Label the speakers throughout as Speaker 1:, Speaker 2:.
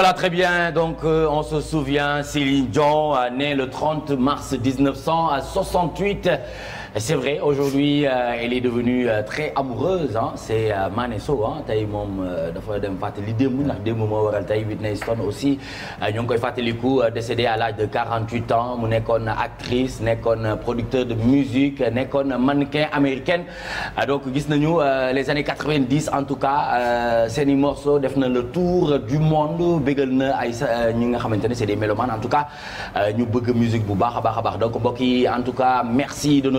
Speaker 1: voilà très bien donc euh, on se souvient Céline Dion né le 30 c'est vrai aujourd'hui euh, elle est devenue euh, très amoureuse ah c'est euh, Maneso ah tey moom dafa dem fàttali démb ndax démb moo waral tey Whitney Houston aussi ñoo ngi koy fàttaliku décédée à l'âge de 48 ans mu nekkoon actrice nekkoon producteur de musique nekkoon mannequin américaine donc gis nañu les années 90 en tout cas seeni morceaux def na le tour du monde bégal na sa ñi nga xamante ne c'est des mélomanes en tout cas ñu bëgg musique bu baax a baax a donc mbokk en tout cas merci de nous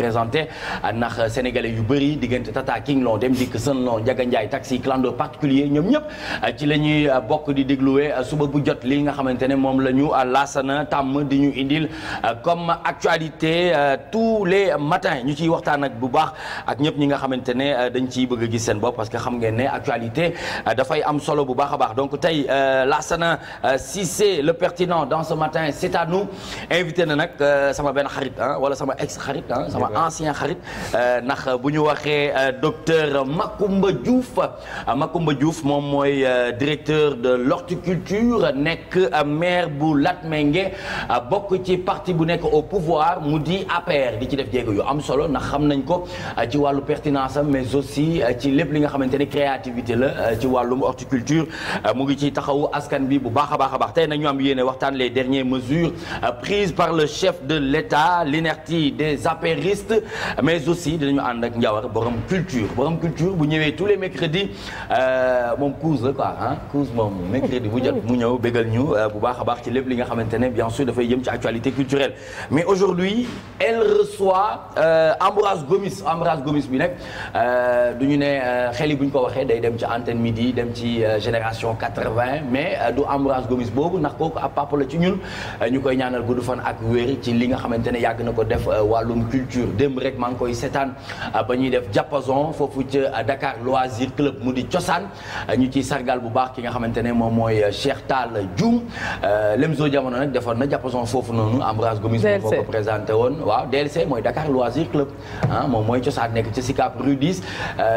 Speaker 1: présenté ndax sénégalais yu bëri diggante Tata King Long dem dikk Sën Long Ndiaga Ndiaye taxi clando particulier ñoom ñëpp ci la ñuy euh, bokk di dégluwee euh, suba bu jot li nga xamante ne moom la ñu euh, laasana tàmm di ñu indil comme actualité tous les matins ñu ciy waxtaan ak bu baax ak ñëpp ñi nga xamante ne dañ ciy bëgg a gis seen bopp parce que xam ngeen ne actualité dafay am solo bu baax a baax donc tey laasana si c'est le pertinent dans ce matin c'est invité na nag sama benn xarit ah wala sama Euh, ancien xarit euh, ndax bu ñu waxee euh, docteur Macoumba Diouf Macoumba Diouf moom mooy directeur de l'horticulture nekk maire bu lat Latmingué bokk ci parti bu nekk au pouvoir mu di APR di ci def jéego yu am solo ndax xam nañ ko ci wàllu pertinence am mais aussi ci lépp li nga xamante ne créativité la ci wàllum horticulture mu ngi ci taxawu askan bi bu baax a baax a baax tey nag ñu am yéene waxtaan les dernières mesures prises par le chef de l'État l'inertie des apéristes artistes mais aussi ñu ànd ak Njawar borom culture borom culture bu ñëwee tous les mercredis euh, moom cause la quoi ah cause moom mercredi bu jot mu ñëw bégal ñu euh, bu baax a baax ci lépp li nga xamante ne bien sûr dafay jëm ci actualité culturelle mais aujourd'hui elle reçoit euh, Ambroise Gomis Ambroise Gomis bi nag du ñu ne xel yi bu ñu ko waxee day dem ci antenne midi dem ci génération 80 mais du Ambroise Gomis boobu nax kooku ab papa ci ñun ñu koy ñaanal gudd fan ak wér ci li nga xamante ne yàgg na ko def wàllum culture démb rek maa ngi koy seetaan ah, ba ñuy def jàppason foofu ca ah, Dakar Loisir Club mu di cosaan ah, ñu ciy sargal bu baax ki nga xamante ne moom mooy Cheikh Tall Dioum Lemzo Jamono nag defoon na jàppason foofu noonu Ambroise Gomis moo ko présenté woon waaw DLC mooy Dakar Loisir moom mooy cosaan nekk ci Sicap Rue 10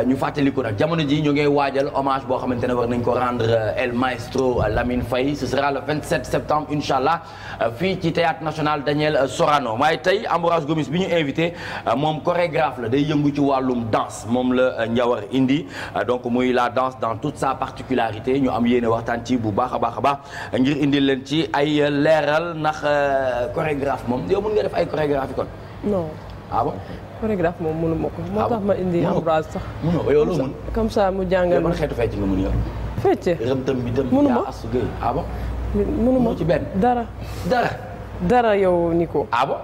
Speaker 1: ñu fàttaliku nag jamono ji ñu ngay waajal hommage boo xamante ne war nañ ko rendre El Maestro Lamine Faye ce sera le 27 septembre incha allah fii national Daniel Sorano bi ñu invité Euh, moom chorégraphe la day yëngu ci wàllum dance moom la euh, Njawar indi euh, donc muy la danse dans tout sa particularité ñu am yéene waxtaan ci bu baax a baax a baax ngir indil leen ci ay leeral ndax chorégraphe moom yow mën nga def ay chorégraphe kon. non ah
Speaker 2: bon. chorégraphe moom mënu ma ko. Ah moo tax ma indi Ambroise sax. mënoo yow loo mën comme ça mu jàng man xeetu fecc nga mën yow. fecc rëmtëm bi dem. mënu ma yaa asu gëy ah ci benn dara. dara. dara yow Nico. ah bon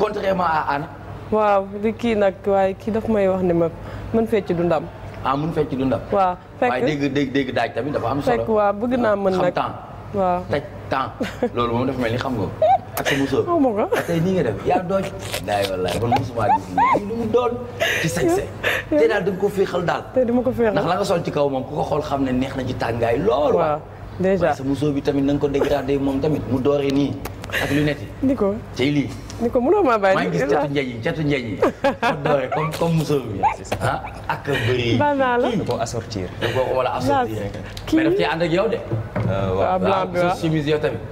Speaker 2: contrairement à Anna. waaw di kii nag waaye kii daf may wax ne mag mën fecc du ndam. ah mën dundam waaw waaye dégg dégg dégg daaj tamit dafa am solo. fekk bëgg naa mën nag xam temps. waaw taj
Speaker 1: loolu moom dafa mel ni xam nga ak sa musóor. xaw ma ko tey nii nga def yaa dooj. daay wallaay man mosuma si lii lu mu doon ci sañse. te daal da ko féexal daal. te dama ko féexal ndax la nga sol ci kaw moom ku ko xool xam ne neex na ci tàngaay lool. waaw déjà sa musóor bi tamit na nga ko dégradé moom tamit mu dooree nii ak lunette yi. di ko tey lii. ni ko mënoo maa bàyyi. maa ngi gis catu njeñ yi catu njeñ yi. doy comme comme musóor bi. ah ak bëri. baax naa la kii ko assortir. da ko wala assortir rek. kii mais daf cee ànd ak yow de.
Speaker 3: Ah, waaw ah, blanc ah, bi waaw
Speaker 1: chemise yow tamit.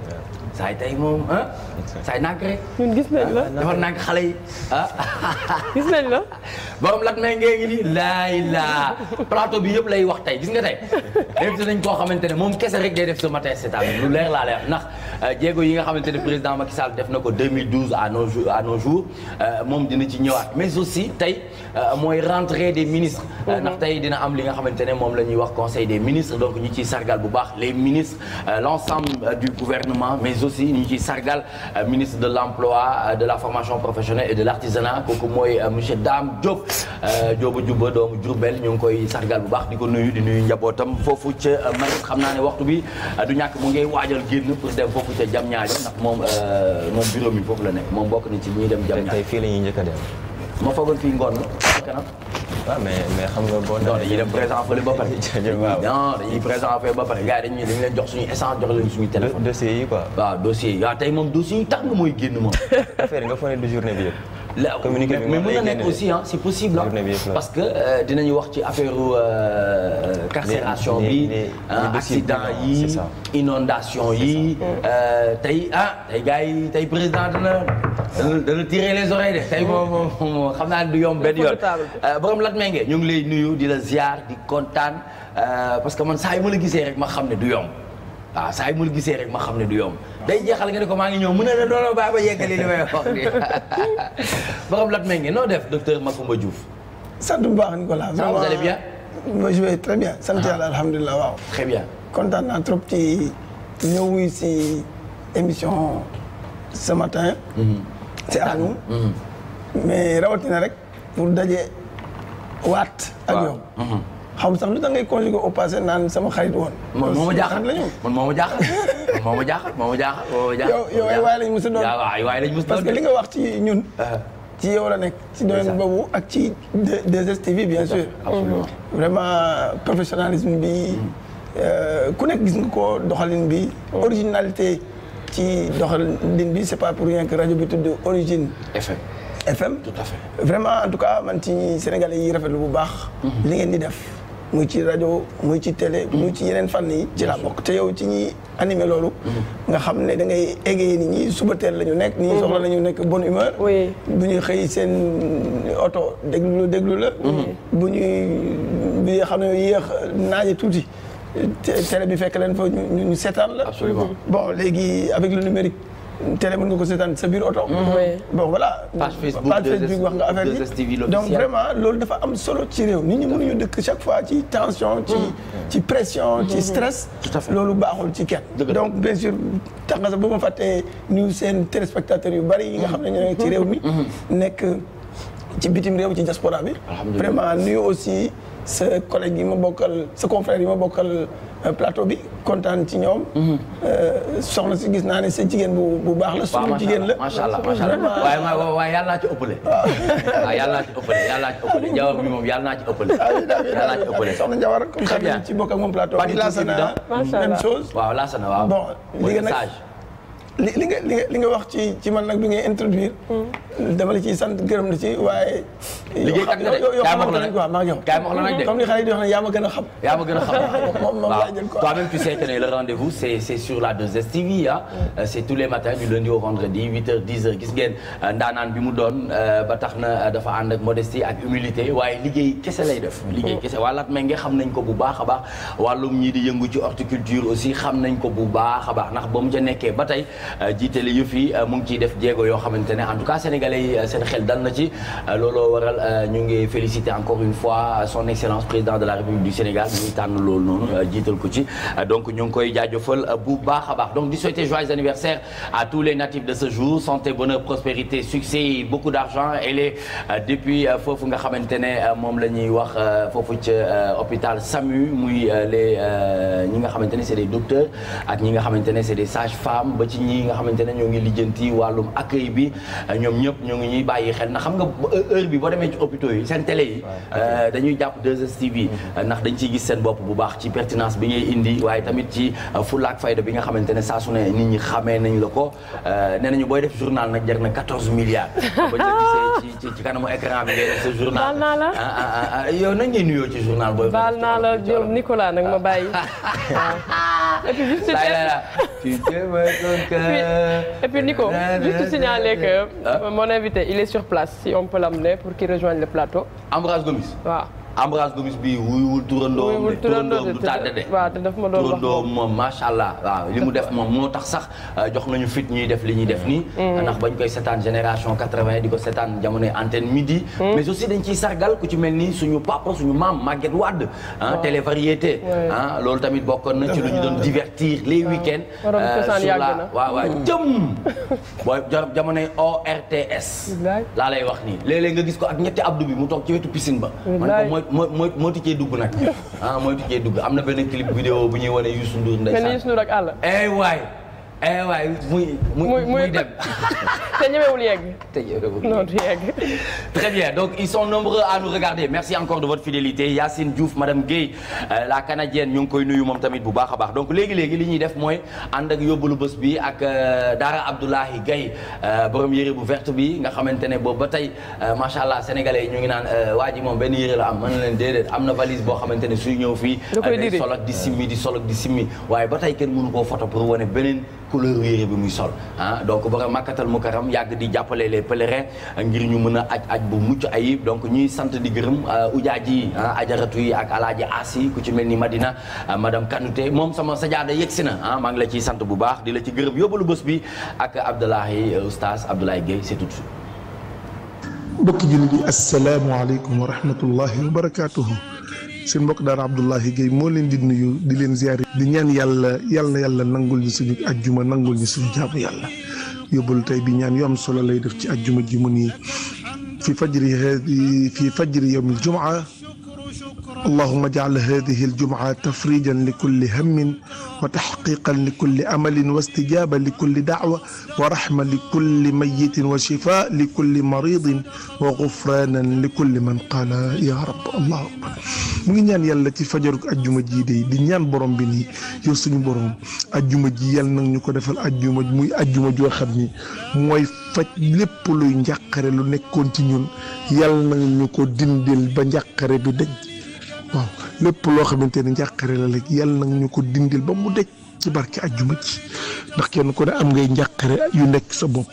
Speaker 1: saay tey moom ah. saay nànk rek. ñun gis nañ la dafa nànk xale yi ah. gis nañ la. borom lat may ngee ngi nii laay laa plateau bi yëpp lay wax tey gis nga tey. invité nañ koo xamante ne moom kese rek day def ce matin c'est à lu leer laa lay wax ndax. Euh, jéego yi nga xamante ne président Macky Sall def na ko 2012 à nos jours euh, moom dina ci ñëwaat mais aussi tey euh, mooy rentre des ministres. Mhm. ndax tey dina am li nga xamante ne moom la ñuy wax conseil des ministres donc ñu ciy sargal bu baax les ministres l'ensemble du gouvernement mais aussi ñu ciy sargal ministre de l'emploi de la formation professionnelle et de l'artisanat kooku mooy monsieur Dame Diop Diop Diouba doomu Diourbel ñu ngi koy sargal bu baax di ko nuyu di nuyu njabootam foofu ca Maroc xam naa ne bi du ñàkk mu bokk ca jam ñaajo ndax moom euh, moom bureau mi foofu moom bokk na ci ñuy dem jam ñaajo tey fii la ñuy njëkk a dem ma foogoon fii ngoon la kanam waaw ah, mais mais xam nga boo. non dañuy dem présent fële ba pare. waaw non dañuy présent fële ba pare yi dañuy dañu leen jox yi moom dossier yi tax nga mooy génn moom. affaire nga fa la communiqué mais mën na nekk aussi ah
Speaker 4: c'est possible parce
Speaker 1: que euh, dinañu wax ci affaire euh, carcération bi accident yi inondation yi euh, tey ah tey gars yi tey président dana dana tirer les oreilles de tey moom moom xam naa du yomb benn yoon borom lat menge ñu ngi lay nuyu di la ziar di kontaan parce que man saa yu ma la gisee rek ma xam ne du yomb waaw ah, saa la gisee rek ma xam ne du yomb day jeexal nga ne ko maa ngi ñëw mu ne la doon bàyyi ba yeggali li may wax nii borom lat menge noo def docteur Macoumba Diouf.
Speaker 5: sant bu baax Nicolas. ça vous allez bien. ma je vais très bien. sant ah. yàlla alhamdulilah waaw. très bien kontaan naa trop ci ñëw wi si émission ce matin. Mhm. si Anou. Mhm. mais rawatina rek pour daje waat ak yow. Mhm. xam sax lu tax ngay conjugué au passé naan sama xarit woon. man moo ma jaaxal man moo ma jaaxal. moo
Speaker 1: jaaxal moo ma jaaxal moo ma jaaxal. yow yow ay waay lañ
Speaker 5: mës a parce que li nga wax ci ñun. Ah. ci yow la nekk ci domaine boobu ak ci 2STV bien sûr. vraiment professionnalisme bi. Mm. Euh, ku nekk gis nga ko doxalin bi. Oh. originalité ci doxalin bi c'est pour rien que rajo bi tudd origine. FM. FM tout à vraiment en tout cas man ci Sénégalais yi rafetlu bu baax. Mm-hmm. li ngeen di def. muy ci rajo muy ci télé mm-hmm. muy ci yeneen fan yi ci laa bokk te yow ci ñi animé loolu mm-hmm. nga xam ne da ngay égayer nit ñi suba teel la ñu nekk nit ñi mm-hmm. soxla la ñu nekk bonne humeur bu ñuy xëy seen oto déglu la déglu la bu ñuy bi xam ne yéex naaje tuuti télé bi fekk leen fa ñu seetaan la bon léegi avec le numérique télé mën nga ko seetaan sa biir oto. Mhm. bon voilà. page Facebook page Facebook wax nga affaire donc vraiment loolu dafa am solo ci réew. nit ñi mënuñu dëkk chaque fois ci tension. ci mhm. ci pression ci mhm. stress. loolu baaxul ci kenn. donc bien sûr tax nga sax ba ma fàttee nuyu seen téléspectateurs yu bari yi nga xam ne ñoo nekk ci réew mi. nekk ci bitim réew ci diaspora bi. vraiment nuyu aussi. sa collègue yi ma bokkal sa confrère yi ma bokkal euh, plateau bi kontaan ci ñoom. Mhm. Euh, soxna si gis naa ne sa jigéen bu bu baax la. suñu jigéen la macha allah macha allah waaye ma
Speaker 1: waaye yàlla naa ci ëppale. waaw ah. ah, yàlla naa ci ëppale yàlla naa ci ëppale bi moom yàlla naa ci ëppale. Ah,
Speaker 5: yàlla naa bokk ak moom plateau bi.
Speaker 1: waaw bon léegi
Speaker 5: li li nga wax ci ci man nag bi ngay introduire. Mm. dama la ci sant gërëm la ci waaye. ma wax la nag waaw maa ngi yow. yaa ma wax la nag de comme ni a xam. a xam moom moom
Speaker 1: la 2STV ah. Mm. Euh, c'est tous les matins du lundi au vendredi gis ngeen euh, ndaanaan bi mu doon euh, ba tax na dafa ànd ak modestie ak humilité waaye liggéey kese lay def. Mm. liggéey kese waa Latmingué nga xam nañ ko bu baax a baax wàllum ñii di yëngu ci horticulture aussi xam nañ ko bu baax a baax ndax ba mu ca nekkee ba tey Euh, jiite li yu fi euh, mu ngi ciy def jéego yoo xamante ne en tout cas sénégalais yi euh, seen na ci looloo waral ñu ngi féliciter encore une fois son excellence président de la république du Sénégal muy tànn loolu noonu jiital ko ci donc ñu ngi koy jaajëfal bu baax a baax donc di souhaiter joyeux anniversaire à tous les natifs de ce jour santé bonheur prospérité succès beaucoup d'argent et les depuis foofu nga xamante ne moom la ñuy wax foofu ci hôpital SAMU muy les ñi nga xamante ne c'est des docteurs ak ñi yi nga xamante ne ñoo ngi lijjanti wàllum accueil bi ñoom ñëpp ñoo ngi ñuy bàyyi xel ndax xam nga euh, heure bi boo demee ci hôpitaux yi seen télé yi euh, dañuy jàpp 2STV mm-hmm. ndax dañ ciy gis seen bopp bu baax ci pertinence bi ngay indi waaye tamit ci euh, fulaak fayda bi nga xamante ne saa su ne nit ñi xamee nañ la ko nee nañu booy def journal nag jar na 14 milliards ba ci ci ci kanamu
Speaker 2: écran bi baal naa la ah, ah, ah, yow nañ ngay nuyoo ci journal booy baal naa la yow Nicolas nag ma bàyyi et puis puis et puis Nico juste signaler que ah. euh, mon invité il est sur place si on peut l'amener pour qu'il rejoigne le plateau. Ambroise Gomis waaw.
Speaker 1: Ambroise Gomis bi wuyuwul turandoo. wuyuwul turandoo de waaw te ma doon wax moom macha allah. waaw li mu def moom moo tax sax euh, jox nañu fit ñuy def li ñuy def nii. Mm. Mm. ndax bañ koy seetaan génération 80 di ko seetaan jamonoy antenne midi. Mm. mais aussi dañ ciy sargal ku ci mel ni suñu papa suñu maam Maguette Wade. ah télé variété. ah loolu tamit bokkoon na ci lu ñu doon divertir les week-ends. waroon euh, cosaan yàgg na sur la waaw waaw jëm. booy jamonoy ORTS. laa lay wax nii léeg nga gis ko ak ñetti abdou bi mu toog ci wetu piscine ba. moo moo moytu cee dugg nag ah moo cee dugg am na benn clip vidéo bu ñuy wane Youssou Ndour ndeysaan. mel ni
Speaker 2: Youssou Ndour ak àll. eh
Speaker 1: waay. eh waay muy muy muy dem
Speaker 2: te ñemewul yegg. te ñemewul yegg non du yegg.
Speaker 1: très bien donc ils sont nombreux a nous regarder merci encore de votre fidélité Yacine Diouf madame Guèye euh, la canadienne ñu koy nuyu moom tamit bu baax a baax donc léegi léegi li ñuy def mooy ànd ak yóbbalu bës bi ak euh, Dara Abdoulahi gay euh, borom yére bu verte bi nga xamante ne boobu ba tey macha allah sénégalais yi ñu ngi naan waa ji moom benn yére la am mën leen déedéet am na valise boo xamante ne suy ñëw fii. da koy diri di waaye ba tey kenn mënu koo beneen. couleur yére bi muy sol ah donc borom Makkatal Mukarram yàgg di jàppale les pèlerins ngir ñu mën a aj aj bu mucc ayib donc ñuy sant di gërëm ah, ujaaj yi ajaratu ah, yi ak alaaji asi ku ci mel ni Madina ah, madame Kanouté moom sama sajaada yegsi na ah maa ngi la ciy sant bu baax di la ci gërëm yóbbalu bés bi ak Abdoulahi euh, oustaz Abdoulaye Guèye c'est tout de suite
Speaker 6: mbokk suñ mbokk daara Abdoulahi Guèye moo leen di nuyu di leen ziyaare di ñaan yàlla yàlla yàlla nangul ñu suñu ajjuma nangul ñu suñu jaamu yàlla yóbbul tey bi ñaan yu solo lay def ci ajjuma ji mu nii fi fajri fi fajri yawmil jumaa allahuma jacal hadihi aljumaa tafrijan li kulli hammin wa taxqiqan li kulli amalin wa istijaaba li kulli dacwa wa raxma li kulli mayitin wa shifaa li kulli maridin wa gufraanan li kulli man qaala ya rab allahu akbar mu ngi ñaan yàlla ci fajaruk ajjuma ji day di ñaan borom bi nii yow suñu borom ajjuma ji yàlla nag ñu ko defal ajjuma muy ajjuma joo xam ni mooy faj lépp luy njàqare lu nekkoon ci ñun yàlla nag ñu ko dindil ba njàqare bi daj waaw lépp loo xamante ne njàqare la rek yàlla nag ñu ko dindil ba mu dej ci barke ajjuma ci ndax kenn ku ne am ngay njàqare yu nekk sa bopp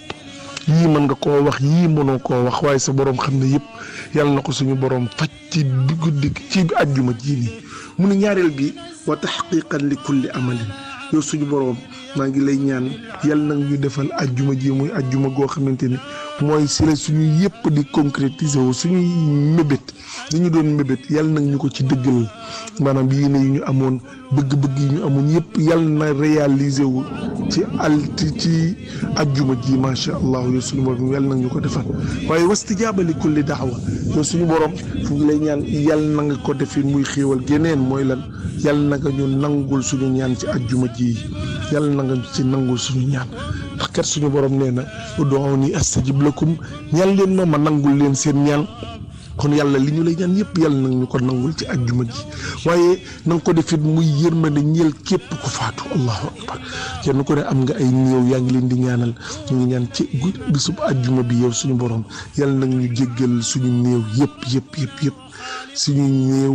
Speaker 6: yii mën nga koo wax yii mënoo koo wax waaye sa borom xam ne yëpp yàlla na ko suñu borom faj ci guddi ci ajjuma jii nii mu ne ñaareel bi wa taxqiqan li kulli amalin yow suñu borom maa ngi lay ñaan yàlla nag ñu defal ajjuma ji muy ajjuma goo xamante ne mooy si la suñu yëpp di concrétiser wu suñuy mébét ñu ñu doon mébét yàlla nag ñu ko ci dëggal maanaam yéene yi ñu amoon bëgg-bëgg yi ñu amoon yëpp yàlla na réaliser wu ci alti ci ajjuma ji macha allah yow suñu borom yàlla nag ñu ko defal waaye wastijaaba li kulli daawa yow suñu borom fu ngi lay ñaan yàlla na nga ko defi muy xéewal geneen mooy lan yal na nga ñu nangul suñu ñaan ci ajjuma ji yal na nga ci nangul suñu ñaan ndax suñu borom nee na ud'uuni astajib lakum ñaan leen ma ma nangul leen seen ñaan kon yàlla li ñu lay ñaan yëpp yàlla nag ñu ko nangul ci àjjuma ji waaye na nga ko defit muy yërmande ñeel képp ku faatu allahu akbar kenn ko ne am nga ay néew yaa ngi leen di ñaanal ñu ngi ñaan ci bisub àjjuma bi yow suñu borom yàlla nag ñu jéggal suñu néew yëpp yëpp yëpp yëpp suñu néew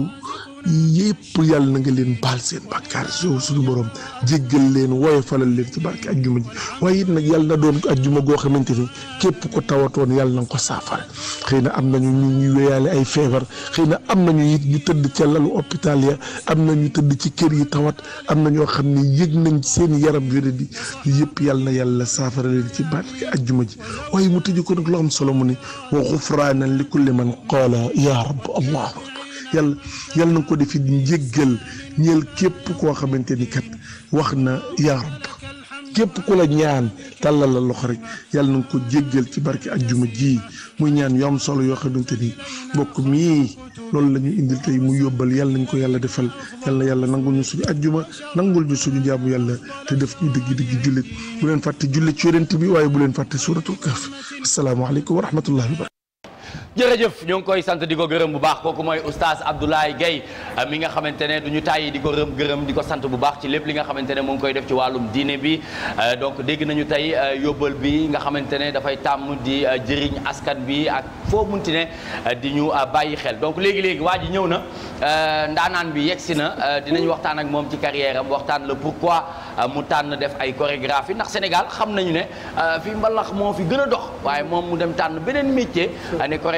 Speaker 6: yëpp yàlla na nga leen baal seen bàkkaar suñu borom jéggal leen wooye falal leen ci barke ajjuma ji waaye it nag yàlla na doon ajjuma goo xamante ni képp ko tawatoon yàlla na ko saafara xëy na am nañu ñu ñuy wéyaale ay feebar xëy na am nañu it ñu tëdd ca lalu ya am na ñu tëdd ci kër yi tawat am na ñoo xam ne yëg nañ seen yaram wéradi yëpp yàlla na yàlla saafara leen ci barke ajjuma ji waaye mu tëj ko nag loo am solo mu ne wa xufraanan li kulli man qaala yaa rab allah yàlla yàlla na nga ko defit njéggal ñeel képp koo xamante ni kat wax na yaa rab képp ku la ñaan tàllal la loxo rek yàlla na nga ko jéggal ci barke ajjuma ji muy ñaan yu am solo yoo xamante ni mbokk mii loolu la ñu indil tey mu yóbbal yàlla nañ ko yàlla defal yàlla yàlla nangul ñu suñu ajjuma nangul ñu suñu jaamu yàlla te def ñu dëgg dëgg jullit bu leen fàtte jullit ci yonent bi waaye bu leen fàtte suuratul kahf asalaamaaleykum wa rahmatullahi wa barakatuh
Speaker 5: jërëjëf
Speaker 1: ñoo ngi koy sant di ko gërëm bu baax kooku mooy oustaz Abdoulaye Gaye ah, mi nga xamante ne duñu tàyyi di ko rëm gërëm di ko sant bu baax ci lépp li nga xamante ne mu koy def ci wàllum diine bi ah, donc dégg nañu tey ah, yóbbal bi nga xamante ne dafay tàmm di jëriñ askan bi ak foo munti ne di ñu bàyyi xel donc léegi-léegi waa ji ñëw na ndaanaan bi yegsi na dinañ waxtaan ak moom ci carrière am waxtaan la pourquoi mu tànn def ay chorégraphie ndax Sénégal xam nañu ne fii mbalax moo fi gën a dox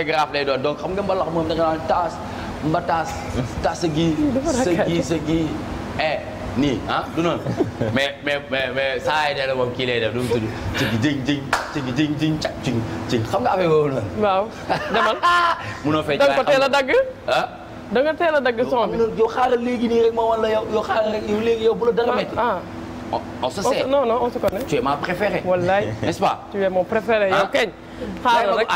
Speaker 1: chorégraphe lay doon donc xam nga mbalax moom da nga naan taas mba taas taas sa gi sa gi sa gi eh nii ah du noonu mais mais mais mais saa yi delloo moom kii lay def du mu tudd ci gi jëng jëng ci gi jëng jëng cag ci ci xam nga affaire boobu noonu waaw demal munoo fay da nga ko ah? teel a dagg ah da nga teel a dagg son bi yow xaaral léegi nii rek ma wan la yow yow
Speaker 2: xaaral rek yow léegi yow bu la dara ah, métti ah. on se sait non non on se connaît
Speaker 1: tu es ma préférée
Speaker 2: wallaay n'est-ce pas tu es mon préféré yow keñ xaaral rek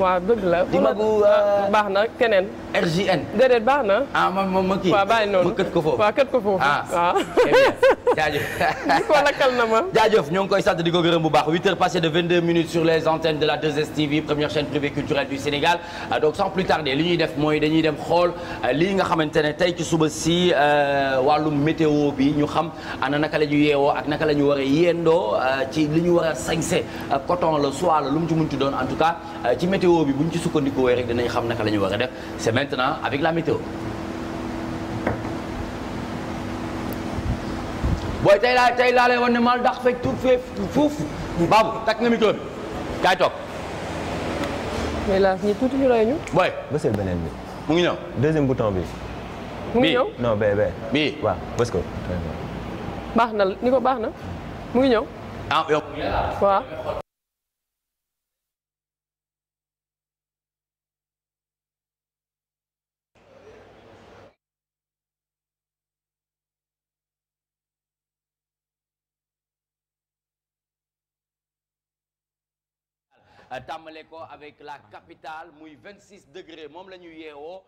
Speaker 2: waaw dëgg la. di magu ah, ah. baax na keneen. RJN. déedéet baax na. ah man moom ma kii ma kët ko foofu. waaw kët ko foofu ah waaw. jaajëf. di lakkal na ma. jaajëf ñoo ngi koy sant di ko
Speaker 1: gërëm bu baax 8 heures passées de 22 minutes sur les antennes de la 2STV première chaîne privée culturelle du Sénégal ah, donc sans plus tarder li ñuy def mooy dañuy dem xool euh, lii nga xamante ne tey ci suba si euh, wàllum météo bi ñu xam ana naka la ñu yeewoo ak naka la ñu war a euh, ci li ñu war a sañse coton la soie la lu mu ci munti doon en tout cas ci météo bi bu ñu ci sukkandikoo rek dinañ xam naka la ñu war a def maintenant avec la météo. booy tey laa la laa lay wan ne mal ndax fekk tuut fee fuuf
Speaker 2: baabu takk nga micro bi kaay toog. mais là ñi tuuti ñu lay ñu.
Speaker 3: booy bësal beneen bi. mu ngi ñëw deuxième bouton bi. mu ngi ñëw non bee bee. bii waaw bës ko.
Speaker 2: baax na ni ko baax na mu ngi ñëw.
Speaker 3: ah yow.
Speaker 1: tàmbale ko avec capitale muy 26 degré moom la ñu yeewoo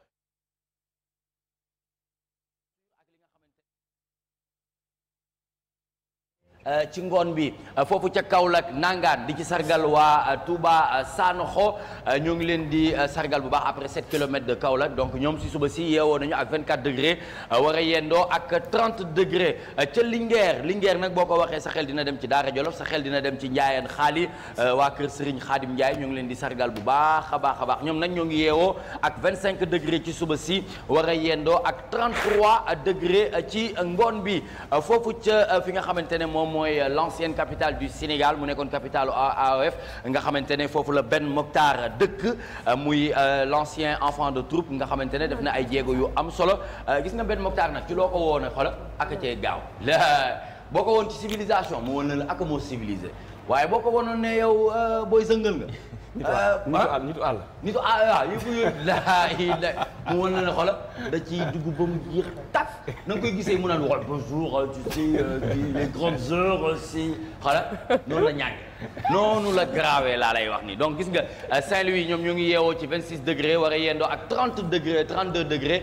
Speaker 1: Eh, ci ngoon bi eh, foofu ca Kaolack nangaan di ci sargal waa eh, Touba Sanoxo ñoo ngi leen di sargal bu baax après 7 kilomètres de Kaolack donc ñoom si suba si yeewoo nañu ak 24 degré war a yendoo ak 30 degré ca Linguère Linguère nag boo ko waxee sa xel dina dem ci Daara Jolof sa xel dina dem ci Njaayeen Xaali waa kër Serigne Khadim Ndiaye ñoo ngi leen di sargal bu baax a baax ñoom nag ñoo ngi yeewoo ak 25 degré ci suba si war a yendoo ak 33 degré ci ngoon bi foofu ca fi nga xamante ne moom mooy euh, l'ancienne capitale du Sénégal mu nekkoon capitale AOF e nga xamante ne foofu la Ben Mokhtar dëkk euh, muy euh, l'ancien enfant de troupe nga xamante ne def na ay jéego yu am solo gis nga Ben Mokhtar nag ci loo ko woon a xola ak gaaw boo ko woon ci civilisation mu woon na la ak moo civilisé waaye boo ko woonoon ne yow booy sëngal nga nitu àll ni ko ah waaw yëpp yëpp laa illah mu wan la ne xoolal da ciy ba mu jeex taf na nga koy gisee mu naan waxal bonjour a euh, sais euh, les grandes heures euh, si xoolal noonu la ñàkk noonu la grave laa lay wax nii donc gis nga Saint-Louis ñoom ñoo ngi yeewoo ci 26 degré war a yendoo ak 30 degré 32 degré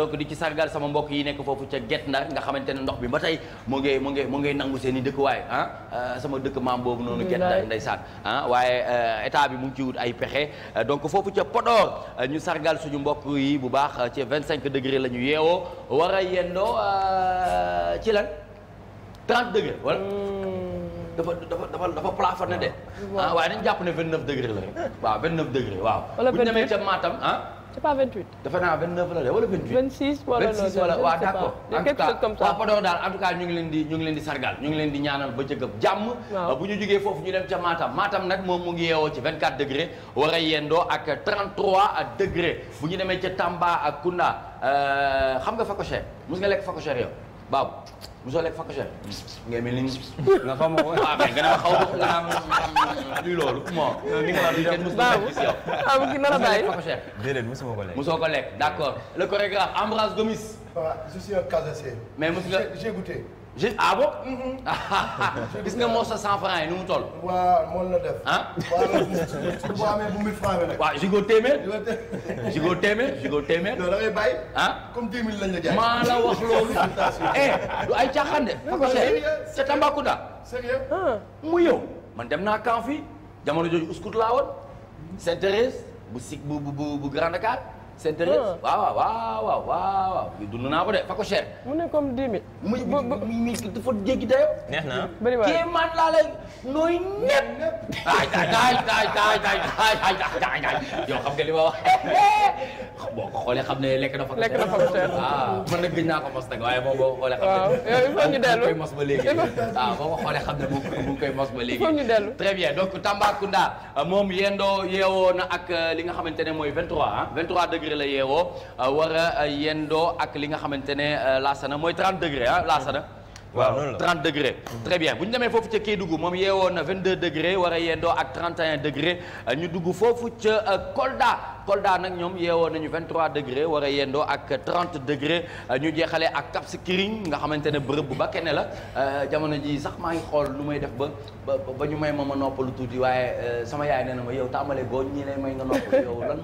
Speaker 1: donc di ci sargal sama mbokk yi nekk foofu ca get Ndar nga xamante ne ndox bi ba tey moo ngay moo ngay moo ngay nangu seen i dëkkuwaay ah sama dëkk maam boobu noonu Guet Ndar ndeysaan ah waaye pexe foofu ca Podor euh, ñu sargal suñu mbokk yi bu baax euh, ci 25 degré la ñu yeewoo war a yendoo
Speaker 2: euh,
Speaker 1: ci lan 30 degré wala. dafa dafa dafa dafa plafonné de. waaw ah, waaye dañ jàpp ne 29 degré la rek. waaw 29 degré waaw. bu ñu ca Matam ah, c'est pas 28. dafa la de wala
Speaker 2: 28. 26 wala loolu 26 en tout cas
Speaker 1: waa Podor daal en tout cas ñu ngi leen di ñu ngi leen di sargal ñu ngi leen di ñaanal ba jëkkëb jàmm. bu ñu jógee foofu ñu dem ca Matam Matam nag moom mu ngi yeewoo ci 24 degré war a yendoo ak 33 degré bu ñu demee ca Tamba ak Kounda euh, xam nga fakochère mos nga lekk fakochère yow baabu. mosoo lekk fakkachal. ngay mel ni nga xam ma ko. waaw mais gannaaw xaw ma nga xam luy loolu. bon li nga wax kenn mosuma ko gis
Speaker 7: a bàyyi
Speaker 1: déedéet mosuma ko lekk. mosoo ko lekk d' accord le chorégraphe Ambroise Gomis.
Speaker 7: voilà je suis un Casacé.
Speaker 1: mais mos nga j'ai je ah bon. Mm-hmm. gis nga moo sa cent franc yi ni mu toll. waaw moom la def. ah boo amee bu mille franc bi nag. waaw jigo téeméer. jigo téeméer jigo téeméer. non da ngay bàyyi. ah comme dix mille lañ la jaay. maa la wax loolu. eh du ay caaxaan de. c'est Tambacounda. sérieux ah. mu yow man dem naa camp fii jamono jooju Ouskout laa woon Sainte-Thérèse bu Sik bu bu senteret ah. waaw waaw waaw waaw dund naa ko de fa ko
Speaker 2: cher. mu ne comme 10 000. muy muy
Speaker 1: dafa jéggi dayoo. neex na
Speaker 2: bëriwaay kii man laa lay nooy ñëpp.
Speaker 1: ay ay ay ay ay ay ay ay yow xam nga li ma wax. Eh, eh. boo ko xoolee xam ne lekk dafa. lekk ko cher waaw man nag gëj naa ko mos nag waaye moom ah, boo ko xoolee. waaw mos ba léegi xam ne moom mu ngi koy mos ba léegi. dellu très bien donc Tambacounda moom yendoo yeewoo na ak eh, li nga xamante ne mooy 23 ah 23 degré la yeewoo eh, war a eh, yendoo ak li nga xamante ne laasana mooy 30 degré ah laasana.
Speaker 4: waaw 30
Speaker 1: degré très bien bu ñu demee foofu ca Kédougou moom yeewoon na 22 degré war a yendoo ak 31 degré ñu dugg foofu ca Kolda Kolda nag ñoom yeewoo nañu 23 degré war a yendoo ak 30 degré ñu jeexalee ak Cap Skirring nga xamante ne bërëb bu Bakel la euh, jamono ji sax maa ngi xool lu may def ba ba ñu may ma ma noppalu tuuti waaye euh, sama yaay nee ma yow tàmbalee gooñ ñi lay may nga noppalu yow lan ah,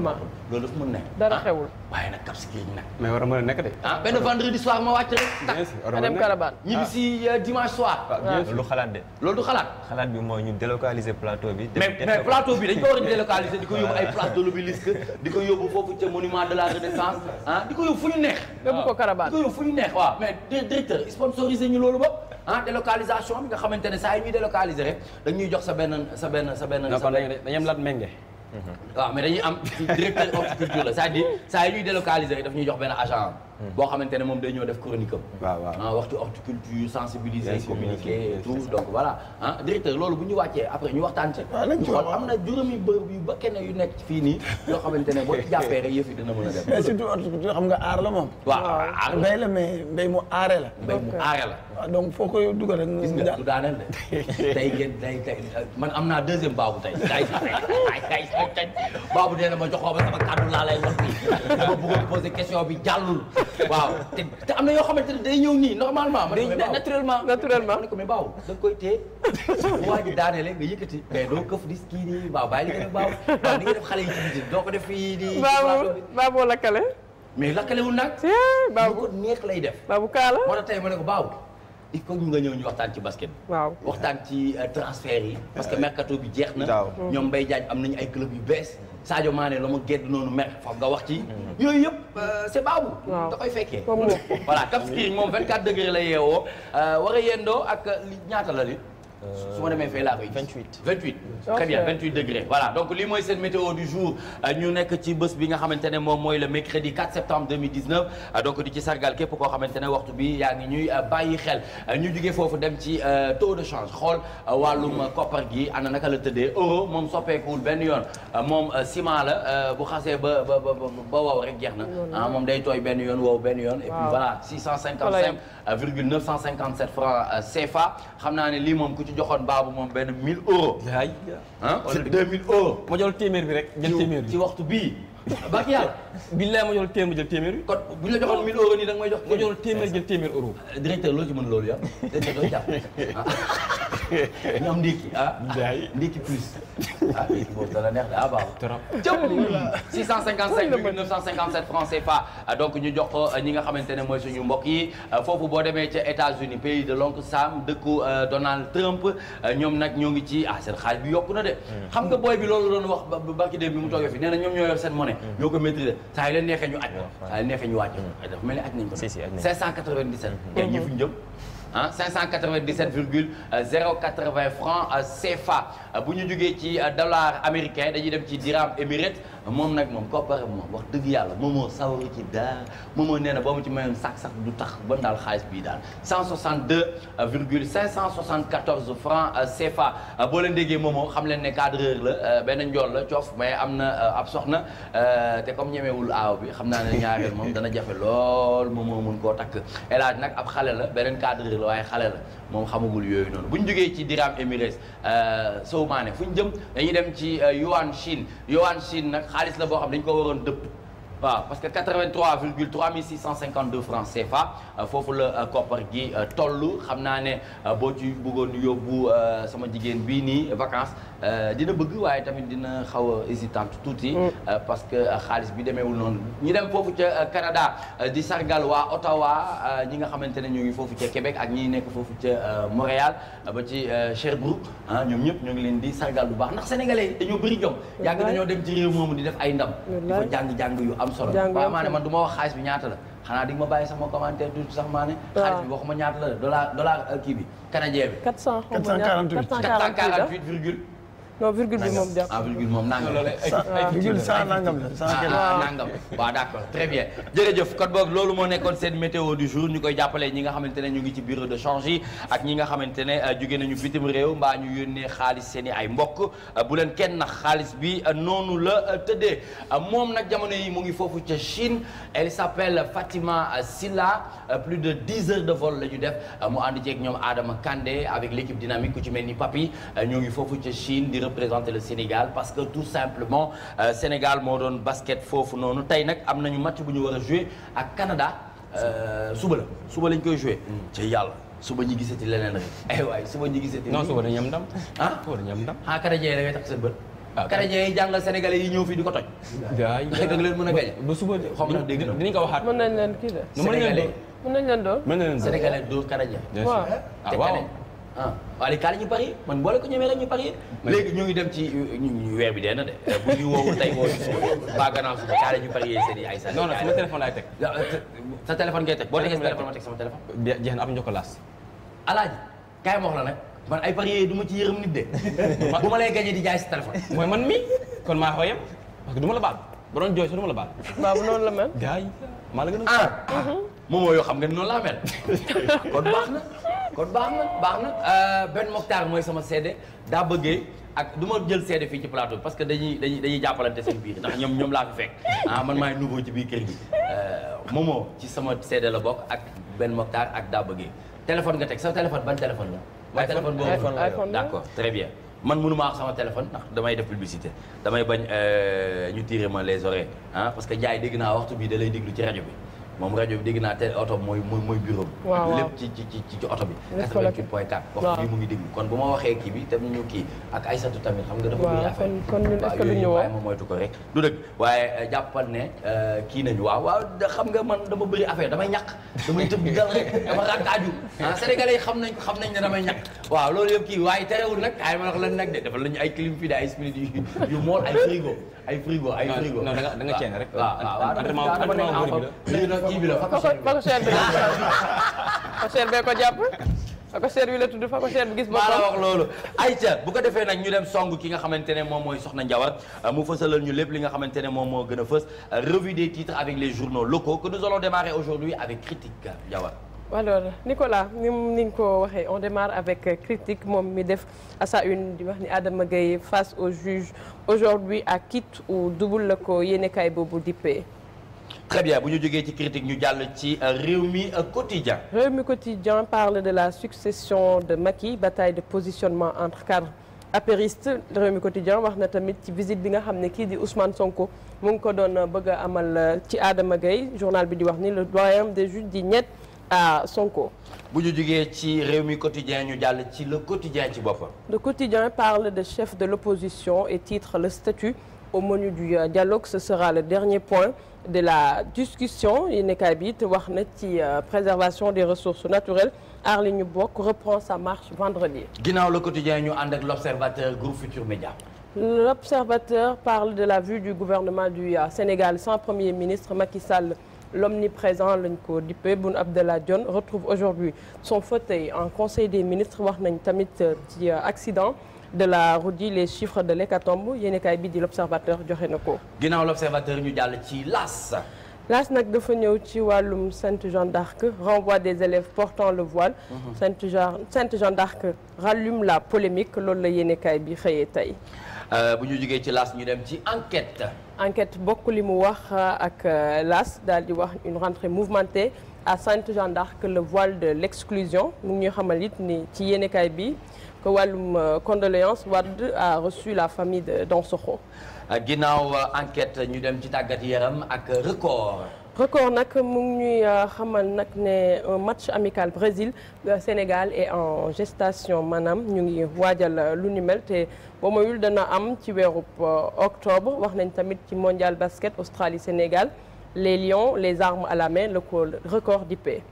Speaker 1: ma loolu daf mun ne. dara ah, xewul waaye nag
Speaker 4: Cap Skirring nag. mais war a mën a nekk de. ah benn vendredi
Speaker 1: soir ma wàcc rek. bien
Speaker 4: sûr war a mën a nekk Carabane ñibbi si euh, dimanche soir. waaw ah, xalaat de. loolu xalaat. xalaat bi mooy ñu bi mais mais
Speaker 1: plateau bi dañ ko war di ko yóbbu ay place de l'obélisque di ko yóbbu foofu ca monument de la renaissance ah, di ko yóbbu fu ñu neex yóbbu ko Carabane di ko yóbbu fu ñu neex waaw mais directeur sponsorisé ñu loolu ba ah délocalisation bi nga xamante ne saa yi ñuy délocaliser rek ñuy jox sa benn sa benn sa benn dañuy am lat menge mm-hmm. waaw mais dañuy am directeur horticulture la c'est-à-dire saa yi ñuy délocaliser rek daf ñuy jox benn agent boo xamante ne moom day ñëw def chronique am. waaw waaw ah, waxtu horticulture sensibiliser. communiquer et tout donc voilà. ah directeur loolu bu ñu wàccee après ñu waxtaan ci. Ah,
Speaker 5: ba kenn yu nekk fii nii. yoo xamante ne boo a def. mais surtout horticulture xam nga aar la moom. waaw aar mbay la la. mbay la. Ah, donc foo ko dugal rek. gis nga du daaneel de tey ngeen tey tey man am naa deuxième baabu tey. tey
Speaker 1: tey tey baabu nee na ma joxoo ba sama kàddu laa lay wax fii. ma bëggoon poser question bi jàllul waaw te am na yoo xamante ne day ñëw nii normalement. day naturellement naturellement. ne ko mais baaw da nga koy téye waa ji daanele nga yëkkati. mais doo di kii nii waaw bàyyi def baaw waaw ni nga def xale yi ko def fii nii. lakkale. mais lakkale wu nag. Eh, baabu lu ko neex lay def. baabu kaala moo tax tey ma ne ko baaw. i faut ñu nga ñëw ñu waxtaan ci basket waaw waxtaan ci euh, transfert yi. parce que mercato bi jeex na. ñoom Mbaye Diagne am nañu ay club yu bees Sadio maane la ma gedd noonu mer foog nga wax ci. Mm-hmm. yooyu yëpp
Speaker 2: euh, c'est baabu. da koy fekkee.
Speaker 1: voilà Cap moom 24 degré la yeewoo euh, war a yendoo ak euh, ñaata la su ma demee fay laa koy 28. 28 très bien 28 degré voilà donc lii mooy seen météo du jour euh, ñu nekk ci bés bi nga xamante ne moom mooy le mercredi 4 septembre 2019 euh, donc di ci sargal képp koo xamante ne waxtu bi yaa ngi ñuy euh, bàyyi xel ñu jugee foofu dem ci taux de change xool wàllum koppar gi ana naka la tëddee euro moom soppeekuwul benn yoon moom ciment la bu xasee ba ba ba ba wow rek jeex na ah moom day tooy benn yoon wow benn yoon. et puis voilà 655. virgule 957 francs euh, CFA xam naa ne lii moom ku ci joxoon baabu moom benn 1000 euros.
Speaker 8: ah
Speaker 1: wala 2000
Speaker 4: euros. ma jël téeméer bi rek jël téeméer bi ci waxtu bii. barki yàlla. billaay ma joxoon téeméer jël téeméer bi. kon bu ñu la joxoon nii da nga may jox. ma joxoon téeméer jël téeméer euro. Eh, directeur loo ci mën loolu ya
Speaker 1: directeur doo jàpp ah. ñu am ndékki ah. ndékki plus ah ndékki boobu dana neex de ah baax trop. jëm 655 virgule 957 francs CFA ah, donc ñu jox ko ah, ñi nga xamante ne mooy suñu mbokk yi foofu boo demee ca États-Unis pays de l'oncle Sam dëkku Donald Trump ñoom nag ñoo ngi ci ah seen xaalis bi yokku na de. Hmm. xam nga booy bi loolu doon wax ba dem bi mu toogee fi nee ñoom ñoo yor seen monnaie. Mm-hmm. ñoo ko maîtriser saa yu leen neexee ñu aj saa yu neexee ñu wàcc mm-hmm. dafa mel ni aj nañ ko 597 mm-hmm. tey jii fu ñu ah, virgule euh, francs euh, CFA Euh, bu ñu jógee ci euh, dollar américain dañuy dem ci dirham émirate moom nag moom koppare moom wax dëgg yàlla moom moo sawaru ci daar moom moo nee na boo ma ci mayoon sax sax du tax ba daal xaalis bii daal 162 virgule 574 francs euh, CFA boo leen déggee moom moo xam leen ne cadreur la benn njool la coof mais am na ab soxna te comme ñemewul aaw bi xam naa ne ñaareel moom dana jafe lool moom moo koo takk El nag ab xale la beneen cadreur la waaye xale la moom xamagul yooyu noonu bu ñu jógee ci dirham Emirates euh, Sow Mané fu ñu jëm dañuy dem ci euh, yuan Chine yuan Chine nag xaalis la boo xam dañ ko waroon dëpp waaw parce que 83 virgule 3652 francs CFA euh, foofu la euh, koppar gi euh, toll xam naa ne boo ci bëggoon yóbbu sama jigéen bii nii vacances dina bëgg waaye tamit dina xaw a hésitante tuuti. Mm. parce que xaalis bi demeewul noonu. ñi dem foofu ca Canada di sargal waa Ottawa ñi nga xamante ne ñu ngi foofu ca Québec ak ñi nekk foofu ca Montréal ba ci Sherbrooke ah, ñoom ñëpp ñoo ngi leen di sargal bu baax ndax sénégalais dañoo bëri jom. Mm. yàgg dañoo dem ci moomu di def ay ndam. Mm. di fa jàng jàng yu am man du wax xaalis bi ñaata la xanaa di ma bàyyi sax ma commentaire tuuti sax maa xaalis bi waxuma ñaata la dollar euh, kii bi canadien bi 448 448 ah.
Speaker 2: virgule non virgule bi moom
Speaker 1: jàpp ah virgule moom nangam. virgule cent nangam la cent ah, nangam waaw d' accord très bien. jërëjëf kon boog loolu moo nekkoon seen météo du jour ñu koy jàppale ñi nga xamante ne ñu ngi ci bureau de change yi ak ñi nga xamante ne euh, jóge nañu bitim réew mbaa ñu yónnee xaalis seeni i ay mbokk euh, bu leen kenn nax xaalis bi euh, noonu la tëddee moom nag jamono yi mu ngi foofu ca Chine elle s' appelle Fatima Silla plus de dix heures de vol la ñu def mu ànd ceeg ñoom Adama Kandé avec l' équipe ku ci mel ni Papi ñoo ngi foofu représenter le Sénégal parce que tout simplement euh, Sénégal moo doon basket foofu noonu tey nag am nañu match bu ñu war a jouer ak Canada euh, suba la suba lañ koy jouer mm. ci yàlla suba ñu gisati leneen rek ay eh waay suba ñu gisati non suba dañu am ah? suba dañu am ndam ah Canadien yi da ngay tax seen bët ah, Canadien yi jàngal sénégalais yi ñëw fii di ko toj waay rek ak leen mën a gañ ba suba nañ
Speaker 2: leen kii de mën nañ leen ah, waaw
Speaker 1: Ah. waaw li kaale ñu parier man boole ko ñemee rek ñu parier léegi ñu ngi dem ci weer bi dee na de euh, bu ñu woowul tey woo ba gannaaw suba kaale ñu parier seen i ay sa non non sama téléphone laay teg euh,
Speaker 4: sa téléphone ngay teg boo tegee sa téléphone ma teg jeex na am njokkalaas
Speaker 1: alaaji kaay ma wax la nag man ay parier du ma ci yërëm nit de bu ma lay gagné di jaay sa téléphone mooy
Speaker 4: man mi kon maa ko yem parce que du ma la baal ba doon jooy sax du ma la baal waaw bu noonu la mel gars yi maa la a ah, ah. moom yoo xam nga ni noonu laa kon baax
Speaker 1: na baax na euh, benn Mokhtar mooy sama seede daa bëggee ak du ma jël seede fii ci plateau parce que dañuy dañuy dañuy jàppalante seen biir ndax ñoom ñoom laa fi fekk ah, man maay nouveau ci biir kër gi euh, moomoo ci sama seede la bokk ak benn Mokhtar ak daa bëggee téléphone nga teg sa téléphone ban téléphone la. mooy téléphone boobu ah, d'accord très bien. man mënu maa wax sama téléphone ndax damay def publicité damay bañ euh, ñu tirer ma les oreilles ah parce que Ndiaye dégg naa waxtu bi da lay déglu ci rajo bi. moom rajo bi dégg naa te oto mooy mooy mooy bureau waaw lépp ci ci ci ci oto bi. 88 point 4 wax bii mu ngi déglu kon bu ma waxee kii bi te ñu kii ak Aysatu tamit xam nga dafa. waaw kon
Speaker 2: kon ñun
Speaker 1: moytu ko rek. du dëgg waaye euh, jàppal ne euh, kii nañu waaw waaw xam nga man dama bëri affaire damay ñàkk damay tëb dal rek dama ràkkaaju ah sénégalais yi xam nañ xam nañ ne damay ñàkk waaw loolu yëpp kii waaye terewul nag ay ma wax lan nag de dafa lañu ay clim fii de ay spirit yu mool ay frigo ay frigo ay frigo. non da nga ceene rek. waaw waaw dama ko jàpp fako seer bi la tudd fako seer bi gis ba la wax loolu ayca bu ko defee nag ñu dem song ki nga xamante ne moom mooy soxna Njawar mu fësalal ñu lépp li nga xamante ne moom moo gën a fës revue des titres avec les journaux locaux que nous allons démarrer aujourd'hui avec critique Njawar
Speaker 2: alors Nicolas ni ni ko waxee on démarre avec euh, critique moom mi def à sa une di wax ni Adama Gaye face au juge aujourd'hui à kit ou double la ko yéenekaay boobu dippee
Speaker 1: très bien bu ñu jógee ci critique ñu jàll ci Rewmi Quotidien
Speaker 2: Rewmi Quotidien parle de la succession de Macky bataille de positionnement entre cadres apériste Rewmi Quotidien wax na tamit ci visite bi nga xam ne kii di Ousmane Sonko mu ngi ko doon euh, bëgg amal euh, ci Adama Gaye journal bi di wax ni le doyen des ah Sonko. bu ñu jugee ci réew mi
Speaker 1: quotidien ñu jàll ci le quotidien ci boppam.
Speaker 2: le quotidien parle de chef de l'opposition et titre le statut au menu du euh, dialogue ce sera le dernier point de la discussion yi nekkaay bi it wax na ci euh, préservation des ressources naturelles aar li ñu bokk reprend sa marche vendredi.
Speaker 1: ginnaaw le quotidien ñu ànd ak l'observateur groupe Futur Média.
Speaker 2: l'observateur parle de la vue du gouvernement du euh, Sénégal sans premier ministre Macky Sall. l'omniprésent lañ ko dippe Boun Abdallah Dionne retrouve aujourd'hui son fauteuil en conseil des ministres wax nañ tamit euh, ci euh, accident de la route yi les chiffres de l'hécatombe yéenekaay bi di l'observateur joxe na ko.
Speaker 1: ginnaaw l'observateur ñu jàll ci las.
Speaker 2: laas nag dafa ñëw ci wàllum Sainte Jeanne d'Arc renvoi des élèves portant le voile. Mhm. Sainte Jeanne Sainte Jeanne d'Arc rallume la polémique loolu la yéenekaay bi xëyee tey.
Speaker 1: Euh, bu ñu jugee ci las ñu dem ci enquête.
Speaker 2: enquête bokk li mu wax euh, ak euh, las daal di wax une rentrée mouvementée à Sainte Jeanne d'Arc le voile de l'exclusion mu ngi ñuy xamal it ni ci yéenekaay bi que wàllum euh, condoléance Wade a reçu la famille de Dansokho
Speaker 1: ginnaaw enquête ñu dem ci tàggat yaram ak record
Speaker 2: record nag mu ngi ñuy euh, xamal nag ne un euh, match amical Brésil euh, Sénégal et en gestation maanaam ñu ngi waajal lu ni mel te ba mayul dana am ci weeru octobre wax nañ tamit ci mondial basket Australie Sénégal les lions les armes à la ko le record di paix.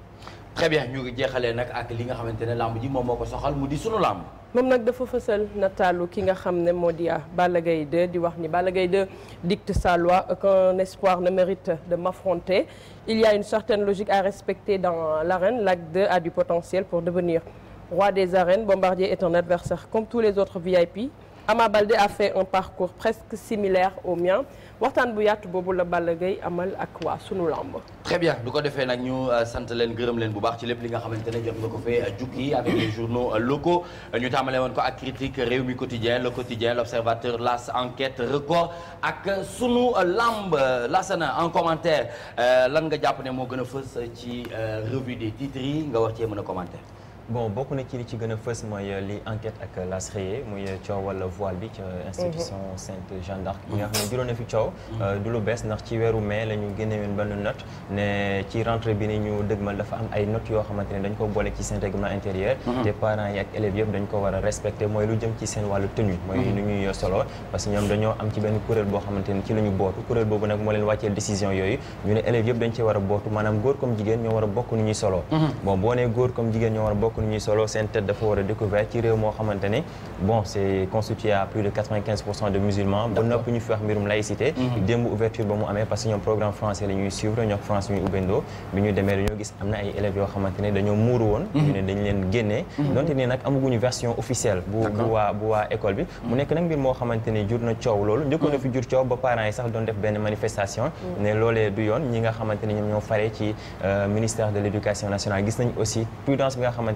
Speaker 1: très bien ñu ngi jeexalee nag ak li nga xamante ne làmb ji moom moo ko soxal mu di sunu làmb.
Speaker 2: moom nag dafa fësal nataalu ki nga xam ne moo di ah, Balla Gaye 2 di wax ni Balla Gaye 2 dicte sa loi qu'un espoir ne mérite de m'affronter il y a une certaine logique à respecter dans l'arène Lac 2 a du potentiel pour devenir roi des arènes Bombardier est un adversaire comme tous les autres VIP Ama Baldé a fait un parcours presque similaire au mien waxtaan bu yaatu boobu la Balla Gaye amal ak waa sunu lamb.
Speaker 1: très bien du ko defee nag ñu euh, sant leen gërëm leen bu baax ci lép li nga xamante ne jot nga ko fee euh, jukki avec les journaux euh, locaux ñu tàmbalee woon ko ak critique réew mi quotidien le quotidien l' observateur las enquête record ak sunu lamb lasana en commentaire lan nga jàpp ne moo gën a fës ci revue des titres yi nga wax cee mën a commentaire.
Speaker 3: bon bokk na ci li ci gën a fës mooy euh, li enquête ak euh, las reyé muy euh, coowal voile bi ca institution mhm. Sainte Jeanne d'Arc nga mhm. xam ne juróom na fi coow mhm. du lu bees ndax ci weeru mais la ñu génnewoon benn note ne ci rentrée bi ni ñu dëgmal dafa am ay notes yoo xamante ne dañ ko boole ci seen règlement intérieur te parents yi ak élèves yëpp dañ ko war a respecté mooy lu jëm ci seen wàllu tenue mooy nu ñuy soloo parce que ñoom dañoo am ci benn kuréel boo xamante ne ci la ñu bootu kuréel boobu nag moo leen yooyu ñu ne élèves yëpp dañ ci donc nu ñuy solo seen tête dafa war a découvert ci réew moo xamante ne bon c'est constitué à plus de 95 pour cent de musulmans ba nopp ñu fi wax mbirum laïcité démb ouverture ba mu amee parce que ñoom programme français la suivre ñoo France ñuy ubbendoo bi ñu demee dañoo gis am na ay élèves yoo xamante dañoo muuru woon mhm. ñu leen génnee mhm. donte ne nag amaguñu version officielle bu waa bu bi mu nekk nag mbir moo xamante ne jur na coow loolu njëkkoon na fi jur coow ba parents yi mhm. ne loolee ñoo faree ci euh, ministère de l'éducation nationale gis nañ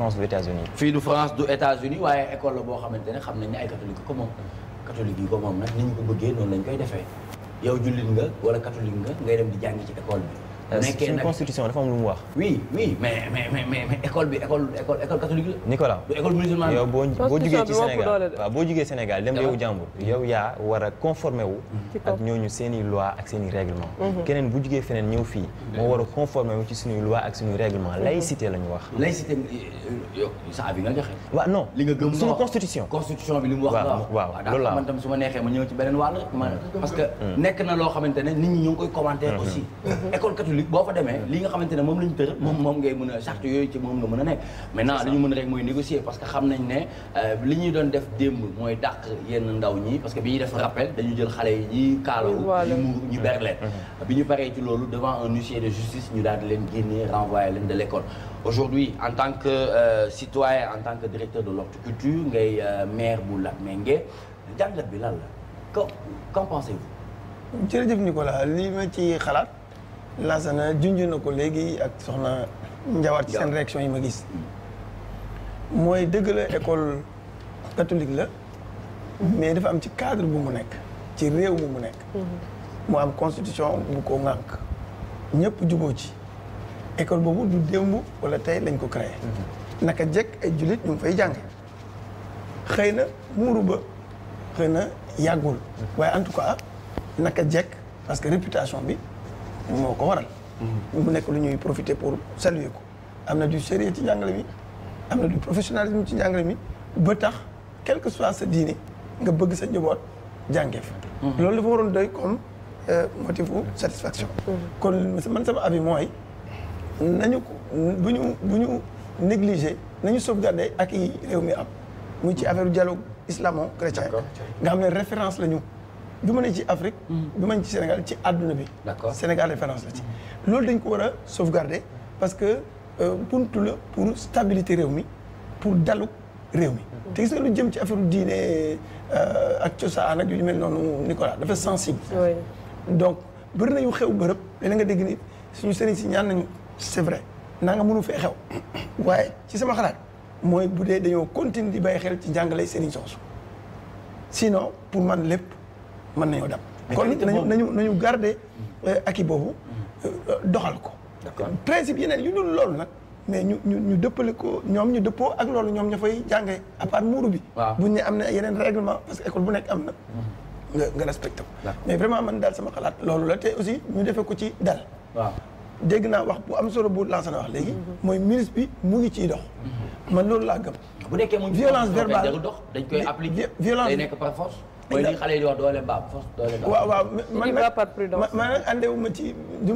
Speaker 3: France du États-Unis fii du France du États-Unis
Speaker 1: waaye école la boo xamante ne xam nañ ne ay catholique ko moom catholique yi ko moom nag ni ñu ko bëggee noonu lañ koy defee yow jullit nga wala catholique nga ngay dem di jàngi ci école bi Euh, nekkee suñu constitution dafa am lu mu wax. oui oui mais mais mais mais école bi école école école catholique la.
Speaker 3: Nicolas du école yow boo boo jugee ci Sénégal waaw boo jugee Sénégal dem réewu jàmbur. Mm-hmm. yow yaa war a ak ñooñu seen i loi ak seen mm-hmm. bu jugee feneen ñëw fii. moo war a wu ci suñuy loi ak suñuy règlement mm-hmm. laïcité la ñu wax. laïcité
Speaker 1: yow saa bi nga joxe. waaw non li nga gëm suñu constitution. constitution bi
Speaker 3: li mu wax. waaw waaw loolu la man
Speaker 1: tam su ma neexee ma ñëw ci beneen wàll. parce que mm. nekk na loo xamante ne nit ñu ñoo koy commenter aussi école publique boo fa demee li nga xamante ne moom la ñu moom moom ngay mën a charte yooyu ci moom nga mën a nekk maintenant li ñu mën rek mooy négocier parce que xam nañ ne euh, li ñuy doon def démb mooy dàq yenn ndaw ñi parce que bi ñuy def rappel dañu yi ñu muur ñu berle mm-hmm. ci loolu devant un huissier de justice ñu daal leen génnee renvoyé leen de l'école aujourd'hui en tant que euh, citoyen en tant que directeur de l'horticulture ngay euh, maire bu Latmingué jàngat bi lan la
Speaker 5: qu'en pensez-vous jërëjëf Nicolas li ma ci Lassana junj na ko léegi ak soxna Njawar ci seen réaction yi ma gis mooy dëgg la école catholique la mais dafa am ci cadre bu mu nekk ci réew mu mu nekk mhm. mu am constitution bu ko ŋànk ñëpp juboo ci école boobu du démb wala tey lañ ko créé
Speaker 8: mhm.
Speaker 5: naka jekk ay jullit ñu ngi fay jàng xëy na muuru ba xëy na yàggul mhm. waaye en tout cas naka jekk parce que réputation bi moo ko waral. mu nekk lu ñuy profiter pour saluer ko am na du sérieux ci njàngale mi am na du professionnalisme ci njàngale mi ba tax quel que soit sa diine nga bëgg sa njaboot jàngee mhm. loolu dafa waroon doy comme euh, motifu satisfaction. Mhm. kon man sama avis mooy nañu ko bu ñu bu ñu négliger nañu sauvegarder ak i réew mi am muy ci affaire dialogue islamo-chrétien nga xam ne référence la ñu. du ma ci Afrique. du ma ci Sénégal ci àdduna bi. d'accord Sénégal référence la ci. loolu dañ ko war a sauvegarder parce que euh, buntu la pour stabilité réew mi pour dalu réew mi. te gis nga lu jëm ci affaire diine euh, ak cosaan ak yu mel noonu Nicolas dafa sensible. donc bëri na xew bërëb léeg nga dégg ni suñu sëriñ si ñaan nañu c'est vrai naa nga mënu fee xew waaye ci sama xalaat mooy bu dee dañoo continuer di bàyyi xel ci njàngale sëriñ soosu sinon pour man lépp. mën nañoo dab. kon nañu nañu nañu garder mm. euh, acquis boobu euh, euh, doxal ko. principe yeneen yu dul loolu nag. mais ñu ñu ñu dëppale ko ñoom ñu dëppoo ak loolu ñoom ña fay jàngee à part muuru bi. waaw buñ ne am na yeneen règlement parce que école bu nekk am na.
Speaker 8: Mm-hmm.
Speaker 5: nga nga mais vraiment man daal sama xalaat loolu la te aussi ñu defee ko ci dal. waaw dégg naa wax bu am solo bu lancé na wax léegi. Mm-hmm. mooy ministre bi mu ngi ci dox.
Speaker 1: Mm-hmm.
Speaker 5: man loolu laa gëm. bu nekkee moom violence verbale
Speaker 1: dañ koy appliquer. violence day nekk par force. mooy li xale yi di wax doole baab fos doole baab. waaw
Speaker 5: waaw man nag ma ci du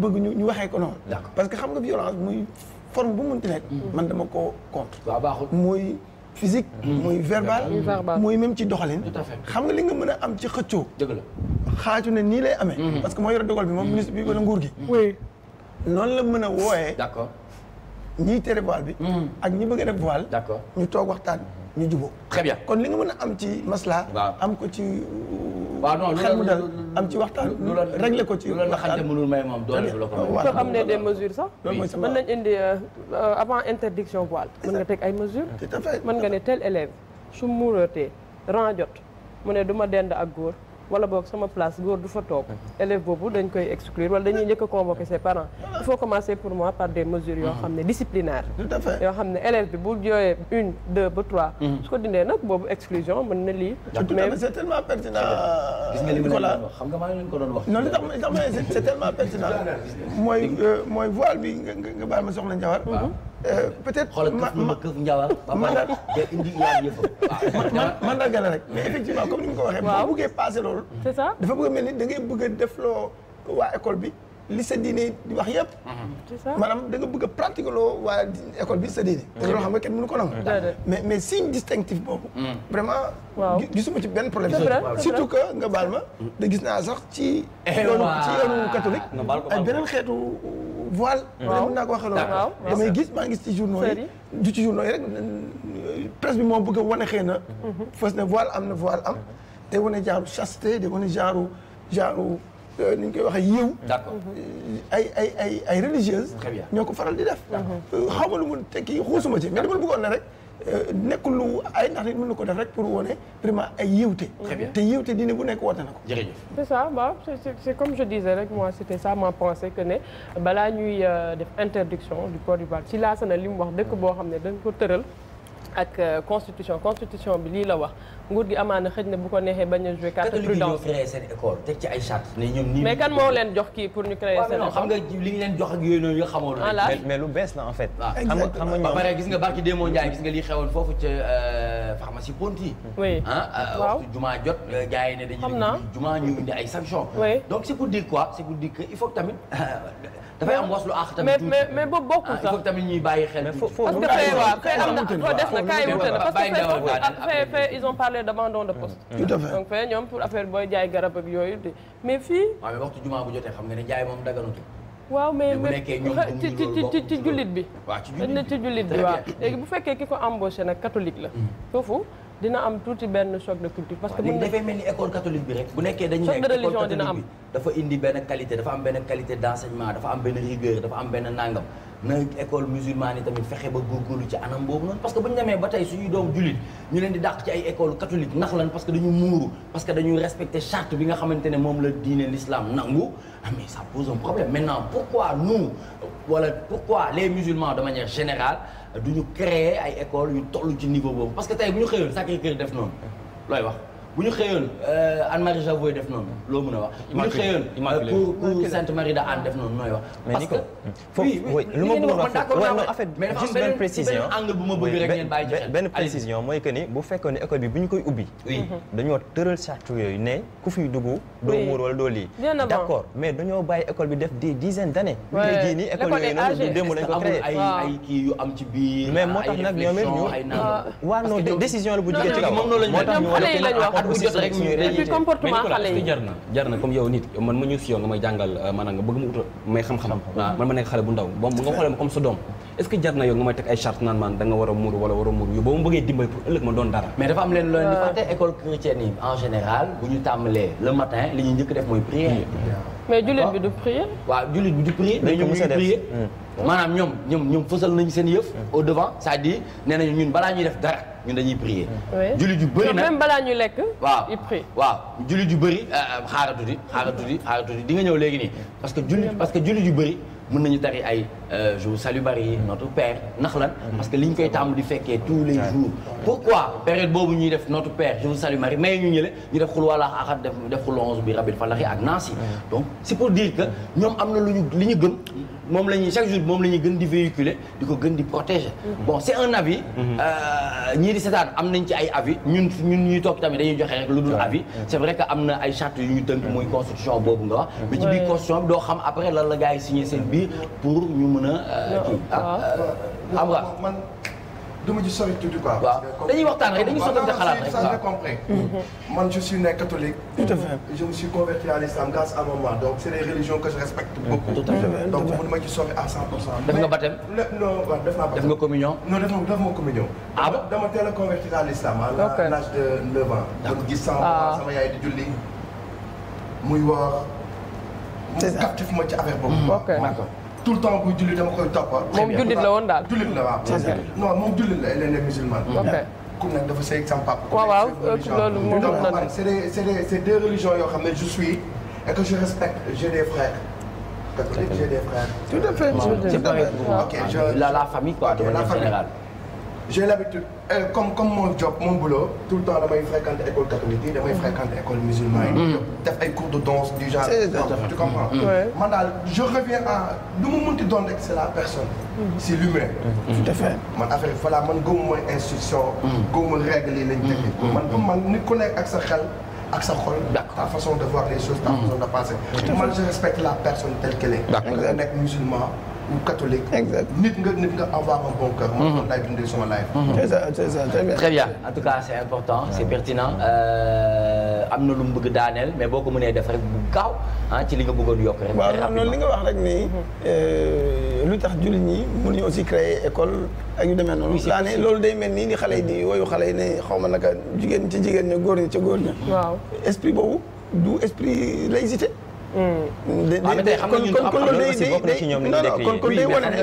Speaker 5: ma ñu ñu waxee ko noonu. parce que xam nga violence muy forme bu mu munti nekk. Mm-hmm. man dama koo contre. waaw baaxul muy physique. Mm-hmm. muy verbal mooy même ci doxalin. xam nga li nga mën a am ci xëccoo. dëgg la xaaju ne nii lay amee. Mm-hmm. parce que moo yore dogal bi moom ministre bi wala nguur gi. oui noonu la mën a wooyee. d'accord ñiy tere voile bi. ak ñi bëgg a def voile. d'accord ñu toog waxtaan. ñu jubóo. très bien kon li nga mën a am ci masla am ko ci. waaw non xel mu dal am ci waxtaan. lu la réglé ko ci waxtaan lu la naxante mënul may moom doole du la ko may. am ne des
Speaker 2: mesures sax. man nañ indi euh, euh, avant interdiction voile. mën nga teg ay mesures. man nga ne tel élève su mu muuratee rang jot mu ne duma ma dend ak góor. wala boog sama place góor du fa toog élève boobu dañ koy exclure wala dañuy njëkk a convoquer ses parents il faut commencer pour moi par des mesures yoo xam ne disciplinaires yoo xam ne élève bi bu jooyee une deux ba trois mm-hmm. su ko dindee nag boobu exclusion mën na lii mais c'est
Speaker 5: tellement pertinent xam nga maa ngi leen ko doon wax non li tax ma c'est tellement euh, mooy voile bi nga baal ma soxla njawar mm-hmm. Euh, peut-être xoolal këf ma këf njawar ba pare de indi yaar yëfa ah, waaw mandarga la rek mais effectivement comme ni mu ko waxee boo bëggee passé loolu
Speaker 8: dafa bëgg
Speaker 5: a mel ni da ngay bëgg a def loo waa école bi li sa diine di wax yëpp mhm. maanaam da nga bëgg a pratiquer loo waa école bi sa diine te mhm. loo xam nga kenn mënu ko nangu mais mais signe distinctif boobu mhm. vraiment gisuma ci benn problème surtout que nga baal ma da gis naa sax ci eh, yoonu ci yoonu catholique ay beneen xeetu voile. waaw naa ko waxee loolu. waaw damay gis maa ngi gis ci journaux yi. du ci journaux yi rek presse bi moo bëgg a wane xëy na. Mhm. fas ne voile am na voile am. day wane genre chasteté day wane genre genre. Euh, ni koy waxee yiw.
Speaker 3: d'accord euh,
Speaker 5: ay ay ay ay religieuses. ñoo ko faral di def. Mhm. Euh, xaw ma lu mu tekki xuusuma ci mais dama bëggoon na rek. nekkul lu ay ndax nit mën ko def rek pour wane vraiment ay yiwte te yiwte diine bu nekk woote na ko jërëjëf
Speaker 2: c'est ça waaw c'est comme je disais rek moi c'était ça ma pensée que ne balaa ñuy euh, def interdiction du port du bal sa laasana li mu wax dëkk boo xam ne dañ ko tëral ak euh, constitution constitution bi lii la wax nguur gi a xëj na bu ko neexee bañ a jouer carte prudence créé
Speaker 1: seen école teg ci ay charte ne ñoom nii mais kan moo leen
Speaker 2: jox kii pour ñu créer seen école xam nga
Speaker 1: li ñu leen jox ak yooyu noonu ñu xamoon mais lu bees la en fait xam nga xam nga ñoom ba pare gis nga barki démoo Ndiaye gis nga li xewoon foofu ca euh, pharmacie Ponty ah, euh, waaw jumaa jot gars yi ne dañu juma ñu indi ay sanctions donc c'est pour dire quoi c'est pour dire que il faut tamit dafay am waslu àq mais mais boobu bokkul ah, sax il faut tamit ñuy bàyyi xel. parce que fee waaw fee am na foo des na kaay wute
Speaker 2: de mm. poste. Mm. tout ñoom pour affaire booy jaay garab ak yooyu mais fii. waaw mais waxtu jumaa bu jotee xam nga ne jaay moom dagganatu. waaw mais ci ci jullit bi. waaw ci jullit bi waaw léegi bu fekkee ki ko embauché nag catholique la mm. foofu. dina am tuuti benn choc de culture. parce que mën dafay mel ni école catholique bi
Speaker 1: rek. bu nekkee dañu école catholique bi dafa indi benn qualité dafa am benn qualité d'enseignement dafa am benn rigueur dafa am benn nangam. na école musulmane yi tamit fexe ba góorgóorlu ci anam boobu noonu parce que bu ñu demee ba tey suñuy doom jullit ñu leen di dàq ci ay école catholique ndax lan parce que dañu muuru parce que dañu respecter charte bi nga xamante ne moom la diine l'islam nangu ah mais ça pose un problème maintenant pourquoi nous wala pourquoi les musulmans du ñu créer ay école yu toll ci niveau boobu parce que tey bu ñu xëyoon Sacré-Cœur def noonu looy wax. bu ñu xëyoon euh, Anne Marie Javoué def noonu loo mën a wax. bu ñu xëyoon euh, de Anne def hmm. ma bëggoon
Speaker 3: wax en bu ma mooy que ni bu fekkoon ne école bi bu ñu koy ubbi. Mhm. dañoo tëral charte yooyu ne ku fi dugg. doo muur wala doo lii. d' accord mais dañoo bàyyi école bi def des dizaines d' années. bu ñu nii école yooyu noonu du démb lañ ko créé. ay ay
Speaker 1: kii yu am ci biir. mais moo tax nag ñoom it ñu.
Speaker 4: Ah.
Speaker 3: waaw non décision la bu jugee ci kaw moo tax ñu at bu jot
Speaker 4: na jar na comme yow nit man ma ñëw si nga may jàngal euh, maanaam nga bëgg mu uta may xam-xam man ma nekk xale bu ndaw bon nga xoolee ma comme sa doom est-ce que jar na yow nga may teg ay charte naan man da nga war a muuru wala war a bëggee dimbali pour ëllëg ma doon dara mais dafa am leen loolu di fàtte école chrétienne yi en général bu ñu tàmbalee
Speaker 1: le matin li ñuy njëkk def mooy prière
Speaker 2: mais jullit bi du prier. waaw jullit bi du prier. Hmm. Hmm.
Speaker 1: mais ñoom ñoom ñoom ñoom fësal nañu seen yëf. Hmm. au devant sa à dire nee nañu ñun balaa ñuy def dara ñun dañuy prier. jullit yu bëri na même balaa ñuy lekk. waaw il waaw jullit yu bëri euh, euh, xaaral tuuti xaaral tuuti xaaral tuuti di nga ñëw léegi nii parce que jullit parce que jullit yu bëri mën nañu tari ay. Euh, je vous salue Barry notre père ndax lan mm-hmm. parce que li ñu koy tàmm di fekkee tous les jours pourquoi période boobu ñuy def notre père je vous mais ñu ñële ñu def xul wala axat def def xul onze bi rabil falaxi ak Nancy donc c'est pour dire que ñoom am na lu ñu li gëm moom la ñuy chaque jour moom la ñuy gën di véhiculer di ko gën di protéger mm-hmm. bon c'est un avis mm-hmm. euh, ñii di seetaan am nañ ci ay avis ñun ñu ñuy toog tamit dañuy joxe rek lu dul avis c'est vrai que am na ay chartes yu ñu tënk muy constitution boobu nga wax mais
Speaker 7: ci mën a. xam euh, nga ah, ah, ah, euh, man du ma ci sori tuuti quoi. parce que
Speaker 1: dañuy waxtaan rek dañuy sottante xalaat rek ça compris mm-hmm.
Speaker 7: man je suis né catholique. tout à fait je me suis converti à l'islam grâce à maman donc c'est des religions que je respecte mm-hmm. beaucoup. tout à fait donc mën ma ci sori à 100 pour cent. def nga baptême. non waaw def naa baptême. def nga communion. non def nga def nga communion. ah bon dama teel a converti à l'islam à l'âge de 9 ans. d'accord donc gis sama sama yaay di julli muy wax. c'est ça mu captif ma ci affaire boobu. Mm-hmm. ok d'accord. tout le temps buy julli dama koy toppa moom jullit la woon daal jullit la waaw. non moom jullit la elle est musulmane. comme nag dafa sëy ak sama papa. waaw waaw loolu moom la nag c'est des c'est des c'est deux religions yoo xam ne je suis et que je respecte j'ai des frères. catholiques j'ai des frères. tout à fait. ok je la la famille quoi de manière générale. j'ai l'habitude euh, comme comme mon job mon boulot tout le temps damay fréquenter école catholique yi damay fréquenter école musulmane yi. Mm. def ay cours de danse du genre. tu comprends. Mm. man daal je reviens à lu mu munti doon rek c'est la personne. Mm. c'est l'humain. tout à fait man affaire bi voilà man góobu mooy institution. góobu règle yi lañ teg. man pour man nit ku nekk ak sa xel. ak sa xol ta façon de voir les choses ta façon de penser man je respecte la personne telle qu'elle est. nga nekk musulman. ou catholique. exact nit nga nit nga avoir un bon cœur. man dundee sama life. Mhm. très bien. très bien
Speaker 1: en tout cas c'est important c'est pertinent. Euh, am na lu mu bëgg daaneel mais boo ko mënee def rek bu gaaw ah ci li nga bëggoon yokk rek. waaw xam noonu li
Speaker 5: nii. Mhm. Euh, lu tax jullit ñi mënuñu aussi créer école ak yu demee noonu. laa ne loolu day mel nii ni xale yi di woyu xale yi ne xaw ma naka jigéen ci jigéen ña góor ña ca góor ña. esprit boobu du esprit laïcité. Mm. Ah, waaw mais xam nga ñun ci ñoom la ñuy kon kon day wane ne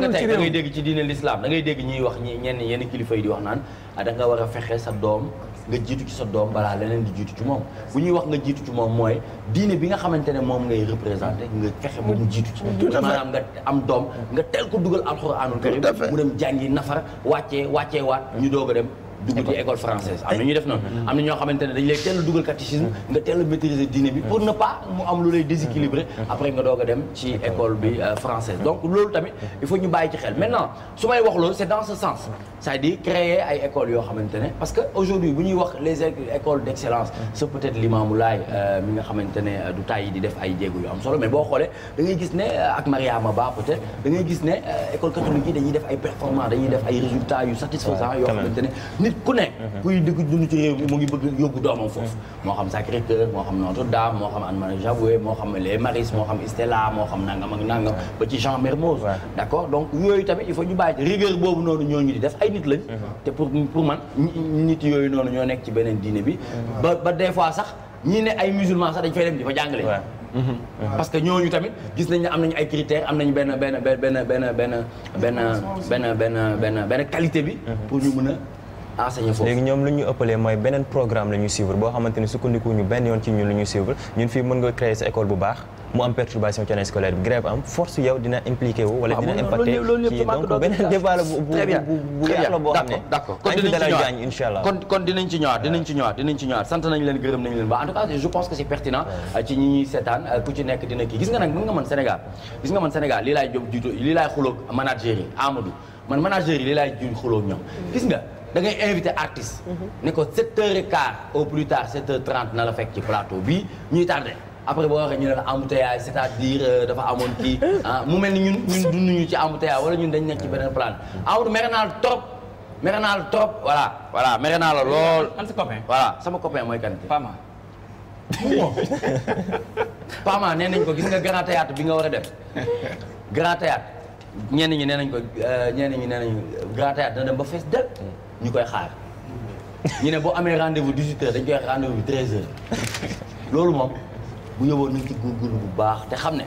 Speaker 5: nga tey da ngay
Speaker 1: dégg ci diine l'islam da ngay dégg ñuy wax ñi ñenn yenn kilifa yi di wax naan ah, da nga war a fexe sa doom nga jiitu ci sa doom balaa leneen di jiitu ci moom fu ñuy wax nga jiitu ci moom mooy diine bi nga xamante ne moom ngay représenté nga fexe ba mu jiitu ci maanaam nga am doom nga teel ko dugal alxuraanul karim mu dem jàngi nafar wàccee wàccee waat ñu doog a dem dugg ci école française am na ñuy def noonu mm-hmm. am na ñoo xamante dañ lay teel a dugal catéchisme nga teel a maîtriser diine bi pour ne pas mu am lu lay déséquilibré mm-hmm. après nga doog a dem ci école bi euh, française donc loolu tamit mm-hmm. il faut ñu bàyyi ci xel maintenant su may wax loolu c'est dans ce sens cest à créer ay écoles yoo xamante ne parce que aujourd'hui bu ñuy wax les écoles d'excellence c'est peut-être Limamou Laye euh, mi nga xamante ne euh, du tàyyi di def ay jéego solo mais xoolee ngay gis ne ak Mariama Ba peut-être da ne école catholique yi dañuy ay performance dañuy def ay résultats yu satisfaisants yoo xamante nit ku ne. kuy dëkk dund ci réew mi mu ngi bëgg yóbbu doomam foofu. moo xam Sacré Cœur moo xam Notre Dame moo xam Anne-Marie Javoué moo xam les Maris moo xam Stella moo xam nangam ak nangam. ba ci Jean Mermoz. d' accord donc yooyu tamit il faut ñu bàyyi rigueur boobu noonu ñooñu di def ay nit lañ. te pour pour man nit yooyu noonu ñoo nekk ci beneen diine bi. ba ba des fois sax ñi ne ay musulman sax dañ fay dem di fa jàngale. parce que ñooñu tamit gis nañ ne am nañu ay critères am nañu benn benn benn benn benn benn benn benn benn benn qualité bi. pour ñu mën a
Speaker 3: enseigné foofu léegi ñoom lu ñu ëppalee mooy beneen programme la ñu suivre boo xamante ni sukkandiku ñu benn yoon ci ñun lu ñu suivre ñun fii mën nga créer sa école bu baax mu am perturbation ci année scolaire bi grève am force yow dina impliqué wu ah, dina impacté bu bu boo xam ne
Speaker 1: d'accord kon dinañ ci ñëwaat incha allah kon kon dinañ ci ñëwaat dinañ ci ñëwaat dinañ ci ñëwaat sant nañ leen gërëm nañ leen ba en tout cas je pense que c'est pertinent ci ñi ñuy seetaan ku ci nekk dina kii gis nga nag mën nga mën Sénégal gis nga mën Sénégal lii laay job jiitu lii laay xuloog manager yi Amadou da ngay invité artiste. ni ko 7 au plus tard 7 heures 30 na la fekk ci plateau bi ñuy tardé. après boo waxee ñu ne la embouteillage cest à euh, dafa amoon kii ah mu mel ni ñun ñun dunduñu ci embouteillage wala ñun dañ nekk ci beneen plan Amadou mere naa la trop mere naa la trop voilà. voilà mere naa la lool. am sa copain voilà sama copain mooy kan. Pama. Pama nee nañ ko gis nga grand théâtre bi nga war a def grand théâtre ñi nee nañ ko euh, ñenn ñi nee nañu grand dem ba fees del ñu koy xaar ñu ne boo amee rendez-vous 18h dañ koy rendez-vous 13h loolu moom bu yóbboo nañ ci góorgóorlu bu baax te xam ne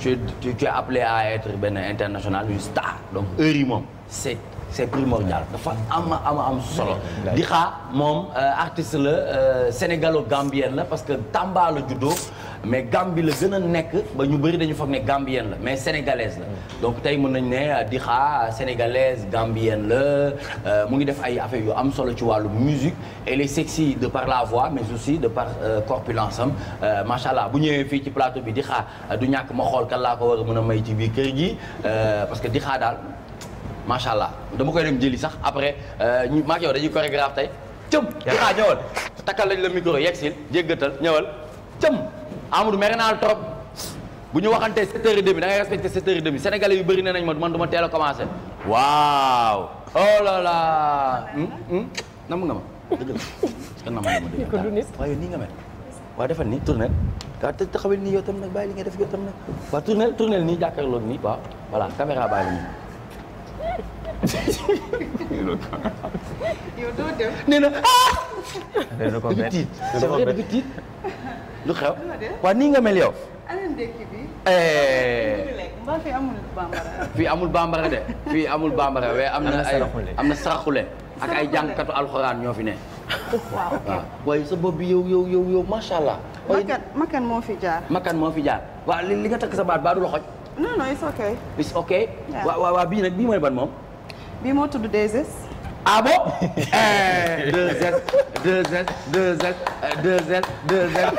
Speaker 1: tu tu tu à être benn international une star donc heure yi moom c'est c'est primordial dafa am am am solo. di xaa moom euh, artiste la euh, sénégalo-gambienne la parce que Tamba la juddoo. mais Gambie la gën a nekk ba ñu bëri dañu foog ne gambienne la mais sénégalaise la. donc tey mun nañ ne euh, Dixa sénégalaise gambienne la euh, mu ngi def ay affaire yu am solo ci wàllu musique elle est sexy de par la voix mais aussi de par euh, corpulence am macha allah bu ñëwee fii ci plateau bi Dixa du ñàkk ma xool kan laa ko war a mën a may ci biir kër gi parce que Dixa daal macha allah dama koy dem jëli sax après ñu maak yow dañuy chorégraphe tey cëm. Dixa ñëwal takkal lañ la micro yegg si jéggatal ñëwal Amadou mere naa trop bu ñu waxantee sept heures et demi da ngay respecté sept heures et demi sénégalais yu bëri nee nañ ma man du ma commencé waaw oh là là hmm? Hmm? nam nga ma dëgg la nam nga ma dëgg waaw yow nii nga mel waaw defal nii tournel waaw te taxawal nii yow tam nag bàyyi li nga def yow tam nag waaw tournel tournel nii jàkkaarloog nii waaw voilà caméra bàyyi la nii yow
Speaker 9: doo dem. nee na tiit lu xew. waaw nii nga mel yow. alal dëkk
Speaker 1: eh.
Speaker 9: amul bambara.
Speaker 1: fii amul bambara de fii amul bambara waaye am na ay am na saraxule ak ay jàngkatu alxuraan ñoo fi ne. waaye sa bopp bi yow yow yow yow macha allah.
Speaker 9: makan makan moo fi jaar.
Speaker 1: makan moo fi jaar waaw li nga takk sa baat baa du la xoj.
Speaker 9: non non it's okay. it's okay. waaw
Speaker 1: waaw bii nag bii mooy ban moom.
Speaker 9: bii moo tudd 2S. ah bon.
Speaker 1: 2S 2S 2S 2S 2S.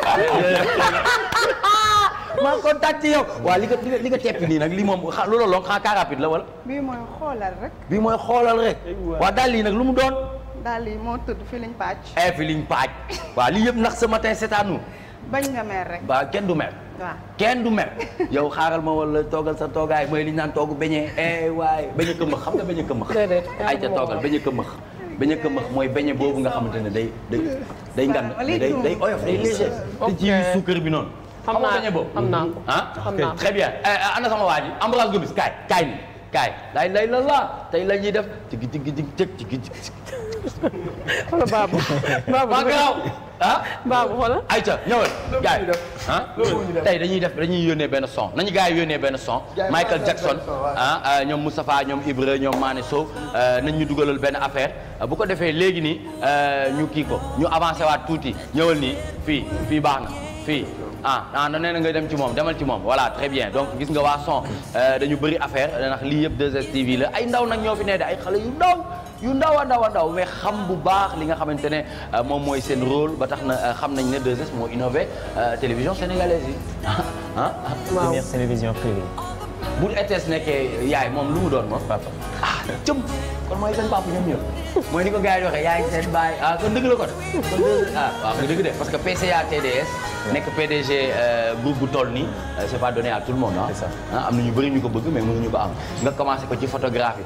Speaker 1: maa kontaan li nga nii nag li moom xa looloo la wala.
Speaker 9: bii mooy xoolal rek.
Speaker 1: bii mooy xoolal rek. waaw daal yi nag lu mu doon.
Speaker 9: daal yi moo tudd Feeling Patch.
Speaker 1: eh Feeling Patch waaw lii yëpp ndax ce matin c'est à nous.
Speaker 9: bañ nga rek.
Speaker 1: waaw kenn du mer. kenn du mer yow xaaral ma wala toogal sa toogaay mooy li ñu naan toogu beñee eh waaye beñe këmbax xam nga beñe këmbax ay ca toogal beñe këmbax beñe këmbax mooy beñe boobu nga xamante ne day day day ngand day day oyof day léger te ci suukar bi noonu xam nga beñe boobu xam naa ko ah? xam naa très bien eh, eh, ana sama waa ji Ambroise Gomis kaay kaay ni kaay lay lay la laa tey la ñuy def tigi tigi gi tëg tigi tigi wala baabu baabu ah baabu xoolal ayca ñëwal gars yi ah tey dañuy def dañuy yónnee benn son nañu gars yi yónnee benn son Michael Jackson ah, ah ñoom Moustapha ñoom Ibra ñoom Mané Sow euh, nañ ñu dugalal benn affaire ah, bu ko defee léegi nii euh, ñu kii ko ñu avancé waat tuuti ñëwal nii fii fii baax na fii ah ah nee na nga dem ci moom demal ci moom voilà très bien donc gis nga waa son euh, dañu bëri affaire ndax lii yëpp 2STV la ay ndaw nag ñoo fi nee de ay xale yu ndaw yu ndaw a ndaw a ndaw mais xam bu baax li nga xamante ne euh, moom mooy seen rôle ba tax na euh, xam nañ ne 2S moo innové euh, télévision sénégalaise yi ah. ah
Speaker 3: première télévision privée.
Speaker 1: bu RTS nekkee yaay moom lu mu doon moom papa ah cëm kon mooy seen papa ñoom ñëpp mooy ni ko gars yi waxee yaay seen baay ah kon dëgg la kon kon dëgg ah waaw nga dëgg de parce que PCA TDS nekk PDG groupe bu toll nii c'est pas donné à tout le monde ah. ah am na ñu bëri ñu ko bëgg mais mënuñu ko am nga commencé ko ci photographie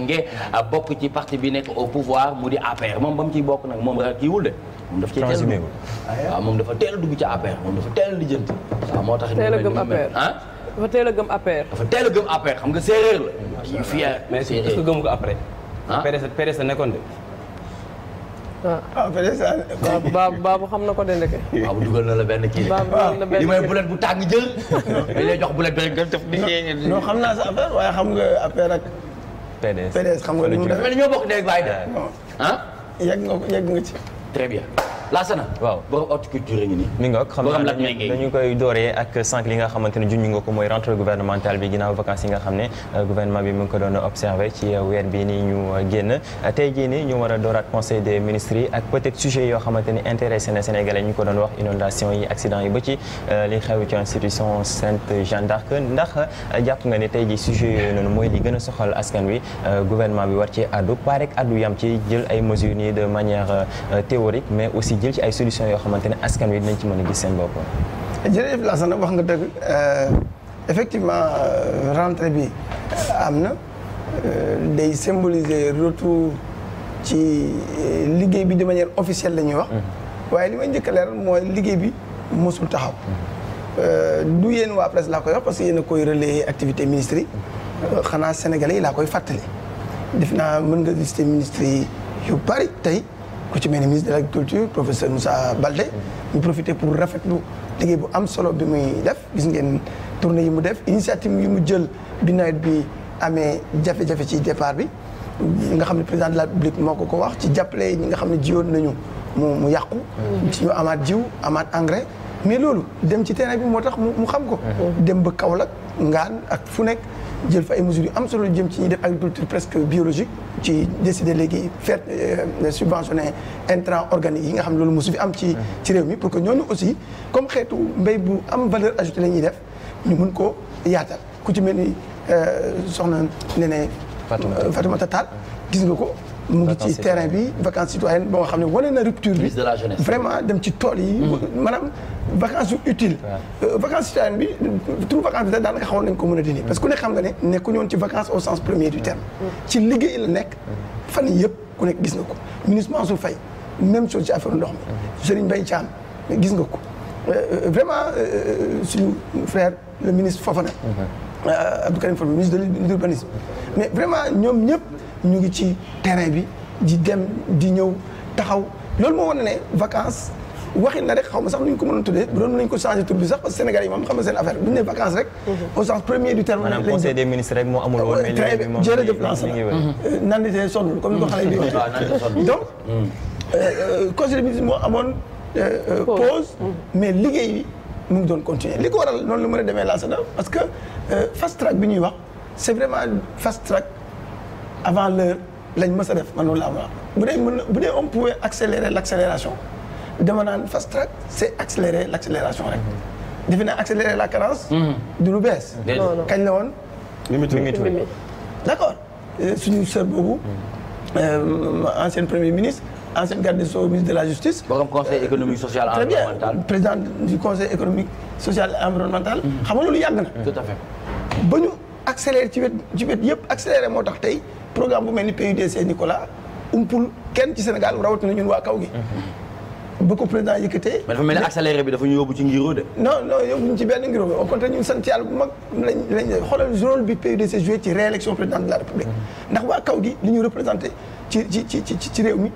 Speaker 1: Mbengue euh, bokk ci parti bi nekk au pouvoir mu di APR moom ba mu ciy bokk nag moom kii wul de. moom dafa cee teel dugg waaw ah, moom dafa teel dugg ci APR moom dafa teel lijjanti. waaw ah, moo tax ah? teel a gëm APR
Speaker 4: teel gëm APR. dafa teel gëm APR xam nga séeréer la. dañuy fier mais est-ce nekkoon de.
Speaker 2: ah PDS baabu baabu xam na ko de ndeke.
Speaker 5: baabu dugal na la benn kii
Speaker 2: de. li may
Speaker 4: bulet bu tàng jël.
Speaker 5: dañ lay jox bulet bi rek nga def. non xam naa sa affaire waaye xam nga affaire ak. PDS PDS xam nga. wala ñoo bokk dégg bàyyi de ah. yegg nga ko yegg nga ci. très bien. laasana. waaw
Speaker 1: borom nga
Speaker 3: xam koy dooree ak sànq li nga xamante ne junj nga ko mooy rentrée gouvernementale bi ginnaaw vacances yi nga xam ne euh, gouvernement bi mu ngi ko doon observé ci euh, weer bii nii ñu euh, génn tey jii ni ñu war a dooraat conseil des ministres yi ak peut-être sujet yoo xamante ni intéressé na Sénégalais ñu ko doon wax inondation yi accident yi ba ci li xew ci institution Sainte Jeanne ndax jàpp nga ni tey ji sujet yooyu noonu mooy li gën a soxal askan wi gouvernement bi war ci addu pare ak addu ci jël ay mesures nii de manière théorique jël ci ay solution yoo xamante ne askan wi dinañ ci mën a gis seen bopp.
Speaker 5: jërëjëf Lassana wax nga dëgg euh, effectivement euh, rentrée bi euh, am na day symboliser retour ci liggéey bi di manière officielle la ñuy wax. Mm-hmm. waaye li may njëkk a leeral mooy liggéey bi mosul taxaw. Mm-hmm. du yéen waa presse laa koy wax parce que yéen a koy relayer activité ministres xanaa sénégal yi laa koy fàttali. def naa mën nga visiter ministres yi yu bari tey. ku ci mel ni ministre de l'agriculture professeur Moussa Baldé ñu profité pour rafetlu liggéey bu am solo bi muy def gis ngeen tournée yi mu def initiative yi mu jël bi nawet bi amee jafe-jafe ci départ bi nga xam ne président la République moo ko ko wax ci jàppale ñi nga xam ne jiwoon nañu mu mu yàqu mm. ci ñu amaat jiw amaat engrais mais loolu dem ci terrain bi moo tax mu xam ko mm. dem ba Kaolack ngaan ak fu nekk jël fa ay mesures yu am solo jëm ci ñuy def agriculture presque biologique ci décider léegi faire euh, euh, subventionner intrants organiques yi nga xam loolu mosu fi am ci mhm. ci réew mi pour que ñooñu aussi comme xeetu mbéy bu am valeur ajoutée la ñuy def ñu mun ko yaatal ku ci mel ni euh, soxna ne ne Fatoumata Tall gis nga ko mu ngi ci terrain bi vacances citoyennes ba xam ne wane na rupture bi vraiment dem ci tool yi mhm. maanaam vacances yu utile euh, vacances citoyennes bi tout vacances bi da daanaka xawoon nañ ko mën a dindi parce que ku nekk xam nga ne nekkuñu woon ci vacances au sens premier du terme ci liggéey la nekk fan yi yëpp ku nekk gis nga ko ministre Mansour Faye même chose ci affaire ndox mi Serigne Mbaye Thiam gis nga ko euh, euh, vraiment suñu frère le ministre Fofana Abdou Karim Fofana ministre de l'urbanisme vraiment ñoom ñëpp ñu ngi ci terrain bi di dem di ñëw taxaw loolu moo wane ne vacances waxin na rek xaw ma sax nu ñu ko mënoon tuddee bu doon mën nañu ko changer tur bi sax parce que Sénégal yi moom xam na seen affaire bu ñu nee vacances rek. Mhm. au
Speaker 3: sens premier du terme. la euh, naan la
Speaker 5: comme ni ko xale bi mhm. waxee. donc
Speaker 3: euh,
Speaker 5: euh, conseil des ministres moo amoon. pause mhm. mais liggéey bi mu ngi doon continuer li ko waral noonu la mën a demee laasana parce que fast track bi ñuy wax c'est vraiment fast track. avant l'heure lañ mës def man loolu laa wax bu dee mën bu dee om pouvait accélérer l' accélération dama naan fast track c' est accélérer l' accélération rek. defe accélérer la cadence. Mhm. du lu bees. kañ la woon. Mimi d' accord suñu sœur boobu. Euh, ancienne premier ministre ancienne garde des sceaux ministre de la justice. borom social et environnemental très bien président du conseil économique social environnemental. Mhm. xam nga loolu yàgg na. tout à fait accélérer ci wet ci yëpp accélérer moo tax tey. programme bu mel ni PUDC Nicolas umpul kenn ci Sénégal rawatina ñun waa kaw gi. bu ko président yëkkatee. mais dafa mel ni
Speaker 1: accéléré bi dafa ñu yóbbu ci ngiro de.
Speaker 5: non non yóbbuñu ci benn ngiro au contraire ñun sant yàlla bu mag lañ lañ xoolal bi PUDC ci réélection président de la république. ndax kaw gi li ñu représenté ci ci ci ci ci réew mi.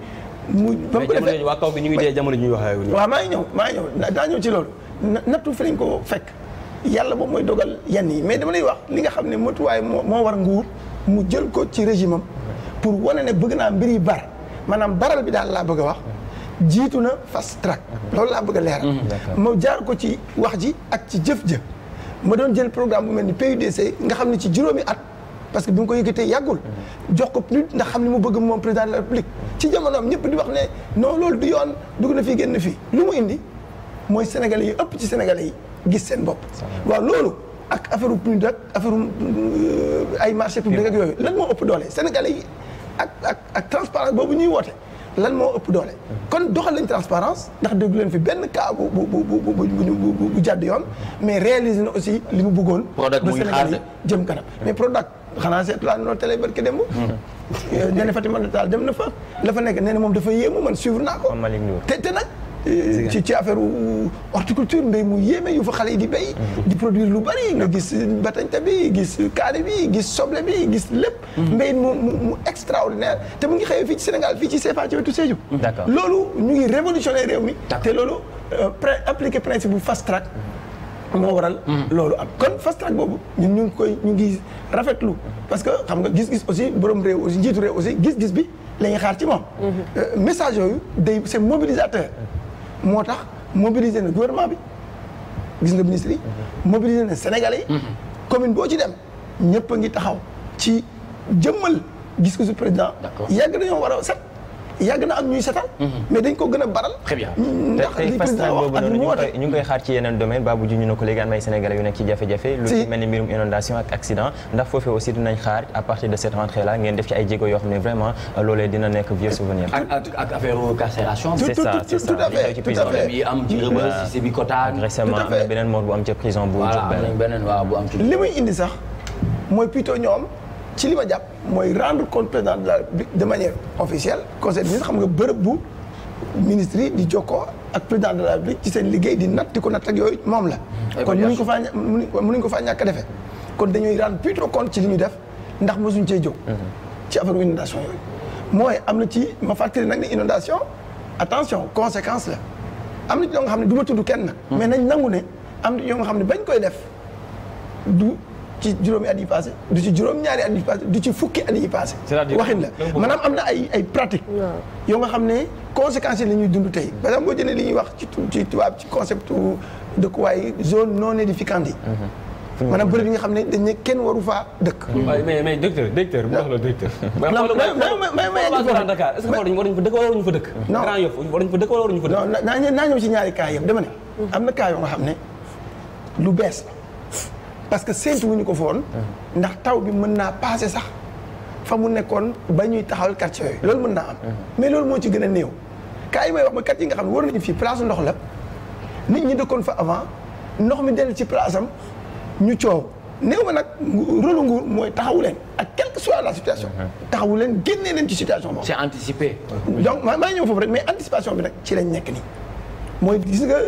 Speaker 5: mu ba ko defee
Speaker 4: waa kaw gi ñu ngi dee jamono ji ñu waxee wu waaw maa ngi
Speaker 5: ñëw maa ñëw daa ñëw ci loolu nattu fi lañ ko fekk yàlla moom mooy dogal yenn yi mais dama lay wax li nga xam ne motuwaay moo moo war nguur mu jël ko ci régime am pour wane ne bëgg naa mbir yi bar maanaam baral bi daal laa bëgg a wax jiitu na fast track loolu laa bëgg a leeral mm-hmm. ma jaar ko ci wax ji ak ci jëf-jëf ma doon jël programme bu mel ni PUDC nga xam ne ci juróomi at parce que bi nga ko yëgatee yàggul mm-hmm. jox ko plus ndax xam ni mu bëgg moom président de la république ci jamono am ñëpp di wax ne noo loolu du yoon dugg na fii génn fii lu mu indi mooy sénégalais yi ëpp ci sénégalais yi gis seen bopp waaw ak affaire PNUD ak affaire euh, ay marché public ak yooyu lan moo ëpp doole sénégalais yi ak ak ak transparence boobu ñuy woote lan moo ëpp doole. kon doxal lañ transparence ndax déglu leen fi benn cas bu bu bu bu bu bu jàdd yoon mais réaliser na aussi li mu bëggoon. ba Sénégal yi jëm kanam mais Prodac xanaa seetlaan loolu télé barke démb. Hmm. nee na Fatima Natal dem na fa. la nekk nee na moom dafa yéemu man suivre naa ko. te te nag. Euh, ci ci affaire horticulture mbéy mu yéeme yu fa xale yi di béy mhm. di produire lu bari nga gis batañta bi gis kaani bi gis soble bi gis lépp mbéy mhm. mu mu extraordinaire te mu ngi xëyee fii ci Sénégal fii ci CFA ci wetu Sédhiou loolu ñu ngi révolutionné réew mi te loolu euh, appliqué principe bu fast track mhm. moo waral loolu am kon fast track boobu ñu ngi koy ñu ngi rafetlu parce que xam nga gis-gis aussi borom réew aussi njiitu réew aussi gis-gis bi la ñuy xaar ci moom euh, message yooyu day c'est mobilisateur moo tax mobiliser na gouvernement bi gis nga ministre yi. Mhm. mobiliser na Sénégalais yi. Mhm. commune boo ci dem ñëpp a ngi taxaw ci jëmmal gis ko su président. yàgg dañoo war a set. yàgg na am ñuy setal mhm. mais dañ ko gën a baral mm, ndax li président wax ak
Speaker 3: ñu ngi koy xaar ci yeneen domaine Babou ju ñu na ko léegi am ay sénégalais yu nekk ci jafe-jafe lu ci mel ni mbirum inondation ak accident ndax foofee aussi dinañ xaar à partir de cette rentrée là ngeen def ci ay jéego yoo xam ne vraiment euh, loolee dina nekk vieux souvenir ak
Speaker 1: affaire carcération c'est ça c'est ça problème yi am ci Rebeuss ci
Speaker 3: Sébikotane récemment am na beneen mort bu am ca prison bu Diourbel beneen waaw bu
Speaker 5: indi sax mooy plutôt ñoom ci li ma jàpp mooy rendre compte président de la République de manière officielle conseil des ministres xam nga bërëb bu ministre yi di jokkoo ak président de la République ci seen liggéey di natt di ko natt ak yooyu moom la. kon mënuñ ko faa mënuñ ko faa ñàkk a defee. kon dañuy rendre plutôt compte ci li ñu def ndax moo suñ cee jóg. Mhm. ci affaire inondation yooyu. mooy am na ci ma fàttali nag ne inondation attention conséquence la am na ci ñoo nga xam ne du ma tudd kenn nag. Mhm. mais nañ nangu ne am na ñoo nga xam ne bañ koy def ci juróomi at yi passé du ci juróom-ñaari at yi passé du ci fukki at yi passé waxin la maanaam am na ay ay pratique yoo xam ne conséquences yi la ñuy dund tey par exemple boo li ñuy wax ci ci tubaab ci concept dëkkuwaay zone non édificante yi mhm. maanaam bërëb yi nga xam ne dañ ne kenn waru faa dëkk.
Speaker 4: Mhm. mais mais docteur docteur bu wax la docteur. mais xoolal Dakar est-ce que waruñu fa dëkk wala waruñu fa dëkk. non Grand Yoff waruñu fa dëkk wala waruñu fa dëkk. non naa
Speaker 5: ne. Mhm. am na cas yoo nga ne lu bees parce que séntu wuñu ko foon ndax taw bi mën naa passé sax fa mu nekkoon ba ñuy taxawal quartier yooyu loolu mën naa am mais loolu moo ci gën a néew cas yi may wax ma quartier yi nga xam ne war nañu fii place ndox la nit ñi dëkkoon fa avant ndox mi dellu ci place am ñu coow néew ma nag rôle nguur mooy taxawu leen ak quelle que soit la situation taxawu leen génnee leen ci situation boobu c'est anticipé donc maa ngi rek mais anticipation bi nag ci lañ nekk nii mooy gis nga.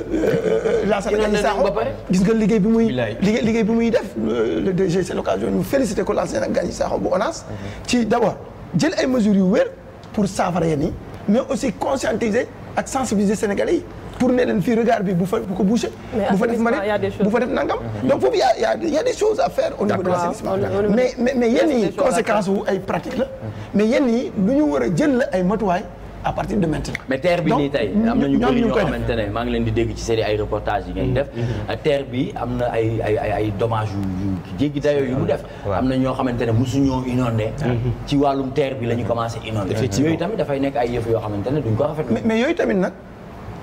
Speaker 5: a Gagny Sakho gis nga liggéey bi muy. liggéey bi muy def le euh, DG c'est l'occasion ñu félicité ko Lansana Gagny Sakho bu ONAS. ci d'abord jël ay mesures yu wér pour saafara yéen yi mais aussi conscientiser ak sensibiliser Sénégalais yi. pour ne leen fii regard bi bu fa bu ko bouché. bu fa def mari bu fa def nangam. Mhm. donc foofu y' a y' des choses à faire. au niveau de l'assainissement mais mais mais yenn yi wu ay pratiques la. Mhm. mais yenn lu ñu war a jël la ay matuwaay. à partir de maintenant.
Speaker 1: mais terre bi nii tey am na ñu bëri ñoo xamante maa ngi leen di dégg ci seen ay reportages yi ngeen def. Mm-hmm. Mm-hmm. Euh, terre bi am na ay ay ay yu yu jéggi dayoo yu mu def. am na ñoo xamante ne mosuñoo inondé. Mm-hmm. ci wàllum terre bi la ñu commencé inondé. effectivement yooyu tamit dafay nekk ay yëf yoo ne duñ ko rafetlu. mais mais yooyu tamit nag.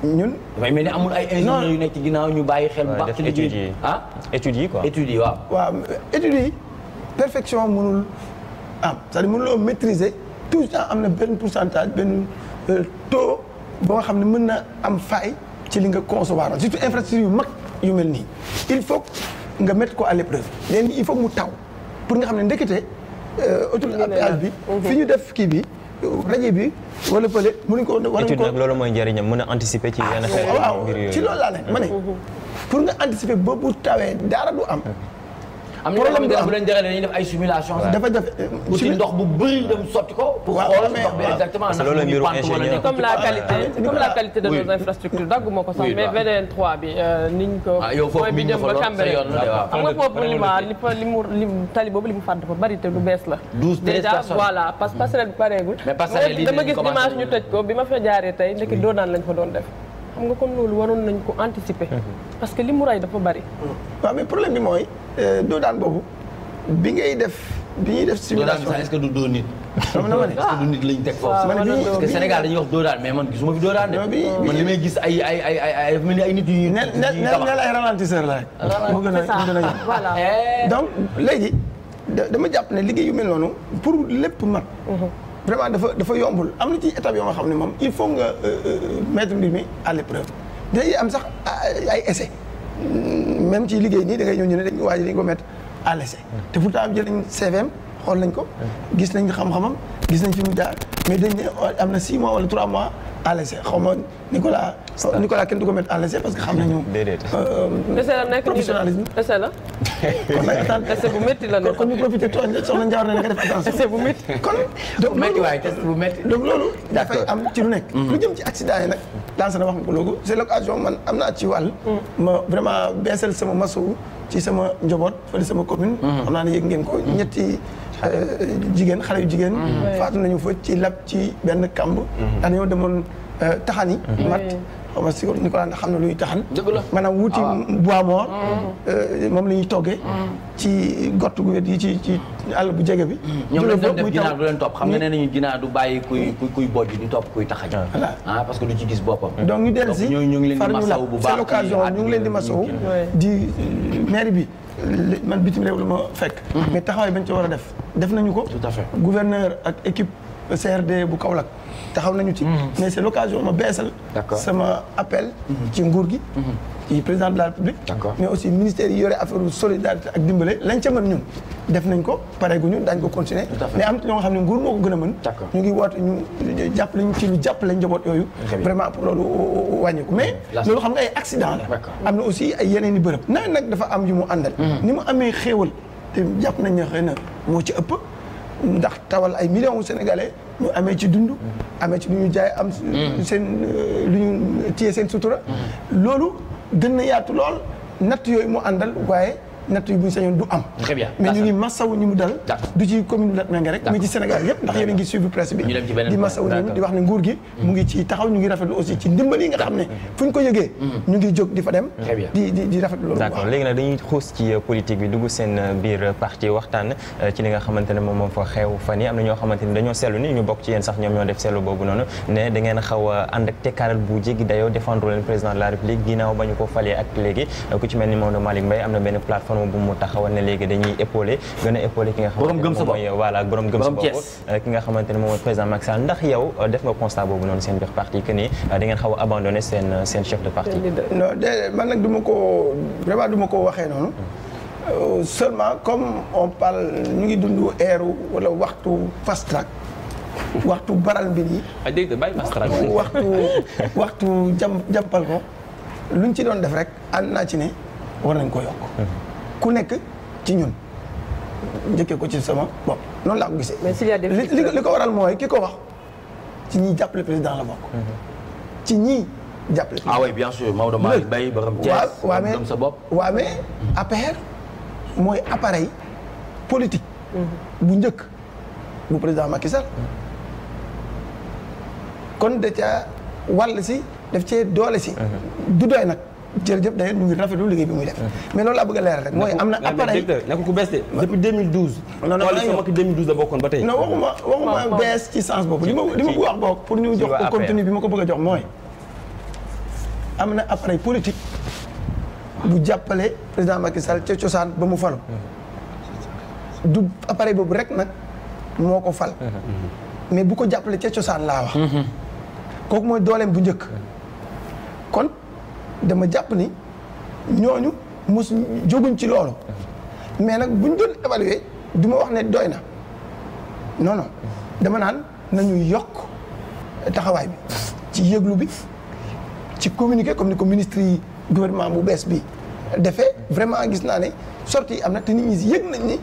Speaker 1: ñun dafay mel ni amul ay ingénieurs yu nekk ci ginnaaw ñu bàyyi xel. waaw def ah? études yi waaw.
Speaker 5: waaw perfection mënul am c'est-à-dire mënuloo maîtriser tout am na benn pourcentage benn. Euh, taux boo xam ne mën na am faille ci li nga concevoir surtout infrastructure yu mag yu mel nii il faut nga mettre ko à l'épreuve léegi il faut mu taw pour nga xam ne ndekete euh, autoroute à péage bi mhm. fi ñu def kii bi rajo bi wala pële mënuñ
Speaker 3: ko war ko nag loolu mooy njëriñam mën a anticiper ci ah, yenn xeetu mbir yooyu waaw ci loolu laa ne ma ne
Speaker 5: mhm. pour nga anticiper boobu tawee dara lu am am na ñoo xam bu
Speaker 2: leen jëlee dañuy def ay simulation.
Speaker 1: dafa def
Speaker 5: uti euh, ndox bu bëri dem sotti ko. pour xool ndox
Speaker 2: bi exactement ndax ñu pante wala ñu. comme la qualité comme la qualité de nos infrastructures dagguma ko sax mais VDN 3 bi euh, niñ ko. ah yow foofu bi ñu fa lool sa yoon la xam nga foofu li fa li mu li tali boobu li mu fàtte ko bari te du bees la. 12 13 personnes déjà voilà parce que passerelle bi pareegul. mais passerelle yi dama gis dimanche ñu tëj ko bi ma fa jaaree tey ndekki doonaan lañ fa doon def xam nga kon loolu waroon nañ ko anticiper. Mhm. parce que li mu ray dafa bari.
Speaker 5: waaw mais problème bi mooy euh, doo daan boobu bi ngay def bi ñuy def. simulation est-ce du doo nit. xam nga est lañ teg foofu. Ah, parce que Sénégal dañuy
Speaker 1: wax doo daan mais man gisuma fi doo daan de. man li may gis ay ay
Speaker 5: ay nit yu. nel nel ay ralentisseur la rek. mu gën a
Speaker 1: eh. donc
Speaker 5: léegi dama jàpp ne liggéey yu mel noonu pour lépp mat. Mhm. vraiment dafa dafa yombul am na ci étape yoo xam ne moom il faut nga euh, euh, mettre mbir mi à l'épreuve day am sax euh, ay essai même ci liggéey nii da ngay ñëw ñu ne dañ waa ji dañ ko mettre à l'essai te pourtant am jël nañ CVM xool nañ ko gis nañ xam-xamam gis nañ fi mu jaar mais dañ ne am na 6 mois wala 3 mois à l'essai xaw ma Nicolas. Nicolas kenn du ko mettre à l'essai parce que xam nañu. déedéet euh, essai
Speaker 2: la nekk professionnalisme essai la.
Speaker 5: kon nag attan essai bu métti la kon ñu profité tooñ la soxna na nga def attention. essai bu métti kon. donc loolu dafay am ci lu nekk. Mm-hmm. lu jëm ci accident yi nag. lancé na wax nga ko loolu c'est man am naa ci wàll. Mm-hmm. ma beesal sama masu ci sama njaboot fële sama commune. Mm-hmm. xam naa ne yëg ngeen ko ñetti. Euh, jigéen xale yu jigéen faatu nañu fa ci lab ci benn kamb dax dañoo demoon Euh, taxani mm-hmm. mat parce que ni ko xam na luy taxan maanaam wuti ah. bois mort mm-hmm. euh, moom la ñuy toggee mm-hmm. ci gott gu wet yi ci ci àll bu jege bi ñoom lañ doon def ginaar du leen
Speaker 1: topp xam nga nee nañu ginaar du bàyyi kuy kuy bojj di topp kuy taxañ ah, ah parce que du ci gis boppam donc ñu dellu si ñu ngi leen di masawu bu baax c'est l'occasion ñu ngi leen di masawu
Speaker 5: euh, di maire bi man bitim réew la ma fekk mais taxawaay bañ ci war a def def nañu ko tout à gouverneur ak équipe CRD bu Kaolack taxaw nañu ci. Mhm. mais c'est l'occasion ma beesal. sama appel. Mhm. ci nguur gi. Mhm. ci président de la République. mais aussi ministère yi yore affaire solidarité ak dimbale lañ ca mën ñun. def nañ ko pare gu ñun daañu ko continuer. mais am ñoo xam ne nguur moo ko gën a mën. ñu ngi woote ñu jàpp lañ ci lu jàpp yooyu. vraiment pour loolu wàññeeku mais. loolu xam nga ay accident la. am na aussi ay yeneen i bërëb. nawet nag dafa am yu mu àndal. ni mu amee xéewal te jàpp nañ ne xëy na moo ci ëpp. ndax tawal ay millions wu sénégalais ñu amee ci dund. amee ci lu ñu jaay am. Mm. seen euh, lu ñu téye seen sutura. Mm. loolu gën na yaatu lool natt yooyu mu àndal waaye. natt yi bu ñu sañoon du am. très bien mais ñu mu dal. du ci commune bu Latmingué rek. mais ci Sénégal yëpp ndax yéen a ngi suivre presse bi. di masawu ñu mu ngi ci taxaw ñu ngi rafetlu aussi ci ndimbal nga xam ne. Mm-hmm. fu ñu ko yëgee.
Speaker 3: na ñoo xamante ni dañoo seetlu ni ñu bokk ci yéen sax ñoom ñoo def seetlu boobu noonu ne da xaw a ak tekkaaral bu jéggi dayoo défendre leen président de la république ginnaaw ba ñu ko falee ak léegi euh, ku ci mel ni Maodo Malick Mbaye am na benn plateforme plateforme bu mu taxawal ne léegi dañuy épauler gën a ki nga xamante ne voilà borom gëm sa bopp euh, ki nga xamante ne moom mooy président Macky Sall ndax yow euh, def nga constat boobu noonu seen biir parti que ni euh, da ngeen xaw a seen seen chef de parti
Speaker 5: non déedéet man nag duma ko vraiment du ma ko waxee noonu hmm. seulement comme on parle ñu ngi dund eeru wala waxtu fast track waxtu baral mbir yi.
Speaker 4: ah dégg bàyyi fast track waxtu
Speaker 5: waxtu jam jàmpal ko luñ ci doon def rek ànd naa ci ne war nañ ko yokk. Hmm. ku nekk ci ñun njëkkee ko ci sama bopp noonu laa ko gisee. mais s'il li ko waral mooy ki ko wax ci ñiy jàppale président la bokk. Mhm. ci ñii jàppale. ah oui bien
Speaker 1: sûr Maodo Malick Mbaye borom Thiès. waaw mais sa bopp.
Speaker 5: waaw mais mooy appareil politik mhm. bu njëkk bu président Macky Sall. Mhm. kon da ca wàll si def cee doole si. du doy nag. jërëjëf day mu ngi rafetlu liggéey bi muy def mais loolu laa bëgg a leeral rek mooy am na appareil
Speaker 4: nekkul ku bees de depuis 2012 non non sama 2012 la bokkoon ba tey waxuma waxuma bees ci sens boobu li ma li ma bëgg pour ñu jox ko bi
Speaker 5: ma ko bëgg a jox mooy am na appareil politique bu jàppale président Macky Sall ca cosaan ba mu falu du appareil boobu rek nag moo ko fal mm-hmm. mais bu ko jàppale ca cosaan laa wax mm-hmm. kooku mooy dooleem bu njëkk kon dama jàpp ni ñooñu mos jóguñ ci loolu mais nag buñ doon évaluer du ma wax ne doy na non non dama naan nañu yokk taxawaay bi ci yëglu bi ci communiquer comme ni ko ministre yi gouvernement bu bees bi defee vraiment gis naa ne sorti am na te nit ñi yëg nañ ni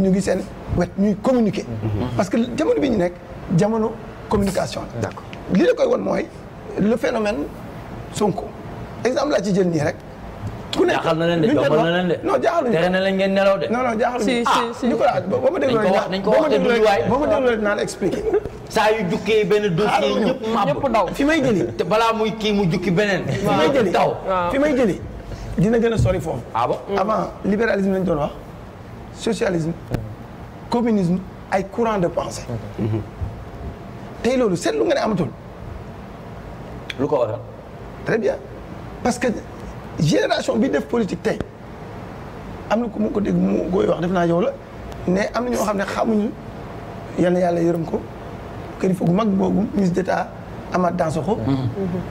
Speaker 5: ñu ngi seen wet ñuy communiquer. Mhm. parce que jamono bi ñu nekk jamono communication la. li la koy won mooy le phénomène Sonko. exemple laa ci jël nii rek. ku nekk jaaxal na leen de jaaxal na leen de. non jaaxal nañu tere na leen ngeen nelaw de. non non jaaxal nañu si si ah, si Nicolas boo ma dégloo rek nañu ko wax nañu ko wax te du waay boo ma dégloo rek naan expliqué. saa yu jukkee benn dossier ñëpp màbb ñëpp daw fi may jëli. te balaa muy kii mu jukki beneen. fi may jëli taw fi may jëli. dina gën a sori foofu. ah bon avant libéralisme lañu doon wax socialisme communisme ay courant de pensée. Mhm. tey loolu seetlu nga ne amatul. lu ko waral. très bien. parce que génération bi def politique tey am na ku mu ko dégg mu gooy wax def naa yow la ne am na ñoo xam ne xamuñu yal na yàlla yërëm ko kilifa gu mag boobu ministre d'état Amath Dansokho mhm. Mhm.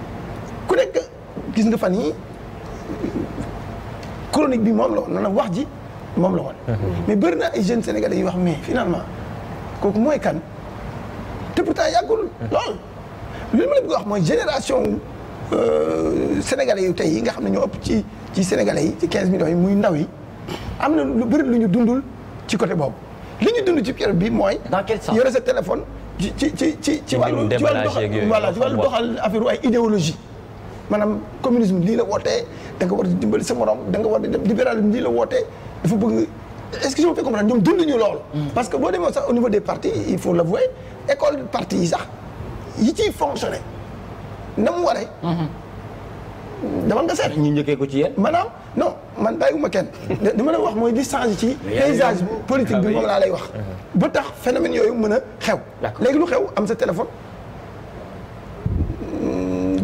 Speaker 5: ku nekk gis nga fan yi chronique bi moom la woon nag wax ji moom la woon mhm. mais bëri na ay jeunes sénégalais yi wax mais finalement kooku mooy kan te pourtant yàggul lool li ma la bëgg wax mooy génération Euh, sénégalais yi tey yi nga xam ne ñoo ëpp ci ci sénégalais yi ci 15 millions yi muy ndaw yi am na lu bëri lu ñu dundul ci côté boobu li ñu dund ci période bi mooy. dans quel sens yore sa téléphone. ci ci ci ci ci wàllu ci wàllu voilà ci wàllu doxal affaire ay idéologie maanaam communisme lii la wootee da nga war di dimbali sa morom da nga war di dem libéralisme lii la wootee dafa bëgg est-ce que je me fais comprendre ñoom dunduñu hmm. parce que boo demee sax au niveau des partis il faut l'avouer école parti yi sax yi ciy fonctionner. na mu waree. dama nga seet. ñi njëkkee ko ci yéen. maanaam non man bàyyiwuma kenn. di ma la wax mooy di changer ci. paysage politique bi ah moom laa lay wax. Uh-huh. ba tax phénomène yooyu mën a xew. léegi lu xew am sa téléphone.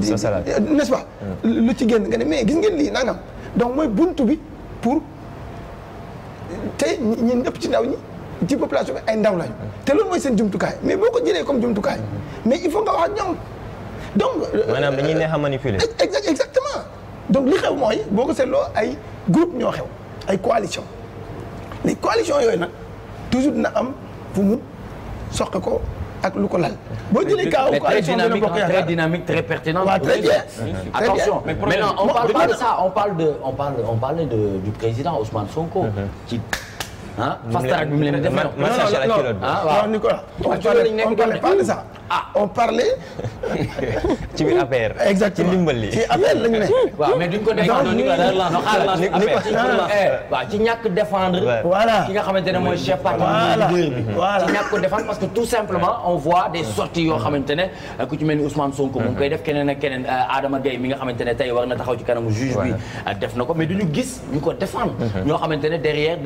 Speaker 5: social n'est-ce pas. Uh-huh. lu ci génn nga ne mais gis ngeen lii nangam donc mooy buntu bi pour tey ñun ñëpp ci ndaw ñi ci population ay ndaw lañu. Uh-huh. te loolu mooy seen jumtukaay mais boo ko jëlee comme jumtukaay mais il faut nga wax ak ñoom. donc
Speaker 3: euh, maanaam dañuy neex a manipuler.
Speaker 5: exactement donc li xew mooy boo ko seetloo ay group ñoo xew ay coalition les coalitions yooyu nag toujours dina am fu mu soqe ko ak lu ko lal. boo jëlee kaw coalition dina bokk yaakaar très
Speaker 1: dynamique très pertinent. waaw très bien attention maintenant on parle président Ousmane Sonko. Mm-hmm.
Speaker 5: ah fast track bi mu leen def ah, ah, ah. on parlait
Speaker 3: ci biir affaire. exactement ci ndimbal li ci affaire lañu ne. ko dégg noonu Nicolas
Speaker 1: ñàkk défendre. voilà ki nga xamante ne mooy chef parti. voilà ci ñàkk ko défendre parce que tout simplement on voit des sorties yoo xamante ne ku ci mel ni Ousmane Sonko mu ngi koy def keneen ak keneen euh, Adama Gaye mi nga xamante ne tey war na taxaw ci kanamu juge bi. Euh, ko mais duñu gis ñu ko défendre. Mhm. ñoo xamante ne derrière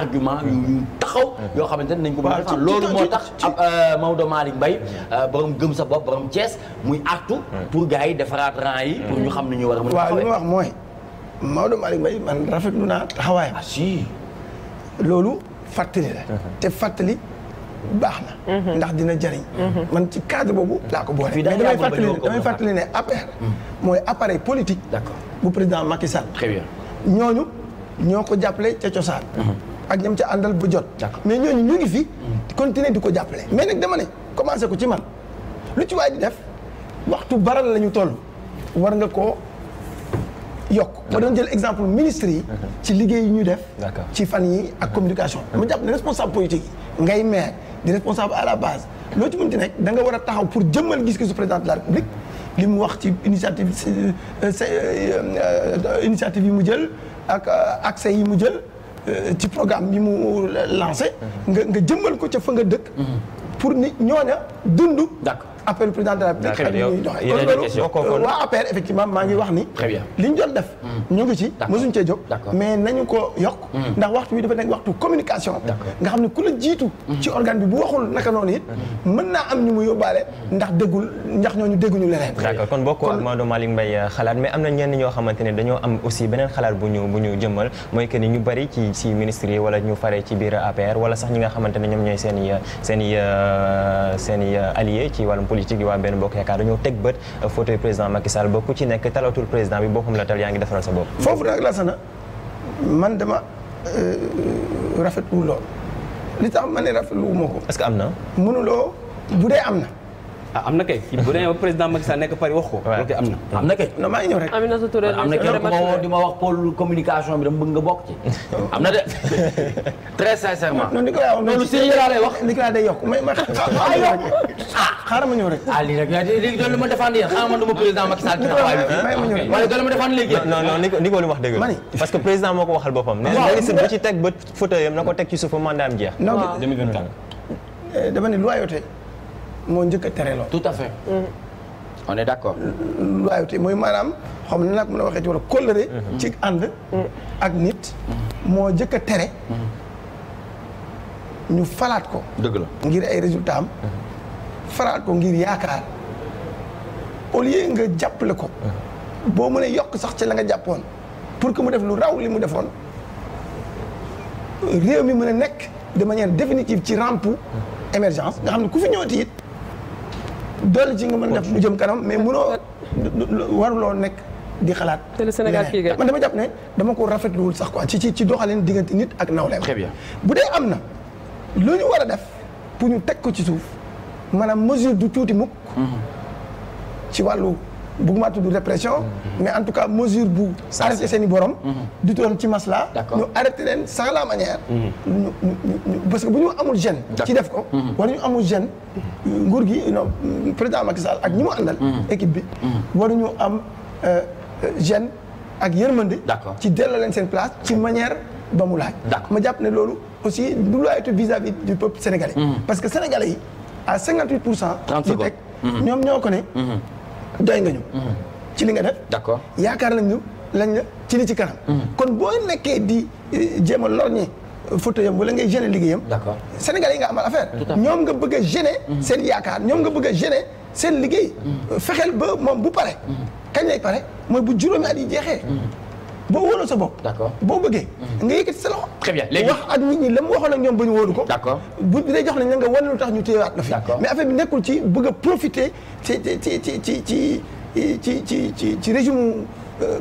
Speaker 1: argument développement yu taxaw yoo xamante ne nañ ko mën a defar loolu moo tax ab euh, Maodo Malick Mbaye euh, borom gëm sa bopp borom Thiès muy artu pour gars yi defaraat rang yi pour ñu xam ne ñu war a mën a waaw li ma wax
Speaker 5: mooy Maodo Malick Mbaye man rafetlu naa taxawaayam ah, si loolu fàttali la uh-huh. te fàttali baax na uh-huh. ndax dina jariñ uh-huh. man ci cadre boobu laa ko boole damay fàttali ne damay fàttali ne APR mooy appareil politique bu président Macky ñooñu ñoo ko jàppale ca cosaan ak ñam ca àndal bu jot mais ñooñu ñu ngi fi mm. continuer di ko jàppale mais nag dama ne commencé ko ci man lu ci waay di def waxtu baral la ñu toll war nga ko yokk ma doon jël exemple ministre yi ci liggéey yi ñu def ci fan yi ak communication ma jàpp ne responsable politique yi ngay maire di responsable à la base loo ci mënti nekk da nga war a taxaw pour jëmmal gis-gisu président de la république li mu wax ci initiative euh, euh, euh, initiative yi mu jël ak accès yi mu jël ci programme bi mu lancé. nga nga jëmmal ko ca fa nga dëkk. Mm-hmm. ni nit ñooña dund. appel président de la République. xëy na ñuy doxee waa APR effectivement maa ngi wax ni. li ñu def. Hmm. ñu ngi ci mosuñ cee jóg. mais nañu ko yokk. Hmm. ndax waxtu wi dafa nekk waxtu communication. nga xam ne ku la jiitu. Hmm. ci organe bi bu waxul naka noonu it. mën naa am ñu mu yóbbaale. ndax déggul ndax ñooñu dégguñu leneen.
Speaker 3: d'accord kon bokkoo ak Maodo Malick Mbaye euh, xalaat mais am na ñenn ñoo xamante ne dañoo am aussi beneen xalaat bu ñu bu ñu jëmmal mooy que ni ñu bari ci si ministres yi wala ñu fare ci biir APR wala sax ñi nga xamante ne ñoom ñooy seen i seen i euh, seen i euh, ci wàllum politique yi waa benn bokk yaakaar dañoo teg bët euh, fauteuil président Macky Sall ku ci nekk talatul président bi boppam la tal yaa ngi defaral sa bopp. foofu nag la sana
Speaker 5: man dama euh, rafet lool
Speaker 4: li tax ma ne rafetlu wu ko. est que am na. mënuloo bu dee am na. ah am na kay bu demee ba président Macky Sall nekk Paris wax ko. waaw am na am na kay. non maa ngi ñëw rek Aminata Touré am na kenn ku ma woo
Speaker 1: di ma wax pôle communication bi dama bëgg nga bokk ci. am na de
Speaker 5: très sincèrement. non Nicolas non lu sérieux laa lay wax. Nicolas day yokk may ma ay yokk ah xaaral ma ñëw rek.
Speaker 3: ah lii rek léegi doon na ma défendre yéen xaaral ma duma président Macky Sall. Nicolas may ma ñëw rek waaye doon na ma défendre léegi. non non Nico Nico li mu wax dëgg la. parce que président moo ko waxal boppam. waaw waaw nee na bu ci teg ba fauteuil am na ko teg ci suufu mandat am jeex.
Speaker 5: Eh, dama ne lu waayoo tey moo njëkk a tere loolu. tout à fait. Mm-hmm. on d' accord. Mm-hmm. waaye mooy maanaam xam ne nag mën a waxee ci wala kóllëre. Mm-hmm. ci ànd. ak nit. moo njëkk a tere. ñu falaat ko. dëgg la ngir ay résultat am. falaat ko ngir yaakaar au lieu nga jàppale ko. boo mënee yokk sax ci la nga jàppoon pour que mu def lu raw li mu defoon réew mi mun a nekk de manière définitive ci rampe émergence nga xam ne ku fi ñëwati it. doole ci nga mën a def mu jëm kanam mais munoo waruloo nekk di xalaat. te le Sénégal kii man dama jàpp ne dama ko rafetluwul sax quoi ci ci ci doxalin diggante nit ak nawleem. très bien bu dee am na loolu ñu war a def pour ñu teg ko ci suuf maanaam mesure du tuuti mukk mhm. ci wàllu. bëgguma tudd répression mais en tout cas mesure bu arrêté seeni borom mhm. du toon ci masla ñu arrêté leen sans la manière mhm. ñu parce que bu ñu amul gêne ci def ko mhm. war ñu amul gêne nguur gi non président Macky Sall ak ñi mu àndal équipe bi waruñu am euh, euh, gêne ak yërmande ci delloo leen seen place ci manière ba mu laaj ma jàpp ne loolu aussi du loyauté vis-à-vis du peuple sénégalais parce que sénégalais yi à cinquante huit pour cent ñi teg ñoom ñoo ko ne doy nga ñu. Mm-hmm. ci li nga def. d'accord yaakaar nañ ñu lañ la ci li ci kanam. Mm-hmm. kon boo nekkee di eh, jéem a lor ñi fauteuilam wala ngay gêner liggéeyam. d'accord Sénégalais yi nga amal affaire. ñoom nga bëgg a gêner. Mm-hmm. seen yaakaar ñoom nga bëgg a gêner seen liggéey. fexeel ba moom bu pare. kañ lay pare mooy bu juróomi at yi jeexee. boo wóoloo sa bopp. d'accord boo bëggee. nga yëkkati sa loxo. très wax ak nit ñi lamu mu waxoon ak ñoom ba ñu wóolu ko. d'accord bu dee jox nañ la nga wane lu tax ñu téyewaat la fi. d'accord mais affaire bi nekkul ci bëgg a profiter ci ci ci ci ci ci ci ci ci ci régime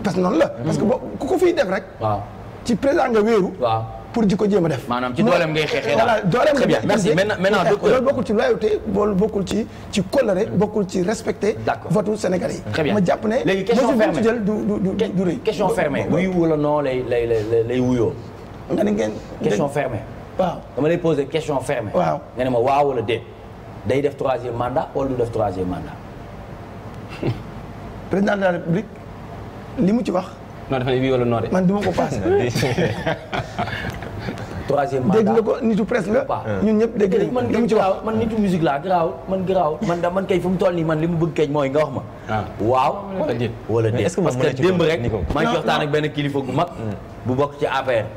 Speaker 5: parce que noonu la. parce que boo ku ko fiy def rek. waaw ci président nga wéeru. waaw. pour di ko jéem a def. maanaam ci dooleem ngay xeexee daal voilà dooleem ngay xeexee merci maintenant loolu bokkul ci loyauté loolu bokkul ci ci kóllëre bokkul ci respecter. d'accord votu yi. ma jàpp ne. léegi question fermée jël du du du rëy. question fermée oui wala
Speaker 1: non lay lay lay lay wuyoo. nga ne ngeen. question fermée. waaw nga ne ma waaw wala déet. day def troisième mandat wala du def troisième
Speaker 5: président de république li mu ci wax.
Speaker 4: non dafa ne wii wala non de. man du ma ko paase. troisième mandat dégg nga ko nitu presse la. ñun
Speaker 1: ñëpp dégg nitu musique laa garaaw man garaaw man da man kay fu mu toll nii man li mu bëgg kañ mooy nga wax ma. Ah. waaw wala déet. wala déet parce que démb rek. maa ngi waxtaan ak benn kilifa gu mag. Hmm. bu bokk ci affaire.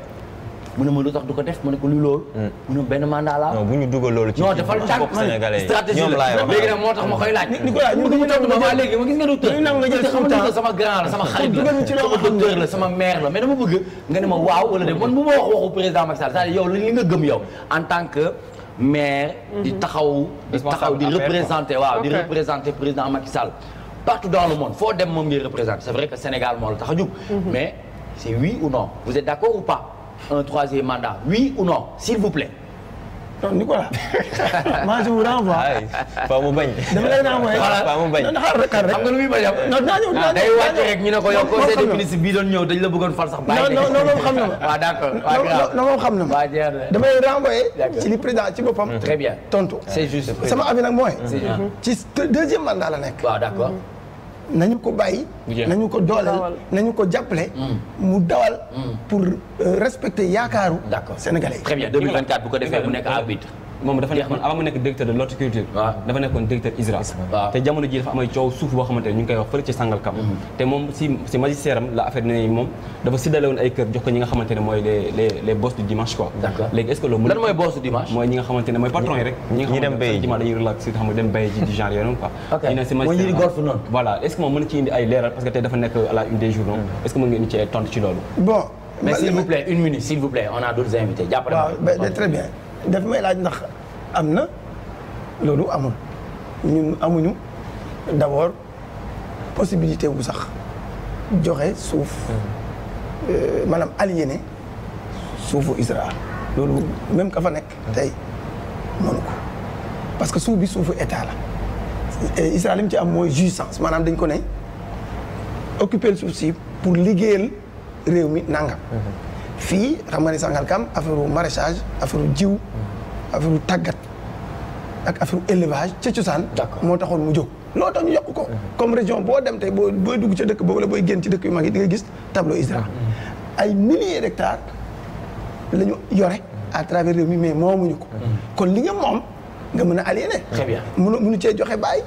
Speaker 1: mu ne ma lu tax du ko def mu ne ko luy loolu. Hmm. mu ne benn mandat la. non bu ñu dugal loolu. ci non dafa tànk stratégie la léegi nag moo tax ma koy laaj. nit ñi ko laaj ma waa léegi ma gis sama temps grand la sama xarit la sama la sama la mais dama nga ne ma waaw wala de man ma wax waxu président Macky Sall c'est-à-dire yow li nga gëm yow en tant que maire. di mhm. taxaw di taxaw di représenter waaw di président Macky Sall partout dans le monde foo dem moom ngay représenter c'est vrai que Sénégal moo la tax a jóg mhm. mais c'est oui ou non vous un troisième mandat oui ou non s'il vous plaît.
Speaker 5: non Nicolas
Speaker 3: maa je vous renvoie. Paa mu bañ. dama lay renvoyer voilà Paa mu bañ. non xaaral rek xam nga lu muy bañ a. non naa ñëw naa ñëw day wàcc rek ñu ne ko yow conseil des ministres bii doon
Speaker 5: ñëw dañ la bëggoon fal sax. bàyyi non non moom xam na ma. Ah, waaw d'accord ah, non moom xam na ma. waaw jeex na damay renvoyer. ci li président ci boppam. très bien tontu. c'est juste. sama avis nag mooy. c'est juste ci deuxième mandat la nekk. waaw d'accord. nañu ko bàyyi nañu ko dooleel nañu ko jàppale hmm. mu dawal hmm. pour euh, respecter yaakaaru d'accord sénégalais yi
Speaker 4: très bien 2024 bu ko defee mu nekk arbitre moom dafa nekkoon avant nekk directeur de l'horticulture ah. dafa nekkoon directeur ISRA te jamono ji dafa amay coow suuf boo xamante ñu ngi koy wax fële ci Sangalkam mm-hmm. te moom si si la affaire ne moom dafa siddale woon ay kër jox ko ñi nga xamante mooy les boss du dimanche quoi léegi est-ce que loolu lan mooy boss du dimanche ñi nga xamante mooy patron yi rek ñi nga xamante ne dimanche dañuy relax si nga dem béy ji du genre yooyu ne si
Speaker 5: daf may laaj ndax am na loolu amul ñun amuñu d'abord possibilité wu sax joxe suuf hmm. euh, maanaam aliéné suufu Israël loolu même ka fa nekk hmm. tey mënu ko parce que suuf bi suufu état la Israël li mu ci am mooy jouissance maanaam dañ ko ne occuper suuf si pour liggéeyal réew mi nangam hmm. fii xam nga ne kam affaire maraîchage affaire jiw affaire tàggat ak affaire élevage ca cosaan moo taxoon mu jóg loo tax ñu yokk ko mhm. comme région boo dem tey boo booy dugg ci dëkk boobu la booy génn ci dëkk yu mag yi di nga gis tableau ISRA mhm. ay milliers d'hectares la ñu yore à travers mi mais moomuñu ko mhm. kon li nga moom nga mën a aliéné très bien mënu cee joxe bàyyi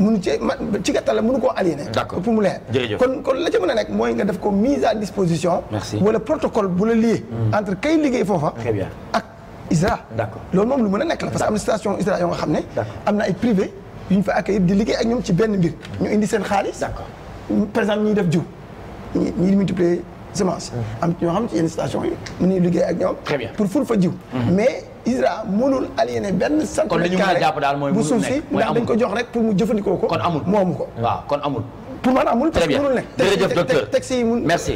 Speaker 5: mënu ci gàttal la mënu koo aliéné mu leer kon kon la ca mën a nekk mooy nga def ko mise à disposition wala protocole bu la lié hmm. entre kay liggéey foofa ak ISRA loolu moom lu mën a nekk la parce que am station ISRA yoo nga xam ne am na ay privé yu ñu fa accueillir di liggéey ak ñoom ci benn mbir ñu indi seen xaalis par exemple ñuy def jiw ñi multiplier semence hmm. am ñoo xam ci yenn station yi mën liggéey ak ñoom pour ful fa jiw hmm. mais ISRA mënul aliéné benn centimètre carré kon li ñu mën a jàpp daal mooy bu suuf si ndax dañ ko jox rek pour mu jëfandikoo ko. kon amul moomu ko waaw kon amul. pour maanaam mënul très bien jërëjëf docteur taxi yi mun merci